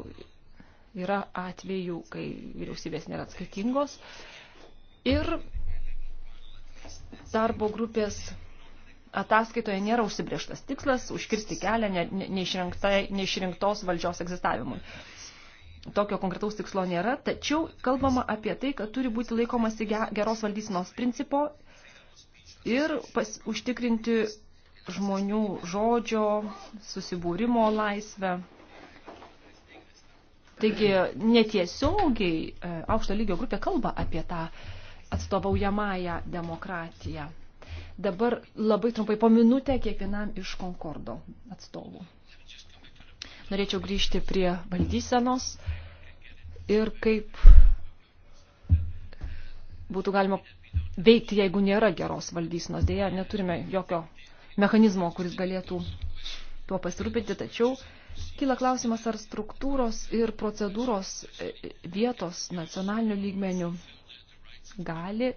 Yra atvejų, kai vyriausybės nėra atskaitingos. Ir darbo grupės ataskaitoje nėra užsibrieštas tikslas užkirsti kelią neišrinktos valdžios egzistavimui. Tokio konkretaus tikslo nėra, tačiau kalbama apie tai, kad turi būti laikomasi geros valdysinos principo ir pas, užtikrinti žmonių žodžio, susibūrimo laisvę Taigi netiesiogiai e, aukšto lygio grupė kalba apie tą atstovaujamąją demokratiją. Dabar labai trumpai po minutę kiekvienam iš Konkordo atstovų. Norėčiau grįžti prie valdysenos ir kaip būtų galima veikti, jeigu nėra geros valdysenos. Dėja, neturime jokio mechanizmo, kuris galėtų tuo pasirūpinti, tačiau Kyla klausimas, ar struktūros ir procedūros e, e, vietos nacionalinių lygmenių gali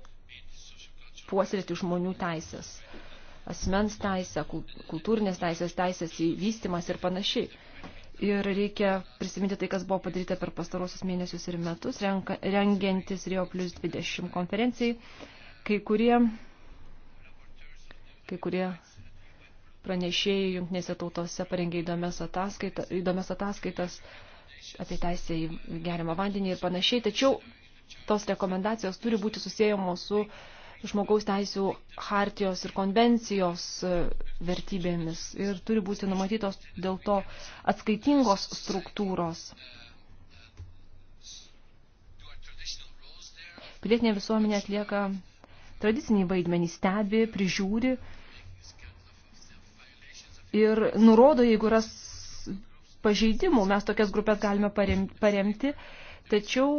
puoselėti žmonių teisės, asmens teisę, kultūrinės teisės, teisės į vystimas ir panašiai. Ir reikia prisiminti tai, kas buvo padaryta per pastarosius mėnesius ir metus, renka, rengiantis Rio plus 20 konferencijai. Kai kurie, kai kurie pranešėjai jungtinėse tautose parengė įdomias, ataskaita, įdomias ataskaitas apie teisę į geriamą vandenį ir panašiai. Tačiau tos rekomendacijos turi būti susijęjamos su žmogaus teisų hartijos ir konvencijos e, vertybėmis ir turi būti numatytos dėl to atskaitingos struktūros. Pilietinė visuomenė atlieka tradicinį vaidmenį, stebi, prižiūri ir nurodo, jeigu yra pažeidimų, mes tokias grupės galime paremti, tačiau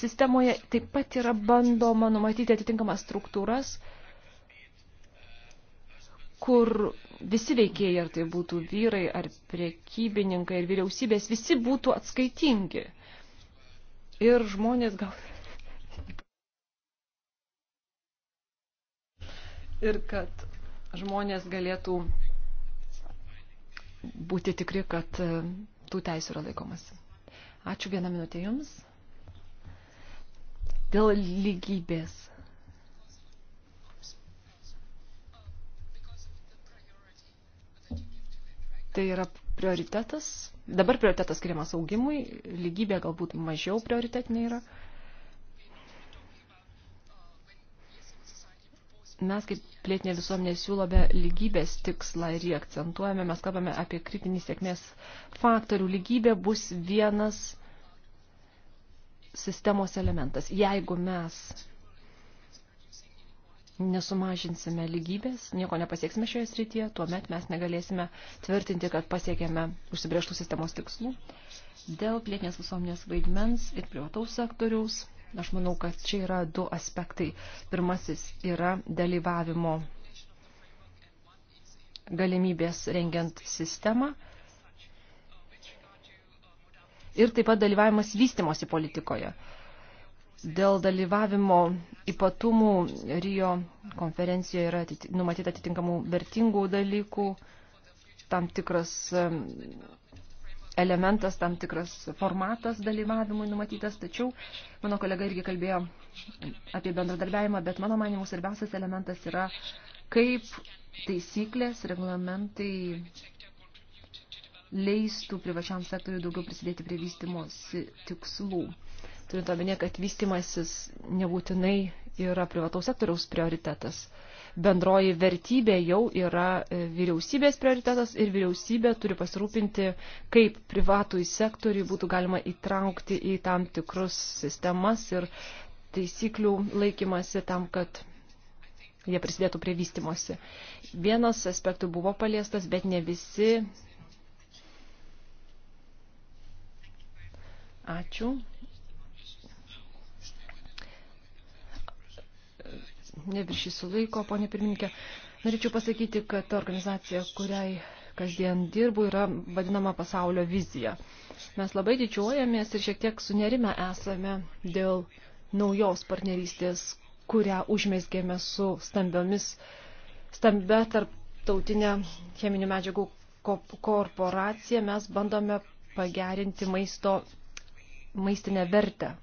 sistemoje taip pat yra bandoma numatyti atitinkamas struktūras, kur visi veikėjai, ar tai būtų vyrai, ar prekybininkai, ir vyriausybės, visi būtų atskaitingi. Ir žmonės gal... Ir kad žmonės galėtų būti tikri, kad e, tų teisų yra laikomasi. Ačiū vieną minutę Jums. Dėl lygybės. Tai yra prioritetas. Dabar prioritetas skiriamas augimui, lygybė galbūt mažiau prioritetinė yra. Uh, mes kaip plėtinė visuomenė siūlome lygybės tikslą ir jį akcentuojame, mes kalbame apie kritinį sėkmės faktorių. Lygybė bus vienas sistemos elementas. Jeigu mes nesumažinsime lygybės, nieko nepasieksime šioje srityje, tuomet mes negalėsime tvirtinti, kad pasiekėme užsibrieštų sistemos tikslų. Dėl plėtinės visuomenės vaidmens ir privataus sektoriaus Aš manau, kad čia yra du aspektai. Pirmasis yra dalyvavimo galimybės rengiant sistemą ir taip pat dalyvavimas vystimosi politikoje. Dėl dalyvavimo ypatumų Rio konferencijoje yra numatyta atitinkamų vertingų dalykų, tam tikras elementas, tam tikras formatas dalyvavimui numatytas, tačiau mano kolega irgi kalbėjo apie bendradarbiavimą, bet mano manimu svarbiausias elementas yra, kaip taisyklės, reglamentai leistų privačiam sektoriui daugiau prisidėti prie vystimosi tikslų. Turint omenyje, kad vystimasis nebūtinai yra privataus sektoriaus prioritetas. Uh, bendroji vertybė jau yra e, vyriausybės prioritetas ir vyriausybė turi pasirūpinti, kaip privatų į sektorių būtų galima įtraukti į tam tikrus sistemas ir taisyklių laikymasi tam, kad jie prisidėtų prie vystimosi. Vienas aspektų buvo paliestas, bet ne visi. Ačiū. neviršysiu laiko, ponė pirmininkė. Norėčiau pasakyti, kad ta organizacija, kuriai kasdien dirbu, yra vadinama pasaulio vizija. Mes labai didžiuojamės ir šiek tiek sunerime esame dėl naujos partnerystės, kurią užmesgėme su stambiomis, stambia tarptautinė cheminių medžiagų korporacija. Mes bandome pagerinti maisto, maistinę vertę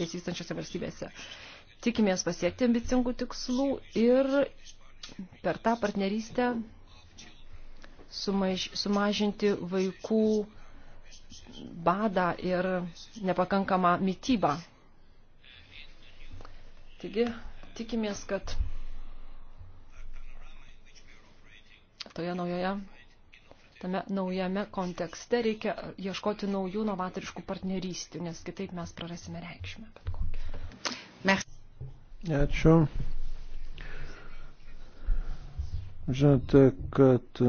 besistančiose valstybėse tikimės pasiekti ambicingų tikslų ir per tą partnerystę sumaž, sumažinti vaikų badą ir nepakankamą mytybą. Taigi, tikimės, kad toje naujoje, tame naujame kontekste reikia ieškoti naujų novatoriškų partnerystų, nes kitaip mes prarasime reikšmę bet kokią. Merci. Ačiū. Žinote, kad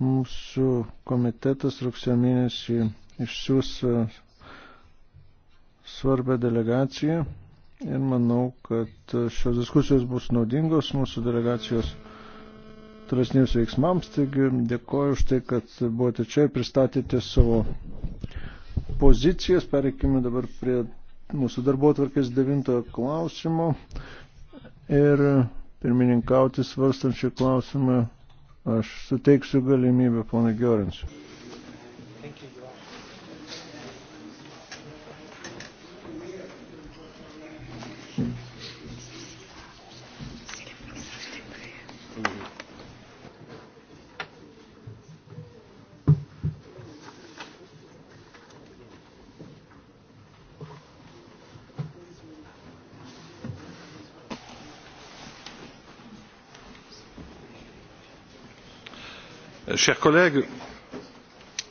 mūsų komitetas rugsėjo mėnesį išsiūs svarbę delegaciją ir manau, kad šios diskusijos bus naudingos mūsų delegacijos tolesniems veiksmams. Taigi dėkoju už tai, kad buvote čia ir pristatėte savo pozicijas. Pereikime dabar prie mūsų darbo tvarkės devintojo klausimo ir pirmininkauti svarstančią klausimą aš suteiksiu galimybę ponai Giorins. chers collègues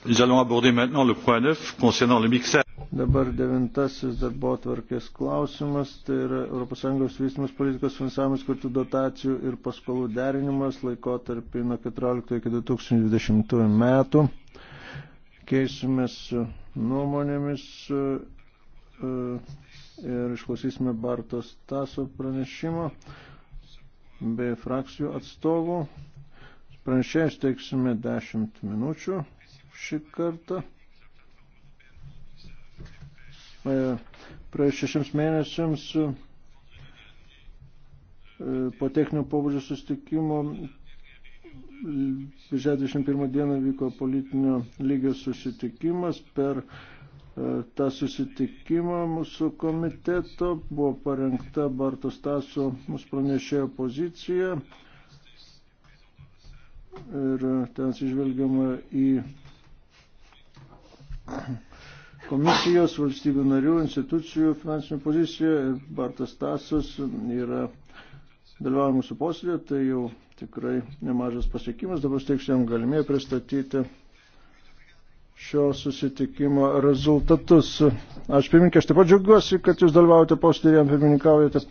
nous allons aborder maintenant le point neuf concernant le mixage. Dabar devintasis darbotvarkės klausimas, tai yra ES vystymas politikos finansavimas skirtų dotacijų ir paskolų derinimas laikotarpį nuo 14 iki 2020 metų. Keisimės nuomonėmis e, ir išklausysime Bartos Taso pranešimo bei frakcijų atstovų. Pranešėjus teiksime 10 minučių šį kartą. E, praėjus šešiams mėnesiams e, po techninio pobūdžio sustikimo Birželio 21 dieną vyko politinio lygio susitikimas. Per e, tą susitikimą mūsų komiteto buvo parengta Barto Staso mūsų pranešėjo pozicija ir ten atsižvelgiama į komisijos, valstybių narių, institucijų finansinių poziciją ir Bartas Tasas yra dalyvauja mūsų posėdė, tai jau tikrai nemažas pasiekimas. Dabar steiksiu jam galimybę pristatyti šio susitikimo rezultatus. Aš pirmininkė, aš taip pat džiaugiuosi, kad jūs dalyvaujate posėdėje, pirmininkaujate.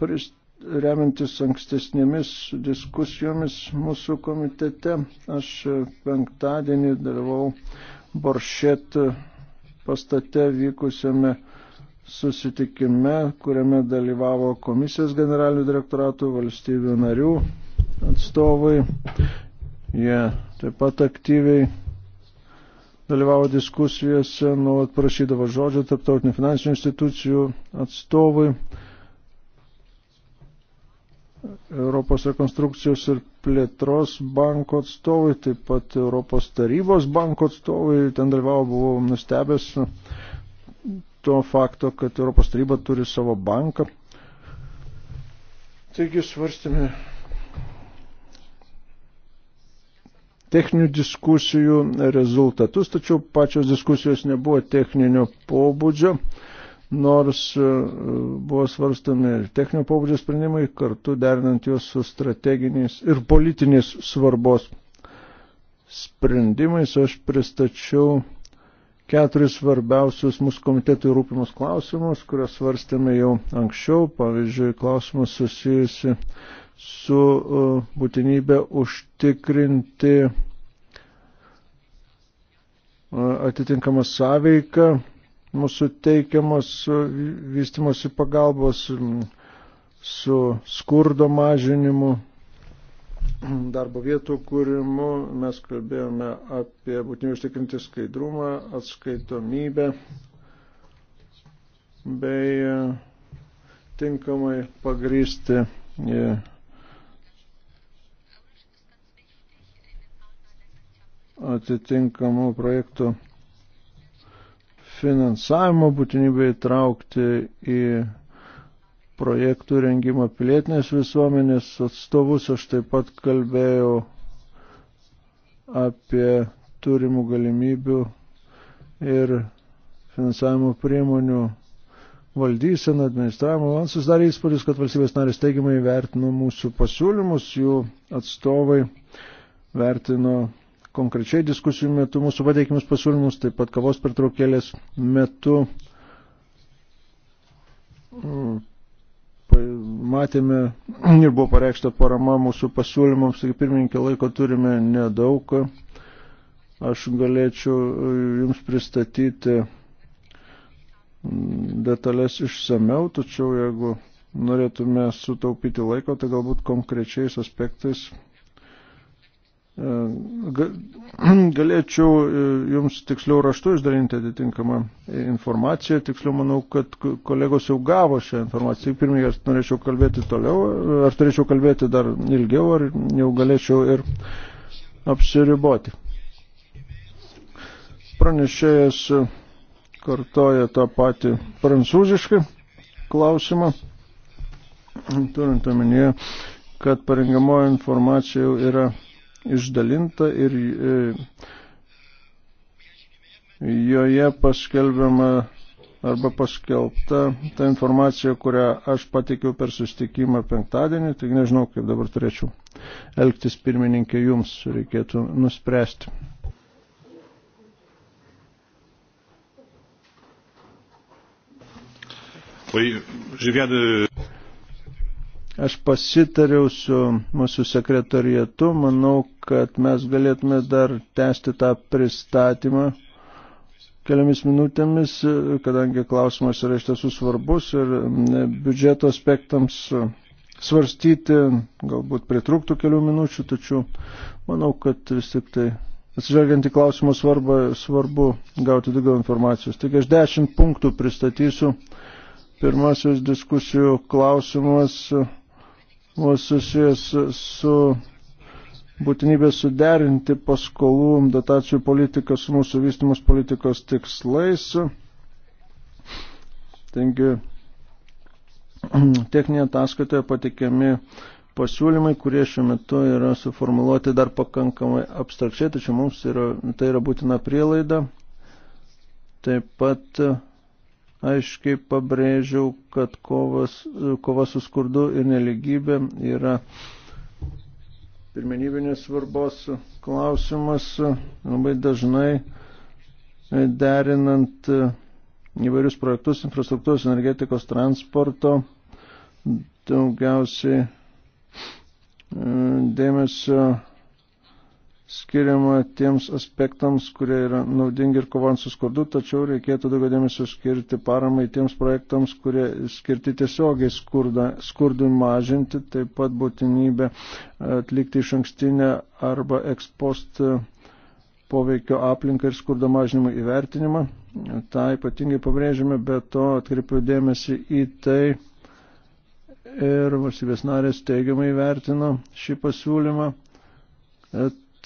Prist remiantis ankstesnėmis diskusijomis mūsų komitete, aš penktadienį dalyvau Boršet pastate vykusiame susitikime, kuriame dalyvavo komisijos generalinių direktoratų valstybių narių atstovai. Jie taip pat aktyviai dalyvavo diskusijose, nuolat prašydavo žodžio tarptautinių finansinių institucijų atstovai. Europos rekonstrukcijos ir plėtros banko atstovai, taip pat Europos tarybos banko atstovai, ten dalyvavo, buvau nustebęs to fakto, kad Europos taryba turi savo banką. Taigi svarstėme techninių diskusijų rezultatus, tačiau pačios diskusijos nebuvo techninio pobūdžio nors e, buvo svarstami ir techninio pobūdžio sprendimai, kartu derinant juos su strateginiais ir politiniais svarbos sprendimais, aš pristačiau keturis svarbiausius mūsų komitetui rūpimus klausimus, kuriuos svarstėme jau anksčiau, pavyzdžiui, klausimus susijusi su e, būtinybė užtikrinti e, atitinkamą sąveiką mūsų teikiamos e, vystimosi pagalbos su skurdo mažinimu, darbo vietų kūrimu. Mes kalbėjome apie būtinį užtikrinti skaidrumą, atskaitomybę bei e, tinkamai pagrysti e, atitinkamų projektų finansavimo būtinybę įtraukti į projektų rengimą pilietinės visuomenės atstovus. Aš taip pat kalbėjau apie turimų galimybių ir finansavimo priemonių valdyseną, administravimą. Man susidarė įspūdis, kad valstybės narės teigiamai vertino mūsų pasiūlymus, jų atstovai vertino konkrečiai diskusijų metu mūsų pateikimus pasiūlymus, taip pat kavos pertraukėlės metu mm, matėme ir buvo pareikšta parama mūsų pasiūlymams, taigi pirmininkė laiko turime nedaug. Aš galėčiau e, jums pristatyti mm, detalės išsameu, tačiau jeigu norėtume sutaupyti laiko, tai galbūt konkrečiais aspektais E, galėčiau e, jums tiksliau raštu išdalinti atitinkamą informaciją. Tiksliau manau, kad kolegos jau gavo šią informaciją. Pirmiai, aš norėčiau kalbėti toliau, aš turėčiau kalbėti dar ilgiau, ar jau galėčiau ir apsiriboti. Pranešėjas kartoja tą patį prancūziškai klausimą, turint omenyje, kad parengiamoji informacija jau yra išdalinta ir e, joje paskelbiama arba paskelbta ta informacija, kurią aš patikiu per sustikimą penktadienį, tai nežinau, kaip dabar turėčiau elgtis pirmininkė jums, reikėtų nuspręsti. Oui, je viens de... Aš pasitariau su mūsų sekretorietu, manau, kad mes galėtume dar tęsti tą pristatymą keliomis minutėmis, kadangi klausimas yra iš tiesų svarbus ir e, biudžeto aspektams svarstyti galbūt pritrūktų kelių minučių, tačiau manau, kad vis tik tai atsižvelgiant į klausimų svarbą, svarbu gauti daugiau informacijos. Tik aš dešimt punktų pristatysiu. Pirmasis diskusijų klausimas buvo susijęs su būtinybė suderinti paskolų dotacijų politiką su mūsų vystimus politikos tikslais. Taigi, techninėje ataskaitoje patikiami pasiūlymai, kurie šiuo metu yra suformuluoti dar pakankamai abstrakčiai, tačiau mums yra, tai yra būtina prielaida. Taip pat aiškiai pabrėžiau, kad kovas, kova su skurdu ir neligybė yra pirmenybinės svarbos klausimas labai dažnai derinant įvairius projektus, infrastruktūros, energetikos, transporto, daugiausiai e, dėmesio skiriama tiems aspektams, kurie yra naudingi ir kovant su skurdu, tačiau reikėtų daugiau dėmesio skirti paramai tiems projektams, kurie skirti tiesiogiai skurda, skurdui mažinti, taip pat būtinybė atlikti iš ankstinę arba ekspost poveikio aplinką ir skurdo mažinimo įvertinimą. Ta ypatingai pabrėžiame, bet to atkreipiu dėmesį į tai ir valstybės narės teigiamai vertino šį pasiūlymą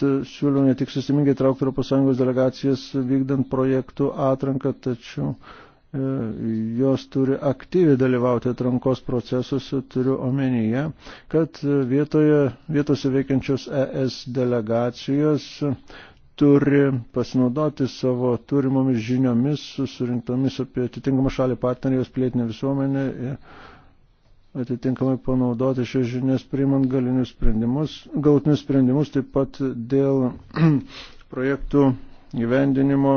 siūliau ne tik sistemingai traukti ES delegacijas vykdant projektų atranką, tačiau e, jos turi aktyviai dalyvauti atrankos procesuose, turiu omenyje, kad vietoje, vietose veikiančios ES delegacijos turi pasinaudoti savo turimomis žiniomis, surinktomis apie atitinkamą šalį partnerį, jos plėtinę visuomenę. Ir, atitinkamai panaudoti šias žinias priimant galinius sprendimus, gautinius sprendimus, taip pat dėl projektų gyvendinimo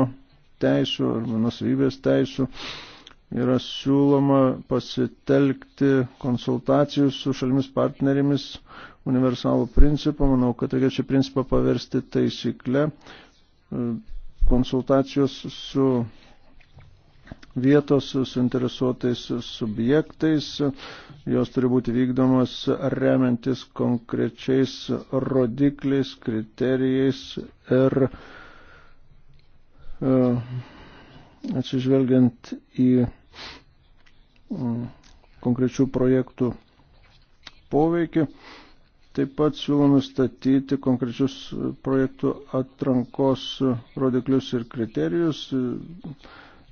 teisų arba nusavybės teisų yra siūloma pasitelkti konsultacijų su šalimis partnerimis universalų principą. Manau, kad reikia šį principą paversti taisykle. Konsultacijos su vietos suinteresuotais subjektais. Jos turi būti vykdomos remiantis konkrečiais rodikliais, kriterijais ir e, atsižvelgiant į konkrečių projektų poveikį. Taip pat siūlo nustatyti konkrečius projektų atrankos rodiklius ir kriterijus,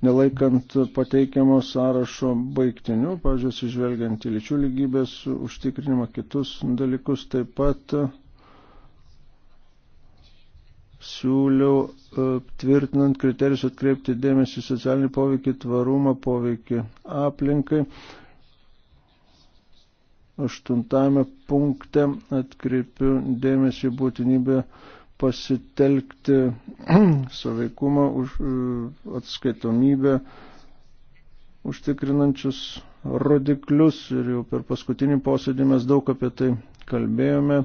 nelaikant pateikiamo sąrašo baigtiniu, pažiūrės, išvelgiant į lyčių lygybės užtikrinimą kitus dalykus, taip pat e, siūliau e, tvirtinant kriterijus atkreipti dėmesį socialinį poveikį, tvarumą, poveikį aplinkai. Aštuntame punkte atkreipiu dėmesį būtinybę pasitelkti saveikumą už e, atskaitomybę užtikrinančius rodiklius ir jau per paskutinį posėdį mes daug apie tai kalbėjome,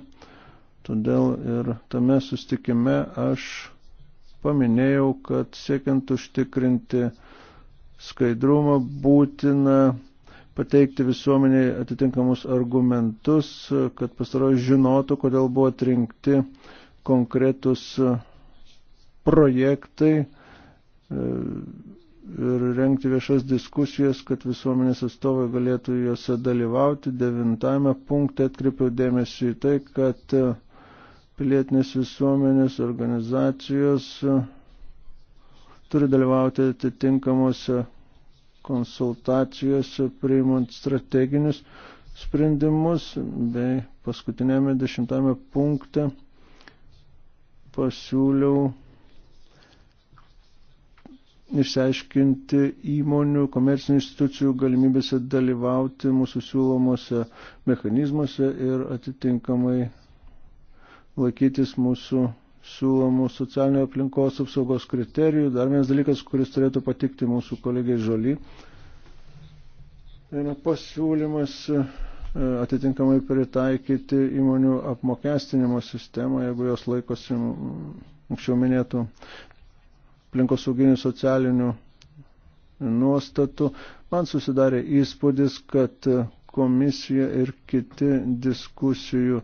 todėl ir tame sustikime aš paminėjau, kad siekiant užtikrinti skaidrumą būtina pateikti visuomeniai atitinkamus argumentus, kad pastaroji žinotų, kodėl buvo atrinkti konkretus projektai e, ir renkti viešas diskusijas, kad visuomenės atstovai galėtų juose dalyvauti. Devintame punkte atkreipiau dėmesį į tai, kad e, pilietinės visuomenės organizacijos e, turi dalyvauti atitinkamuose konsultacijose, priimant strateginius sprendimus bei paskutinėme dešimtame punkte pasiūliau išsiaiškinti įmonių, komercinių institucijų galimybėse dalyvauti mūsų siūlomose mechanizmuose ir atitinkamai laikytis mūsų siūlomų socialinio aplinkos apsaugos kriterijų. Dar vienas dalykas, kuris turėtų patikti mūsų kolegiai Žoly, yra pasiūlymas E, atitinkamai pritaikyti įmonių apmokestinimo sistemą, jeigu jos laikosi anksčiau minėtų aplinkosauginių socialinių nuostatų. Man susidarė įspūdis, kad komisija ir kiti diskusijų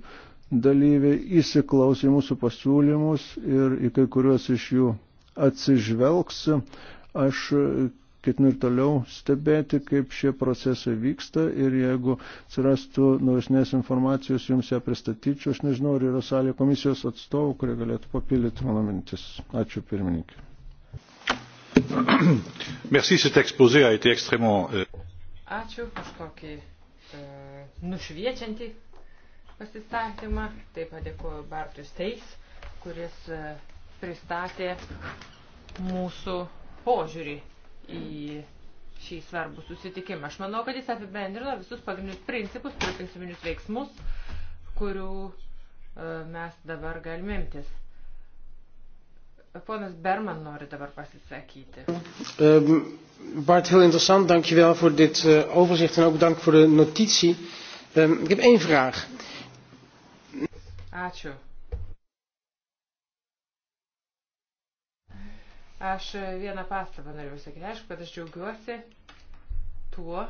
dalyviai įsiklausė mūsų pasiūlymus ir į kai kuriuos iš jų atsižvelgs. Aš ketinu ir toliau stebėti, kaip šie procesai vyksta ir jeigu atsirastų naujasnės informacijos, jums ją pristatyčiau. Aš nežinau, ar yra salė komisijos atstovų, kurie galėtų papildyti mano mintis. Ačiū pirmininkė. Merci, cet exposé a été extrêmement. Euh, Ačiū už tokį e, nušviečiantį pasisakymą. Taip pat dėkuoju Bartus Teis, kuris e, pristatė mūsų požiūrį į šį svarbų susitikimą. Aš manau, kad jis apibendrino visus pagrindinius principus, principinius veiksmus, kurių e, mes dabar galime imtis. Ponas Berman nori dabar pasisakyti. Ehm, Bart, heel interessant. Dankjewel voor dit uh, overzicht en ook dank voor de notitie. Um, ik heb één vraag. Ačiū. Aš vieną pastabą norėjau sakyti. Aišku, kad aš džiaugiuosi tuo,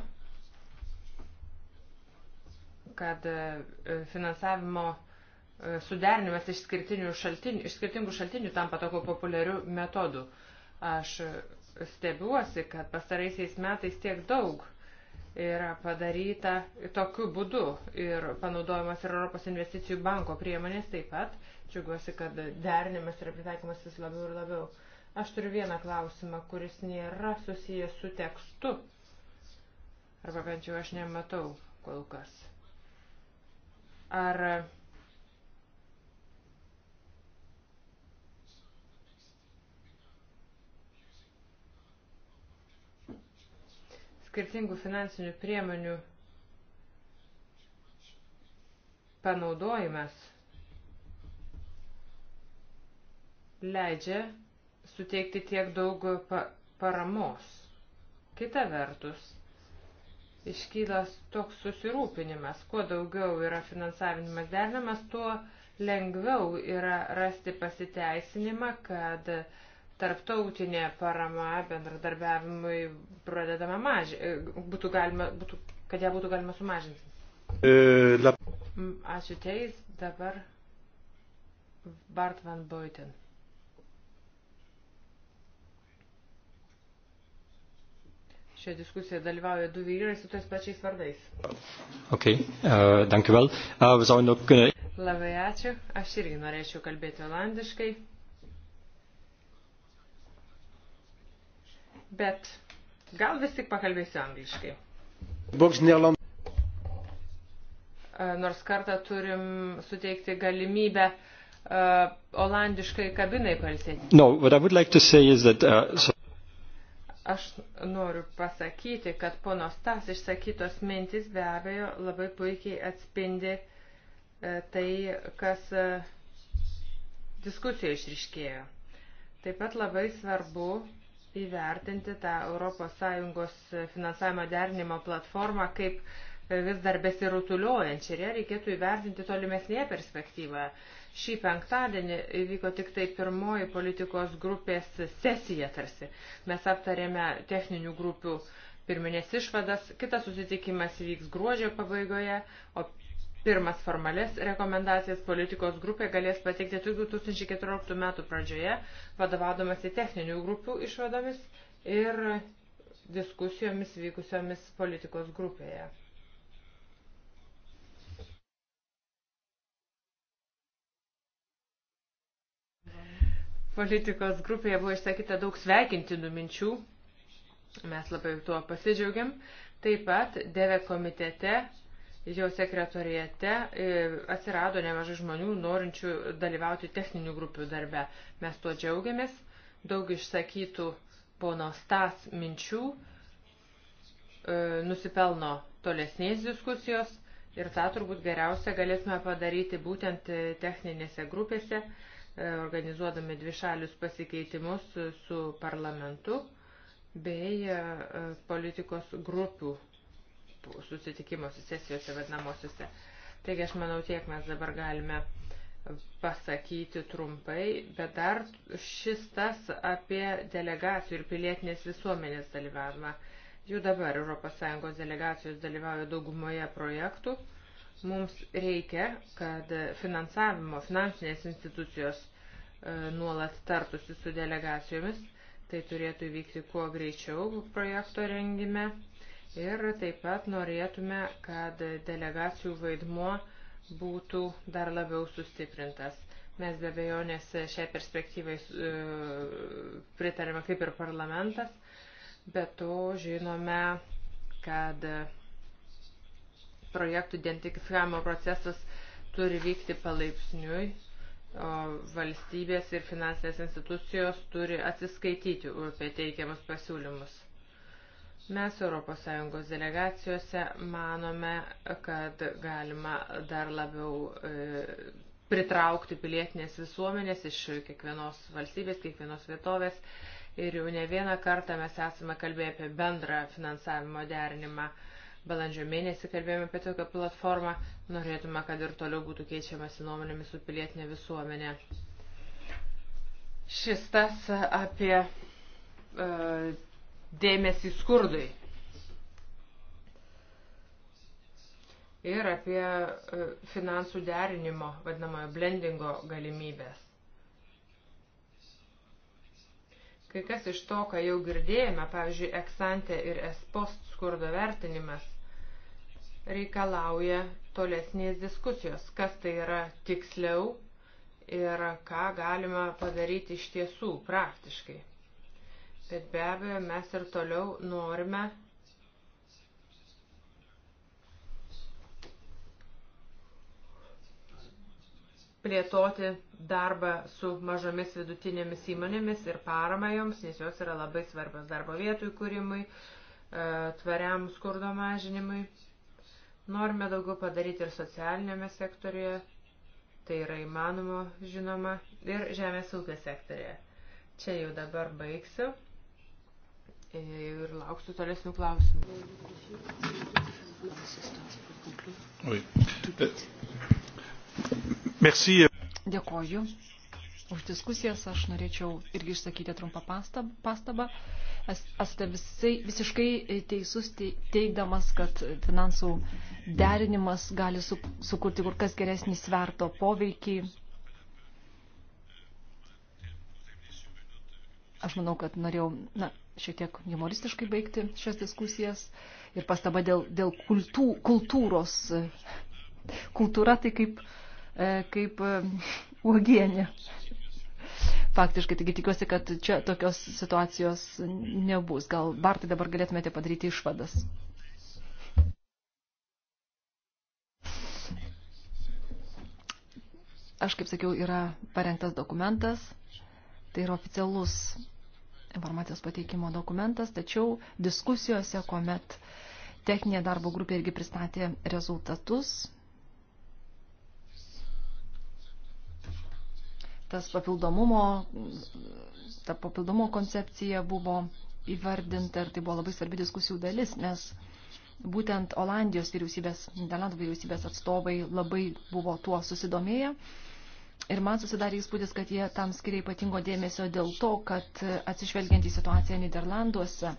kad e, finansavimo e, suderinimas iš, šaltinių, iš skirtingų šaltinių tampa tokiu populiariu metodu. Aš stebiuosi, kad pastaraisiais metais tiek daug yra padaryta tokiu būdu ir panaudojamas ir Europos investicijų banko priemonės taip pat. Džiugiuosi, kad derinimas yra pritaikomas vis labiau ir labiau. Aš turiu vieną klausimą, kuris nėra susijęs su tekstu. Arba bent jau aš nematau kol kas. Ar skirtingų finansinių priemonių panaudojimas leidžia suteikti tiek daug pa paramos. Kita vertus, iškyla toks susirūpinimas, kuo daugiau yra finansavimas derinamas, tuo lengviau yra rasti pasiteisinimą, kad tarptautinė parama bendradarbiavimui pradedama maži, būtų galima, būtų, kad ją būtų galima sumažinti. E, mm, ačiū teis, dabar Bart van Boyten. Šią diskusiją dalyvauja du vyrai su tais pačiais vardais. Ok, uh, danke vėl. Well. Uh, so nuk... Labai ačiū. Aš irgi norėčiau kalbėti olandiškai. Bet gal vis tik pakalbėsiu angliškai. Boks Nederland e, nors kartą turim suteikti galimybę uh, olandiškai kabinai palsėti. No, what I would like to say is that uh, so Aš noriu pasakyti, kad ponos tas išsakytos mintis be abejo labai puikiai atspindi e, tai, kas e, diskusijoje išriškėjo. Taip pat labai svarbu įvertinti tą ES finansavimo derinimo platformą kaip e, vis dar besirutuliojančią ir ją reikėtų įvertinti tolimesnėje perspektyvoje. Šį penktadienį įvyko tik tai pirmoji politikos grupės sesija tarsi. Mes aptarėme techninių grupių pirminės išvadas, kitas susitikimas vyks gruodžio pabaigoje, o pirmas formales rekomendacijas politikos grupė galės pateikti 2014 metų pradžioje, vadovaudomasi techninių grupių išvadomis ir diskusijomis vykusiomis politikos grupėje. politikos grupėje buvo išsakyta daug sveikintinų minčių. Mes labai tuo pasidžiaugiam. Taip pat Deve komitete, jo sekretorijate e, atsirado nemažai žmonių norinčių dalyvauti techninių grupių darbe. Mes tuo džiaugiamės. Daug išsakytų pono Stas minčių e, nusipelno tolesnės diskusijos ir tą turbūt geriausia galėtume padaryti būtent e, techninėse grupėse. E, E, organizuodami dvišalius pasikeitimus su parlamentu bei e, politikos grupių susitikimuose, sesijose vadinamosiuose. Taigi aš manau tiek mes dabar galime pasakyti trumpai, bet dar šis tas apie delegacijų ir pilietinės visuomenės dalyvavimą. Jų dabar ES delegacijos dalyvauja daugumoje projektų Mums reikia, kad finansavimo finansinės institucijos e, nuolat tartusi su delegacijomis, tai turėtų įvykti kuo greičiau projekto rengime ir taip pat norėtume, kad delegacijų vaidmuo būtų dar labiau sustiprintas. Mes be abejonės šiai perspektyvai e, pritarėme kaip ir parlamentas, bet to žinome, kad projektų identifikavimo procesas turi vykti palaipsniui, o valstybės ir finansinės institucijos turi atsiskaityti apie teikiamus pasiūlymus. Mes ES delegacijose manome, kad galima dar labiau e, pritraukti pilietinės visuomenės iš kiekvienos valstybės, kiekvienos vietovės. Ir jau ne vieną kartą mes esame kalbėję apie bendrą finansavimo derinimą. E, Balandžio mėnesį kalbėjome apie tokią platformą, norėtume, kad ir toliau būtų keičiamasi nuomonėmis su pilietinė visuomenė. Šis tas apie e, dėmesį skurdui ir apie e, finansų derinimo, vadinamojo blendingo galimybės. Kai kas iš to, ką jau girdėjome, pavyzdžiui, eksante ir espost skurdo vertinimas, reikalauja tolesnės diskusijos, kas tai yra tiksliau ir ką galima padaryti iš tiesų praktiškai. Bet be abejo, mes ir toliau norime plėtoti darbą su mažomis vidutinėmis įmonėmis ir paramą joms, nes jos yra labai svarbios darbo vietų įkūrimui, e, tvariam skurdo mažinimui. Norime daugiau padaryti ir socialinėme sektorėje, tai yra įmanoma, žinoma, ir žemės ūkio sektorėje. Čia jau dabar baigsiu e, ir lauksiu tolesnių klausimų. Oui. Euh, merci. Dėkoju už diskusijas. Aš norėčiau irgi išsakyti trumpą pastabą. Esate visai, visiškai teisus teikdamas, kad finansų derinimas gali su, sukurti kur kas geresnį sverto poveikį. Aš manau, kad norėjau na, šiek tiek humoristiškai baigti šias diskusijas ir pastaba dėl, dėl kultų, kultūros. Kultūra tai kaip uh, E, kaip e, uogienė. Faktiškai, taigi tikiuosi, kad čia tokios situacijos nebus. Gal Bartai dabar galėtumėte padaryti išvadas. Aš, kaip sakiau, yra parengtas dokumentas, tai yra oficialus informacijos pateikimo dokumentas, tačiau diskusijose, kuomet techninė darbo grupė irgi pristatė rezultatus, tas papildomumo, ta papildomo koncepcija buvo įvardinta ir tai buvo labai svarbi diskusijų dalis, nes būtent Olandijos vyriausybės, Niderlandų vyriausybės atstovai labai buvo tuo susidomėję. Ir man susidarė įspūdis, kad jie tam skiria ypatingo dėmesio dėl to, kad atsižvelgiant į situaciją Niderlanduose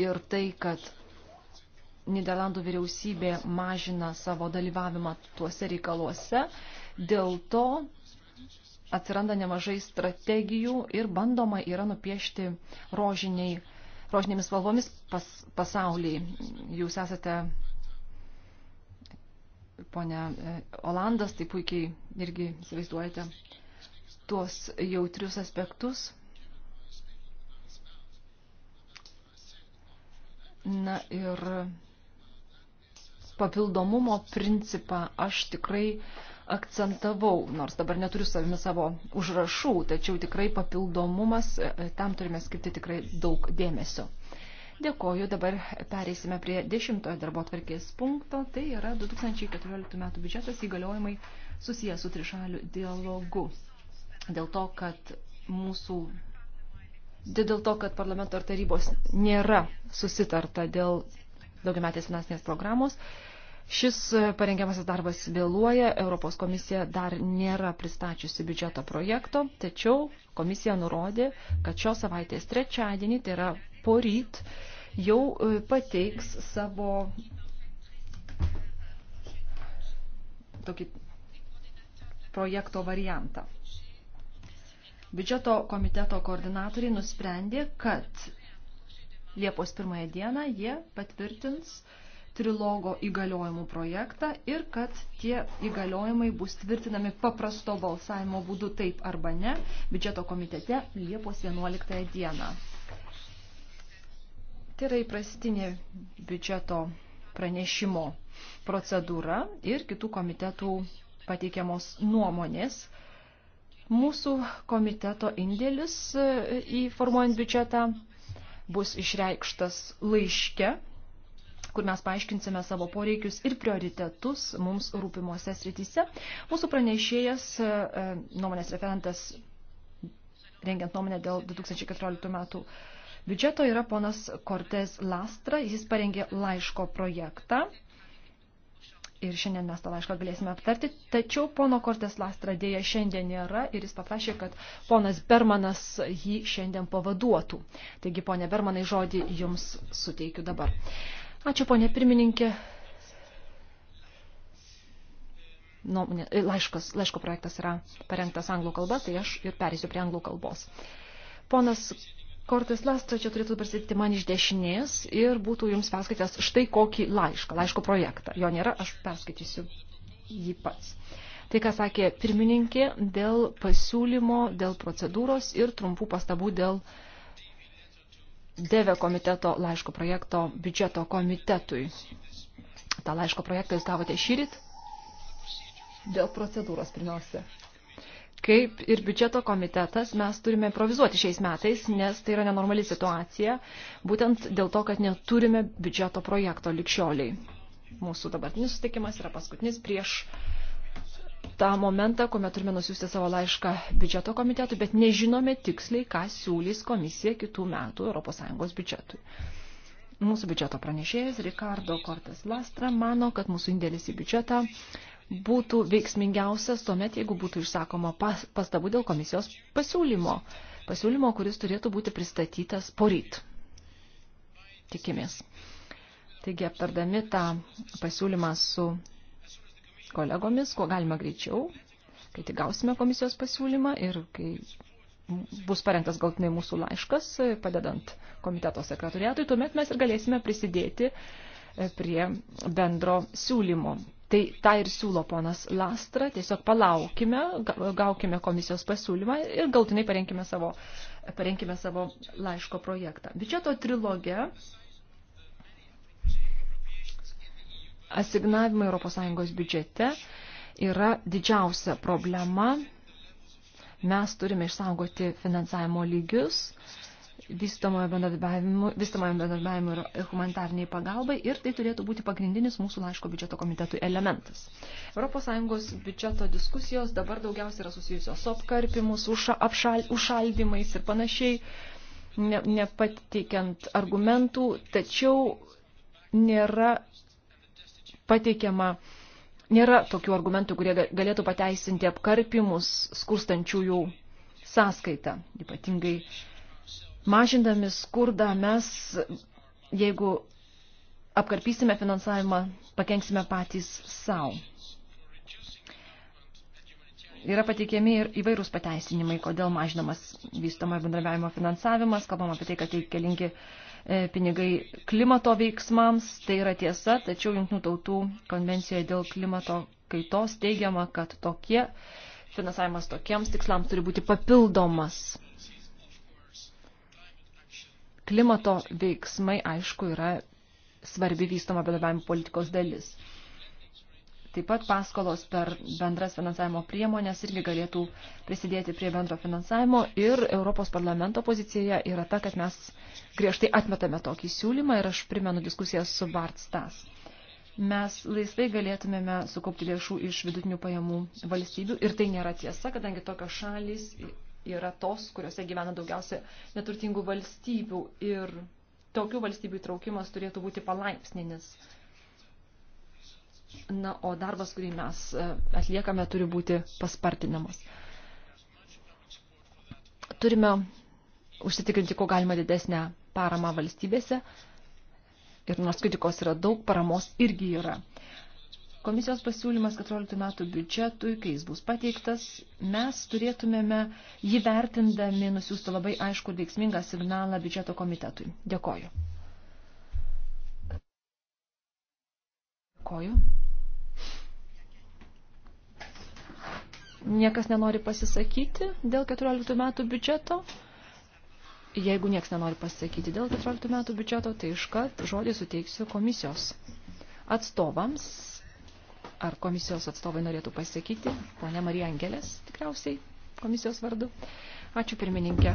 ir tai, kad Niderlandų vyriausybė mažina savo dalyvavimą tuose reikaluose, dėl to atsiranda nemažai strategijų ir bandoma yra nupiešti rožiniai, rožinėmis spalvomis pas, pasaulį. Jūs esate, ponia e, Olandas, tai puikiai irgi įsivaizduojate tuos jautrius aspektus. Na ir papildomumo principą aš tikrai uh, akcentavau, nors dabar neturiu savimi savo užrašų, tačiau tikrai papildomumas, e, e, tam turime skirti tikrai daug dėmesio. Dėkoju, dabar pereisime prie dešimtojo darbo tvarkės punkto, tai yra 2014 m. biudžetas įgaliojimai susijęs su trišaliu dialogu. Dėl to, kad mūsų dėl to, kad parlamento ar tarybos nėra susitarta dėl daugiametės finansinės programos, Šis e, parengiamasis darbas vėluoja, Europos komisija dar nėra pristačiusi biudžeto projekto, tačiau komisija nurodė, kad šios savaitės trečiadienį, tai yra poryt, jau e, pateiks savo tokį projekto variantą. Biudžeto komiteto koordinatoriai nusprendė, kad Liepos pirmąją dieną jie patvirtins uh, trilogo įgaliojimų projektą ir kad tie įgaliojimai bus tvirtinami paprasto balsavimo būdu taip arba ne biudžeto komitete Liepos 11 dieną. Tai yra įprastinė biudžeto pranešimo procedūra ir kitų komitetų pateikiamos nuomonės. Mūsų komiteto indėlis į formuojant biudžetą bus išreikštas laiške kur mes paaiškinsime savo poreikius ir prioritetus mums rūpimuose srityse. Mūsų pranešėjas, e, e, nuomonės referentas, rengiant nuomonę dėl 2014 metų biudžeto, yra ponas Cortez Lastra. Jis parengė laiško projektą. Ir šiandien mes tą laišką galėsime aptarti, tačiau pono Kortes Lastra dėja šiandien nėra ir jis paprašė, kad ponas Bermanas jį šiandien pavaduotų. Taigi, ponė Bermanai, žodį jums suteikiu dabar. Uh, Ačiū, ponė pirmininkė. Nuomonė, e, laiškas, laiško projektas yra parengtas anglų kalba, tai aš ir perėsiu prie anglų kalbos. Ponas Kortis Lasta čia turėtų prasidėti man iš dešinės ir būtų jums perskaitęs štai kokį laišką, laiško projektą. Jo nėra, aš perskaitysiu jį pats. Tai, ką sakė pirmininkė, dėl pasiūlymo, dėl procedūros ir trumpų pastabų dėl uh, DEVE komiteto laiško projekto biudžeto komitetui. Ta laiško projektą jūs gavote šyrit dėl procedūros pirmiausia. Kaip ir biudžeto komitetas, mes turime improvizuoti šiais metais, nes tai yra nenormali situacija, būtent dėl to, kad neturime biudžeto projekto likščioliai. Mūsų dabartinis sutikimas yra paskutinis prieš uh, tą momentą, kuomet turime nusiųsti savo laišką biudžeto komitetui, bet nežinome tiksliai, ką siūlys komisija kitų metų ES biudžetui. Mūsų biudžeto pranešėjas Ricardo Cortes Lastra mano, kad mūsų indėlis į biudžetą būtų veiksmingiausias tuomet, jeigu būtų išsakoma pas, pastabų dėl komisijos pasiūlymo, pasiūlymo, kuris turėtų būti pristatytas poryt. Tikimės. Taigi, aptardami tą pasiūlymą su kolegomis, kuo galima greičiau, kai tik gausime komisijos pasiūlymą ir kai bus parengtas galtinai mūsų laiškas, padedant komiteto sekretoriatui, tuomet mes ir galėsime prisidėti e, prie bendro siūlymo. Tai tą ir siūlo ponas Lastra, tiesiog palaukime, gaukime komisijos pasiūlymą ir galtinai parenkime savo, parenkime savo laiško projektą. Biudžeto trilogė asignavimai ES biudžete yra didžiausia problema. Mes turime išsaugoti finansavimo lygius, vystamojo bendradarbiavimo ir humanitarniai pagalbai ir tai turėtų būti pagrindinis mūsų laiško biudžeto komitetų elementas. ES biudžeto diskusijos dabar daugiausiai yra susijusios su apkarpimus, uša, apšal, užšaldimais ir panašiai, nepateikiant ne, ne argumentų, tačiau nėra pateikiama, nėra tokių argumentų, kurie galėtų pateisinti apkarpimus skurstančiųjų sąskaitą. Ypatingai mažindami skurdą mes, jeigu apkarpysime finansavimą, pakenksime patys savo yra pateikiami ir įvairūs pateisinimai, kodėl mažinamas vystomo bendradarbiavimo finansavimas, kalbam apie tai, kad reikalingi tai E, pinigai klimato veiksmams, tai yra tiesa, tačiau Junktinių tautų konvencijoje dėl klimato kaitos teigiama, kad tokie finansavimas tokiems tikslams turi būti papildomas. Klimato veiksmai, aišku, yra svarbi vystoma bendradarbiavimo politikos dalis. Taip pat paskolos per bendras finansavimo priemonės irgi galėtų prisidėti prie bendro finansavimo ir Europos parlamento pozicija yra ta, kad mes griežtai atmetame tokį siūlymą ir aš primenu diskusiją su Bart Stas. Mes laisvai galėtumėme sukaupti lėšų iš vidutinių pajamų valstybių ir tai nėra tiesa, kadangi tokios šalys yra tos, kuriuose gyvena daugiausia neturtingų valstybių ir tokių valstybių įtraukimas turėtų būti palaipsninis Na, o darbas, kurį mes e, atliekame, turi būti paspartinamas. Turime užsitikrinti, ko galima didesnę paramą valstybėse. Ir nors kritikos yra daug, paramos irgi yra. Komisijos pasiūlymas 14 metų biudžetui, kai jis bus pateiktas, mes turėtumėme jį vertindami nusiųsti labai aišku ir veiksmingą signalą biudžeto komitetui. Dėkoju. Dėkoju. Niekas nenori pasisakyti dėl 14 metų biudžeto. Jeigu niekas nenori pasisakyti dėl 14 metų biudžeto, tai iškart žodį suteiksiu komisijos atstovams. Ar komisijos atstovai norėtų pasisakyti? Pone Marija Angelės, tikriausiai komisijos vardu. Ačiū pirmininkė.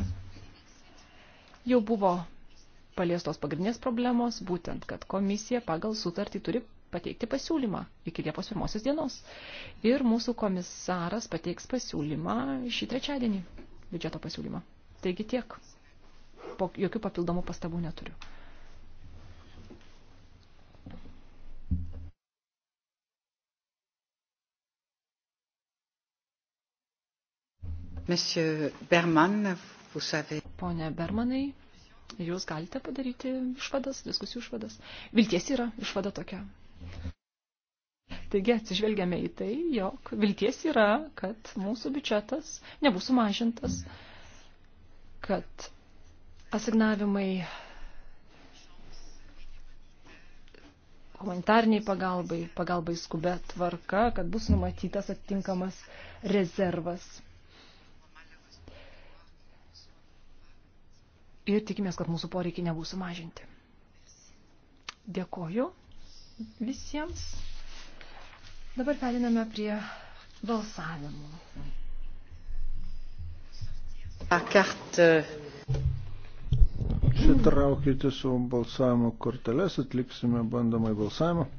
Jau buvo paliestos pagrindinės problemos, būtent, kad komisija pagal sutartį turi pateikti pasiūlymą iki Liepos pirmosios dienos. Ir mūsų komisaras pateiks pasiūlymą šį trečiadienį, biudžeto pasiūlymą. Taigi tiek. Po, jokių papildomų pastabų neturiu. Monsieur Berman, vous savez. Pone Bermanai, jūs galite padaryti išvadas, diskusijų išvadas. Vilties yra išvada tokia. Taigi atsižvelgiame į tai, jog vilties yra, kad mūsų biudžetas nebus sumažintas, kad asignavimai humanitarniai pagalbai, pagalbai skubė tvarka, kad bus numatytas atitinkamas rezervas. Ir tikimės, kad mūsų poreikiai nebus sumažinti. Dėkoju visiems. Dabar periname prie balsavimų. E. Šitraukite savo balsavimo korteles, atliksime bandomai balsavimą.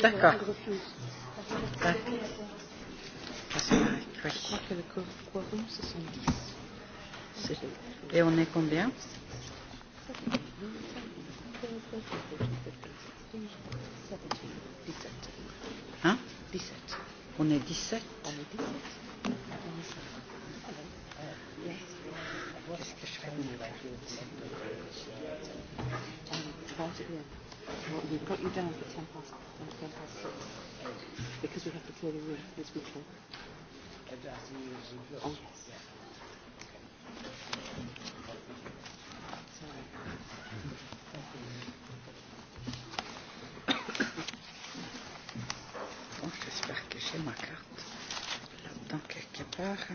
D'accord. Et on est combien hein 17. On est 17 On est 17. Qu'est-ce que je fais Well, we've got you down for 10 past, 10 past 6. Because we have to clear the room this weekend. Oh, yes. J'espère que j'ai ma carte là-dedans quelque part.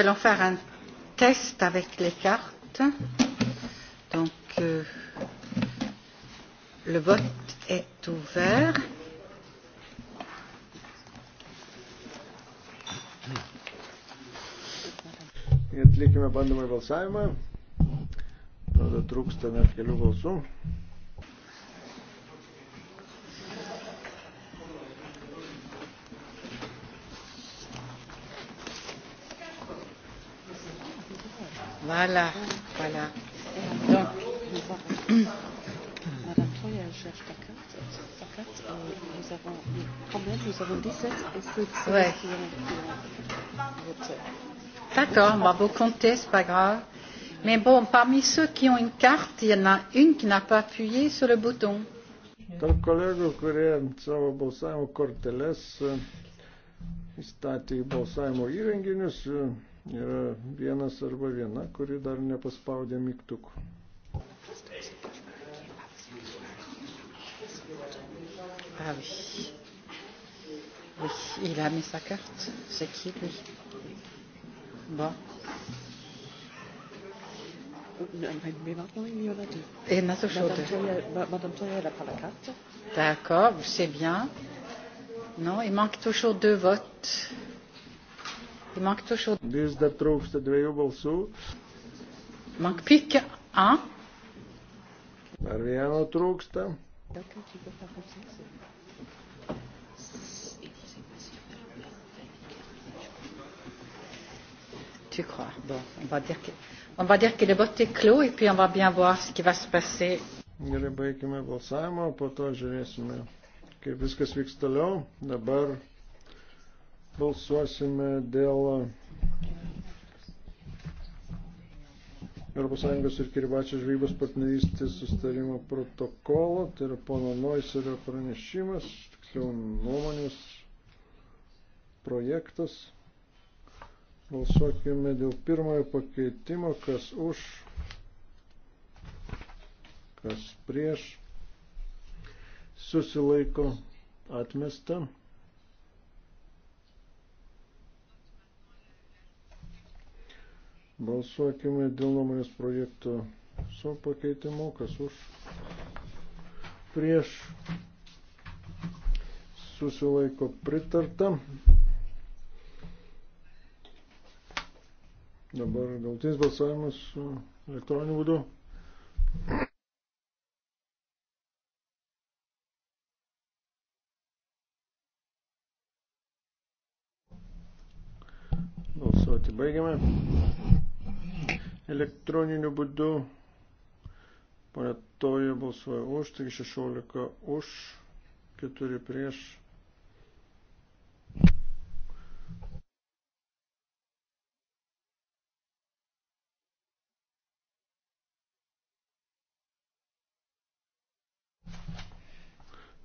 allons faire un test avec les cartes. Donc, euh, le vote est ouvert. Atlikime bandomą balsavimą. Tada trūksta net kelių balsų. Voilà, voilà. Donc. Madame Toya cherche ta carte. Sa carte, euh, nous avons quand même, nous avons 17 et c'est ouais. qui ont voté. D'accord, bah, vous comptez, c'est pas grave. Mais bon, parmi ceux qui ont une carte, il y en a une qui n'a pas appuyé sur le bouton. Tarp kolegų, kurie savo balsavimo korteles įstatė į balsavimo įrenginius, yra vienas arba viena, kuri dar nepaspaudė mygtukų. Ah oui. Oui, il a mis sa carte. C'est qui lui Bon. Mais maintenant, il y en a deux. Et Madame Toya, elle n'a pas la carte. D'accord, c'est bien. Non, il manque toujours deux votes. Vis dar trūksta dviejų balsų. Makpikė A. Dar vieno trūksta. Tu crois. Bon, on va dire que, on va dire que le vote est clos et puis on va bien voir ce qui va se passer. Gerai, baigime balsavimą, po to žiūrėsime, kaip viskas vyks toliau. Dabar balsuosime dėl ES ir Kiribačio žvejybos partnerystės sustarimo protokolo, tai yra pono Noiserio pranešimas, tiksliau nuomonės projektas. Balsuokime dėl pirmojo pakeitimo, kas už, kas prieš, susilaiko atmesta. Balsuokime dėl nuomonės projekto su pakeitimu, kas už prieš susilaiko pritarta. Dabar galtinis balsavimas elektroniniu būdu. Balsuoti baigiame elektroniniu būdu. Pone Toja balsuoja už, taigi 16 už, 4 prieš.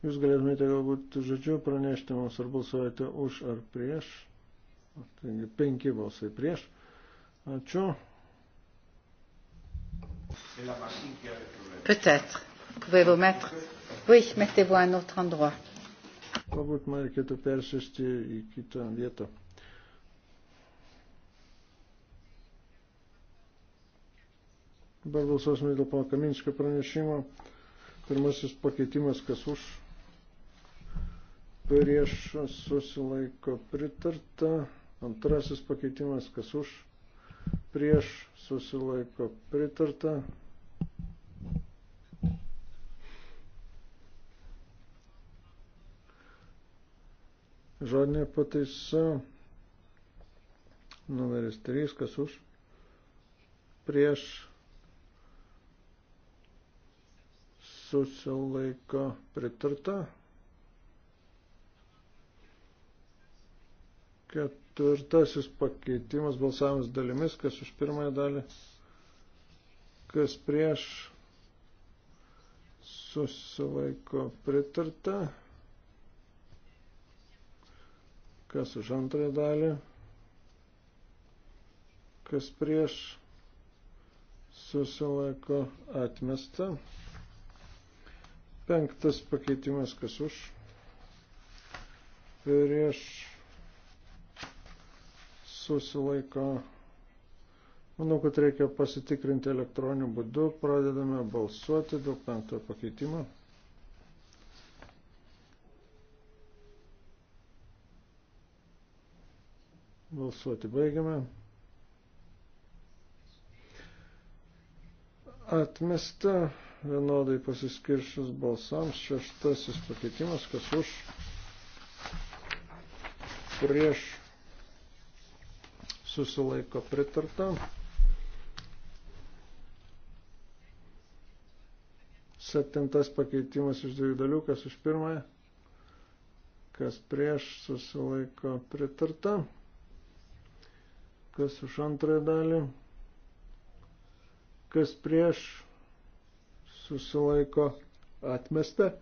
Jūs galėtumėte galbūt žodžiu pranešti mums, ar balsuojate už ar prieš. Taigi penki balsai prieš. Ačiū. Peut-être. Pouvez-vous mettre Oui, mettez-vous à un autre endroit. Galbūt man reikėtų persėsti į kitą vietą. Dabar balsuosime dėl pana Kaminskio pranešimo. Pirmasis pakeitimas, kas už prieš susilaiko pritarta. Antrasis pakeitimas, kas už prieš susilaiko pritarta. Žodinė pataisa numeris 3, kas už prieš susilaiko pritarta. Ket Ketvirtasis pakeitimas balsavimas dalimis, kas už pirmąją dalį, kas prieš susilaiko pritarta, kas už antrąją dalį, kas prieš susilaiko atmesta. Penktas pakeitimas, kas už prieš susilaiko. Manau, kad reikia pasitikrinti elektroniniu būdu. Pradedame balsuoti dėl penktojo pakeitimo. Balsuoti baigiame. Atmesta vienodai pasiskiršus balsams šeštasis pakeitimas, kas už prieš susilaiko pritarta. Septintas pakeitimas iš dviejų dalių, kas už pirmąją, kas prieš susilaiko pritarta, kas už antrąją dalį, kas prieš susilaiko atmesta.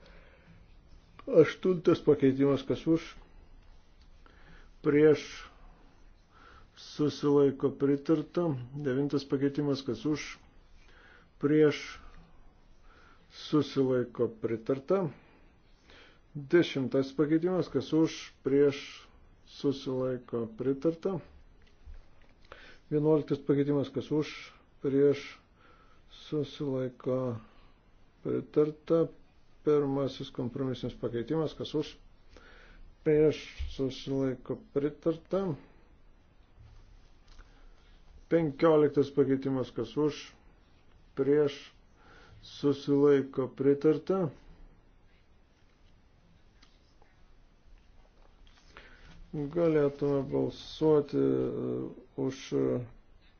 Aštuntas pakeitimas, kas už prieš susilaiko pritarta. Devintas pakeitimas, kas už, prieš, susilaiko pritarta. Dešimtas pakeitimas, kas už, prieš, susilaiko pritarta. Vienuoliktas pakeitimas, kas už, prieš, susilaiko pritarta. Pirmasis kompromisinis pakeitimas, kas už, prieš, susilaiko pritarta. Penkioliktas pakeitimas, kas už, prieš, susilaiko pritarta. Galėtume balsuoti uh, už uh,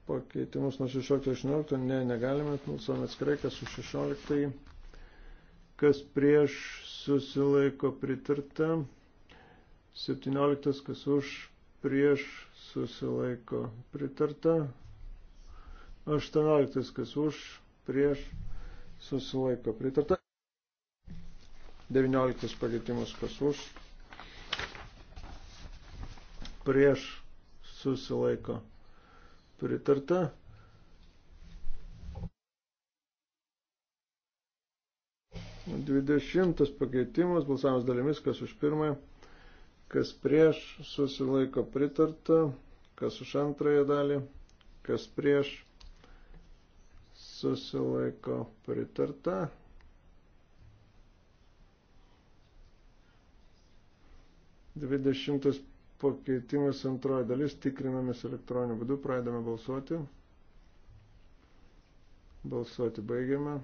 pakeitimus nuo 16-18, ne, negalime, balsuojame atskirai, kas už 16, kas prieš, susilaiko pritarta. 17, kas už, prieš susilaiko pritarta. 18 kas už, prieš susilaiko pritarta. 19 pakeitimas kas už, prieš susilaiko pritarta. Dvidešimtas pakeitimas, balsavimas dalimis, kas už pirmąją kas prieš, susilaiko pritarta, kas už antrąją dalį, kas prieš, susilaiko pritarta. Dvidešimtas pakeitimas antroji dalis, tikrinamės elektroniniu būdu, pradedame balsuoti. Balsuoti baigiame.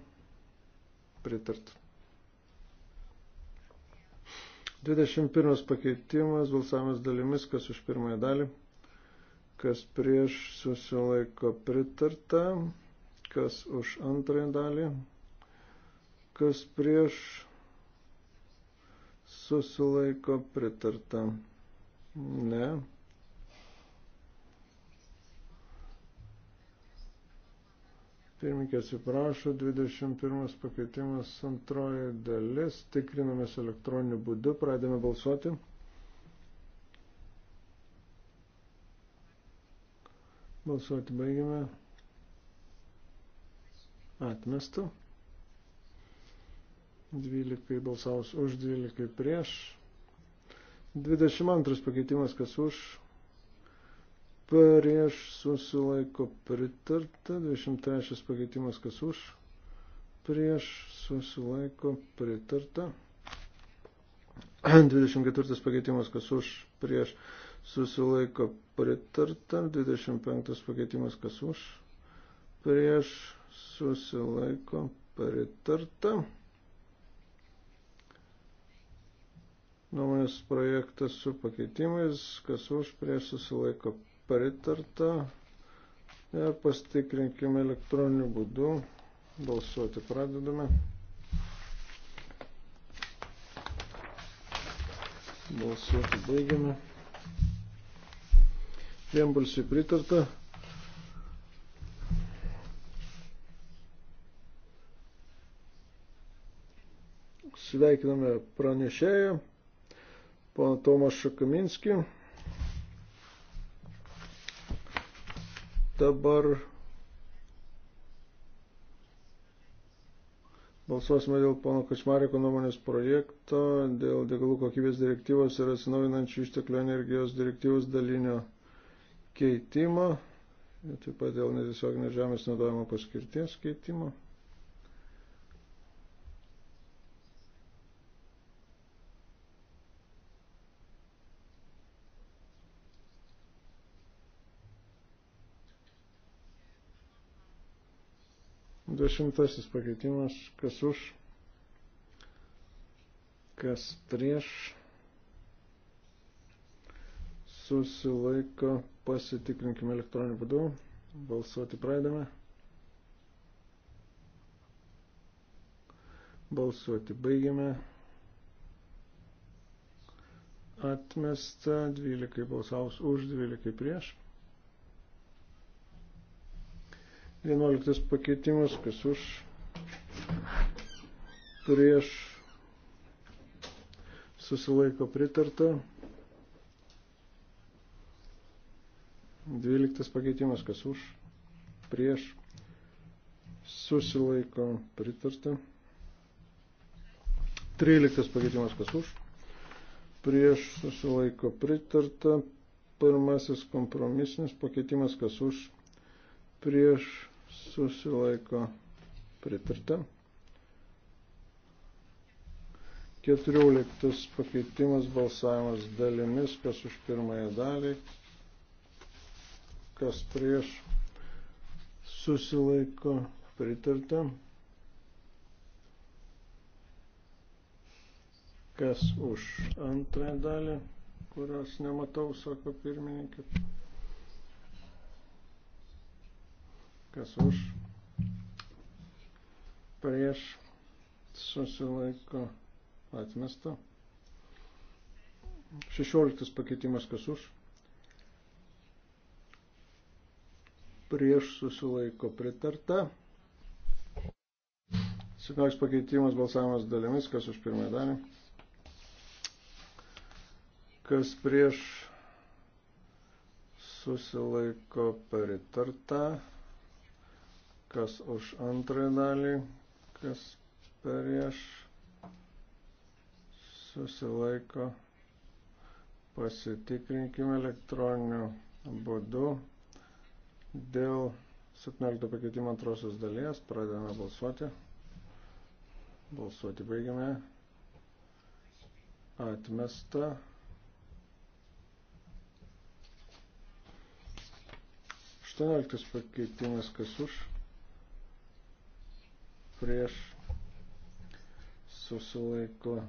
Pritarta. 21 pakeitimas, balsavimas dalimis, kas už pirmąją dalį, kas prieš susilaiko pritarta, kas už antrąją dalį, kas prieš susilaiko pritarta. Ne. Pirminkė atsiprašo, 21 pakeitimas antroji dalis, tikrinamės elektroniniu būdu, pradėme balsuoti. Balsuoti baigiame. Atmestu. 12 balsaus už, 12 prieš. 22 pakeitimas, kas už, prieš susilaiko pritarta, 23 pakeitimas kas už, prieš susilaiko pritarta, 24 pakeitimas kas už, prieš susilaiko pritarta, 25 pakeitimas kas už, prieš susilaiko pritarta. Nuomonės projektas su pakeitimais, kas už prieš susilaiko pritarta. Ir pastikrinkime elektroniniu būdu. Balsuoti pradedame. Balsuoti baigiame. Vienbalsiai pritarta. Sveikiname pranešėją, pana Tomą Šakaminskį. Dabar balsuosime dėl pono Kačmariko nuomonės projekto, dėl degalų kokybės direktyvos ir atsinaujinančių išteklių energijos direktyvos dalinio keitimo, taip pat dėl netiesioginės žemės naudojimo paskirties keitimo. 110 pakeitimas, kas už, kas prieš, susilaiko, pasitikrinkime elektroniniu būdu, balsuoti pradame, balsuoti baigiame, atmesta 12 balsaus už, 12 prieš. 11 pakeitimas, kas už prieš susilaiko pritarta. 12 pakeitimas, kas už prieš susilaiko pritarta. 13 pakeitimas, kas už prieš susilaiko pritarta. Pirmasis kompromisinis pakeitimas, kas už prieš susilaiko pritarta. 14 pakeitimas balsavimas dalimis, kas už pirmąją dalį, kas prieš susilaiko pritarta, kas už antrąją dalį, kurios nematau, sako pirmininkė. kas už, prieš, susilaiko atmesta. 16 pakeitimas kas už. Prieš susilaiko pritarta. 17 pakeitimas balsavimas dalimis, kas už pirmąją dalį. Kas prieš susilaiko pritarta kas už antrąją dalį, kas prieš susilaiko. Pasitikrinkime elektroniniu būdu dėl 17 pakeitimo antrosios dalies. Pradedame balsuoti. Balsuoti baigiame. Atmesta. Aštuonioliktas pakeitimas kas už prieš susilaiko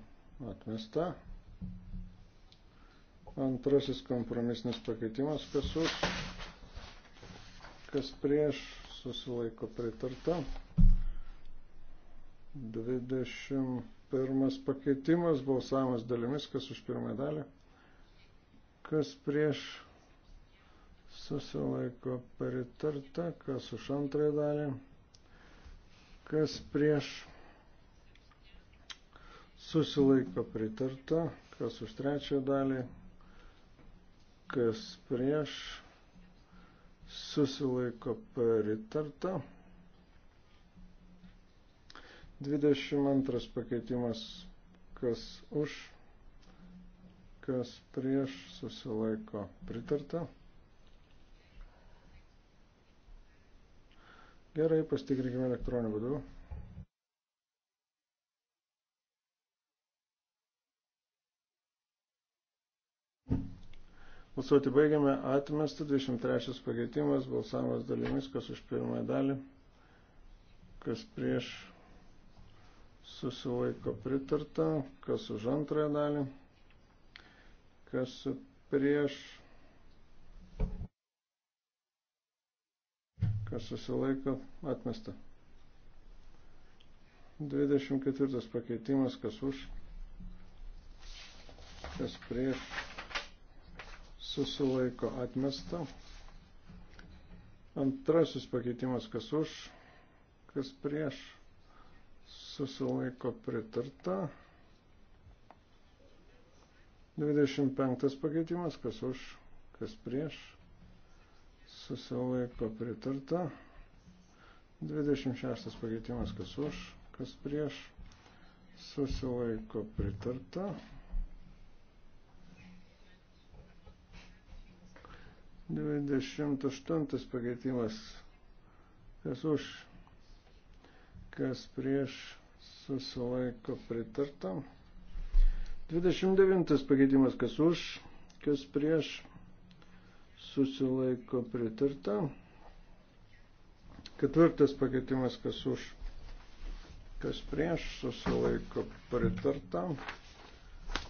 atmesta. Antrasis kompromisinis pakeitimas, kas už, kas prieš susilaiko pritarta. 21 pakeitimas, balsavimas dalimis, kas už pirmąją dalį, kas prieš susilaiko pritarta, kas už antrąją dalį kas prieš susilaiko pritarta, kas už trečią dalį, kas prieš susilaiko pritarta. 22 pakeitimas, kas už, kas prieš susilaiko pritarta. Gerai, pastikrinkime elektroniniu būdu. Balsuoti baigiame atmestų 23 pakeitimas, balsavimas dalimis, kas už pirmąją dalį, kas prieš susilaiko pritarta, kas už antrąją dalį, kas prieš kas susilaiko, atmesta. 24 pakeitimas, kas už, kas prieš, susilaiko, atmesta. Antrasis pakeitimas, kas už, kas prieš, susilaiko, pritarta. 25 pakeitimas, kas už, kas prieš, susilaiko pritarta. 26 pakeitimas, kas už, kas prieš, susilaiko pritarta. 28 pakeitimas, kas už, kas prieš, susilaiko pritarta. 29 pakeitimas, kas už, kas prieš, susilaiko pritarta. Ketvirtas pakeitimas, kas už, kas prieš, susilaiko pritarta.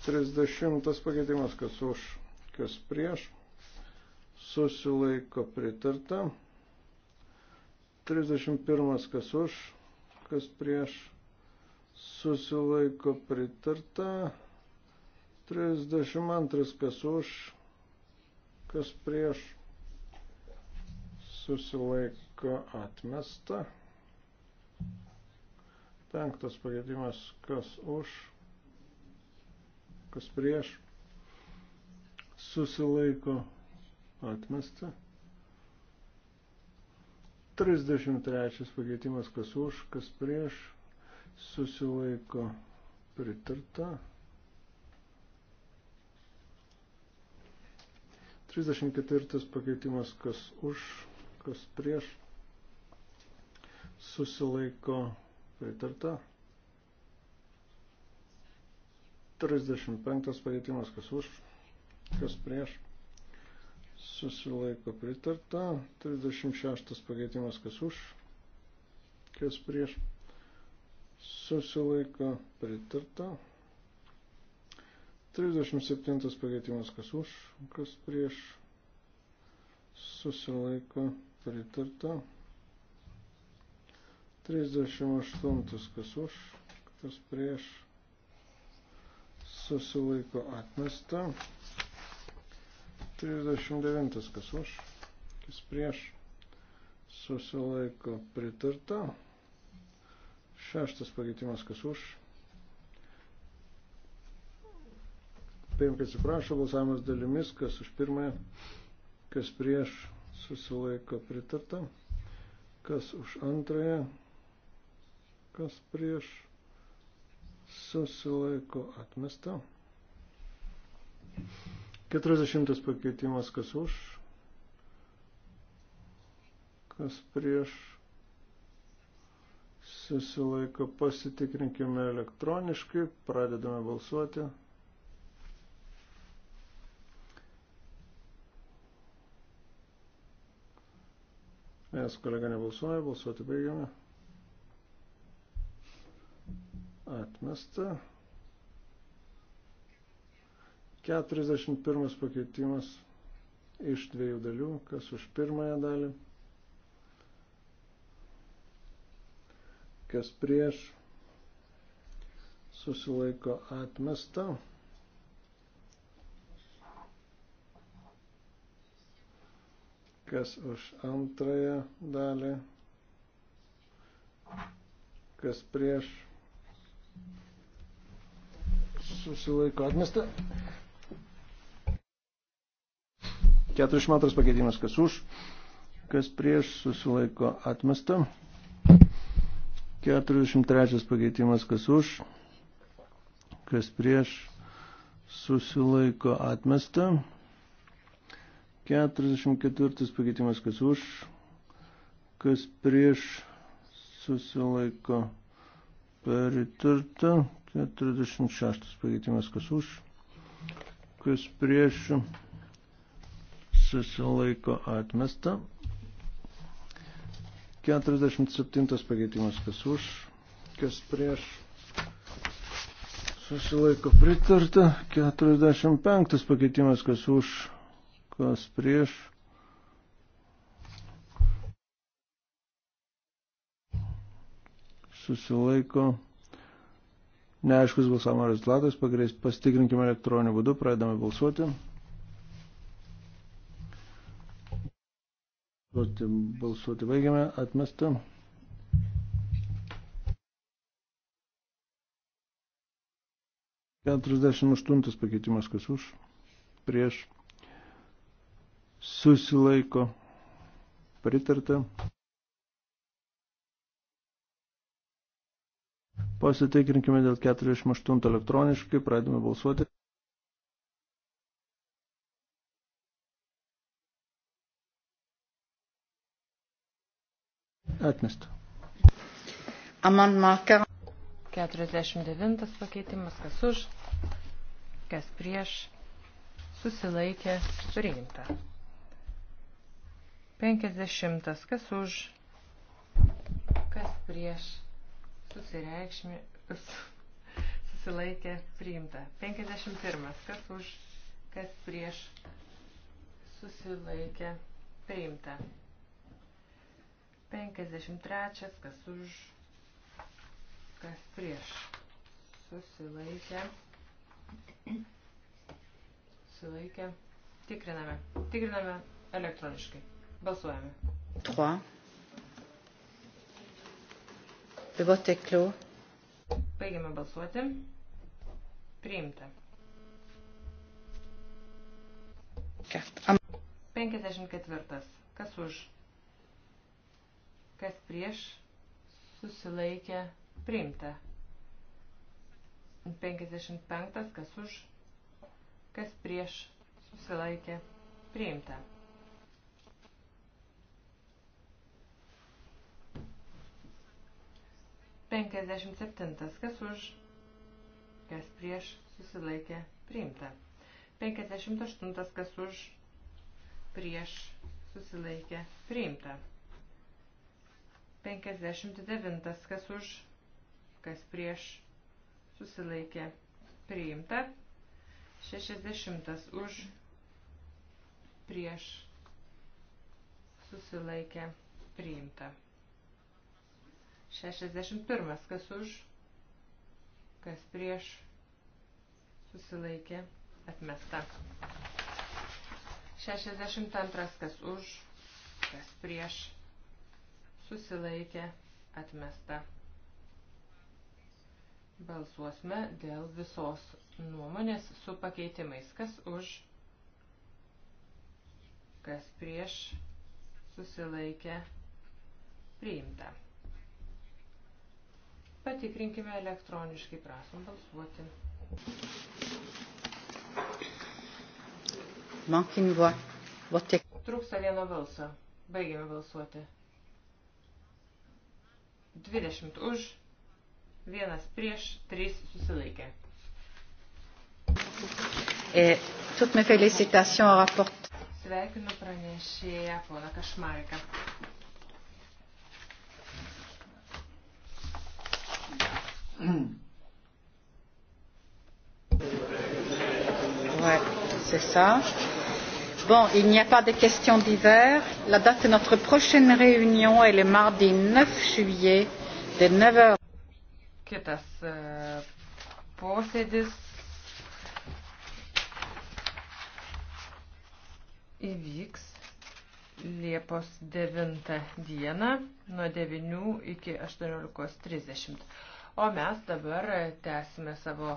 Trisdešimtas pakeitimas, kas už, kas prieš, susilaiko pritarta. Trisdešimt pirmas, kas už, kas prieš, susilaiko pritarta. Trisdešimt antras, kas už, kas prieš susilaiko atmesta. Penktas pagėdimas, kas už, kas prieš susilaiko atmesta. 33 pakeitimas, kas už, kas prieš, susilaiko pritarta. 34 pakeitimas, kas už, kas prieš, susilaiko pritarta. 35 pakeitimas, kas už, kas prieš, susilaiko pritarta. 36 pakeitimas, kas už, kas prieš, susilaiko pritarta. 37 pakeitimas kas už, kas prieš, susilaiko pritarta. 38 kas už, kas prieš, susilaiko atmesta. 39 kas už, kas prieš, susilaiko pritarta. Šeštas pakeitimas kas už, Pirmkai atsiprašo, balsavimas dalimis, kas už pirmąją, kas prieš susilaiko pritarta, kas už antrąją, kas prieš susilaiko atmesta. 40 pakeitimas, kas už, kas prieš susilaiko pasitikrinkime elektroniškai, pradedame balsuoti. nes kolega nebalsuoja, balsuoti baigiame. Atmesta. 41 pakeitimas iš dviejų dalių, kas už pirmąją dalį, kas prieš susilaiko atmesta. kas už antrąją dalį, kas prieš susilaiko atmestą. 42 pakeitimas, kas už, kas prieš susilaiko atmestą. 43 pakeitimas, kas už, kas prieš susilaiko atmestą. 44 pakeitimas, kas už, kas prieš susilaiko peritarta. 46 pakeitimas, kas už, kas prieš susilaiko atmesta. 47 pakeitimas, kas už, kas prieš susilaiko pritarta. 45 pakeitimas, kas už kas prieš. Susilaiko. Neaiškus balsavimo rezultatas, pagrės pastikrinkime elektroniniu būdu, pradedame balsuoti. Balsuoti, balsuoti baigiame, atmestą. Keturiasdešimt aštuntas pakeitimas, kas už, prieš susilaiko pritarta. Pasitikrinkime dėl 48 elektroniškai, pradėme balsuoti. Atmesta. Amendment 49 pakeitimas, kas už, kas prieš, susilaikė, priimta. 50. Kas už? Kas prieš? Susireikšmi. Susilaikė. Priimta. 51. Kas už? Kas prieš? Susilaikė. Priimta. 53. Kas už? Kas prieš? Susilaikė. Susilaikė. Tikriname. Tikriname elektroniškai. Balsuojame. 3. Le vote est clos. Baigiame balsuoti. Priimta. 54. Kas už? Kas prieš? Susilaikė. Priimta. 55. Kas už? Kas prieš? Susilaikė. Priimta. 57. Kas už, kas prieš susilaikė priimta. 58. Kas už, prieš susilaikė priimta. 59. Kas už, kas prieš susilaikė priimta. 60. Už, prieš susilaikė priimta. 61. Kas už, kas prieš, susilaikė, atmesta. 62. Kas už, kas prieš, susilaikė, atmesta. Balsuosime dėl visos nuomonės su pakeitimais. Kas už, kas prieš, susilaikė, priimta. Patikrinkime elektroniškai, prašom balsuoti. Mankin buvo. Trūksta vieno balso. Baigėme balsuoti. 20 už, vienas prieš, 3 susilaikė. Et toutes mes félicitations au rapport. Sveikinu pranešėją, poną Kašmariką. Hmm. Ouais, c'est ça. Bon, il n'y a pas de questions d'hiver. La date de notre prochaine réunion est le mardi 9 juillet de 9h. Kitas euh, posėdis įvyks Liepos 9 dieną nuo 9 iki 18.30 o mes dabar tęsime savo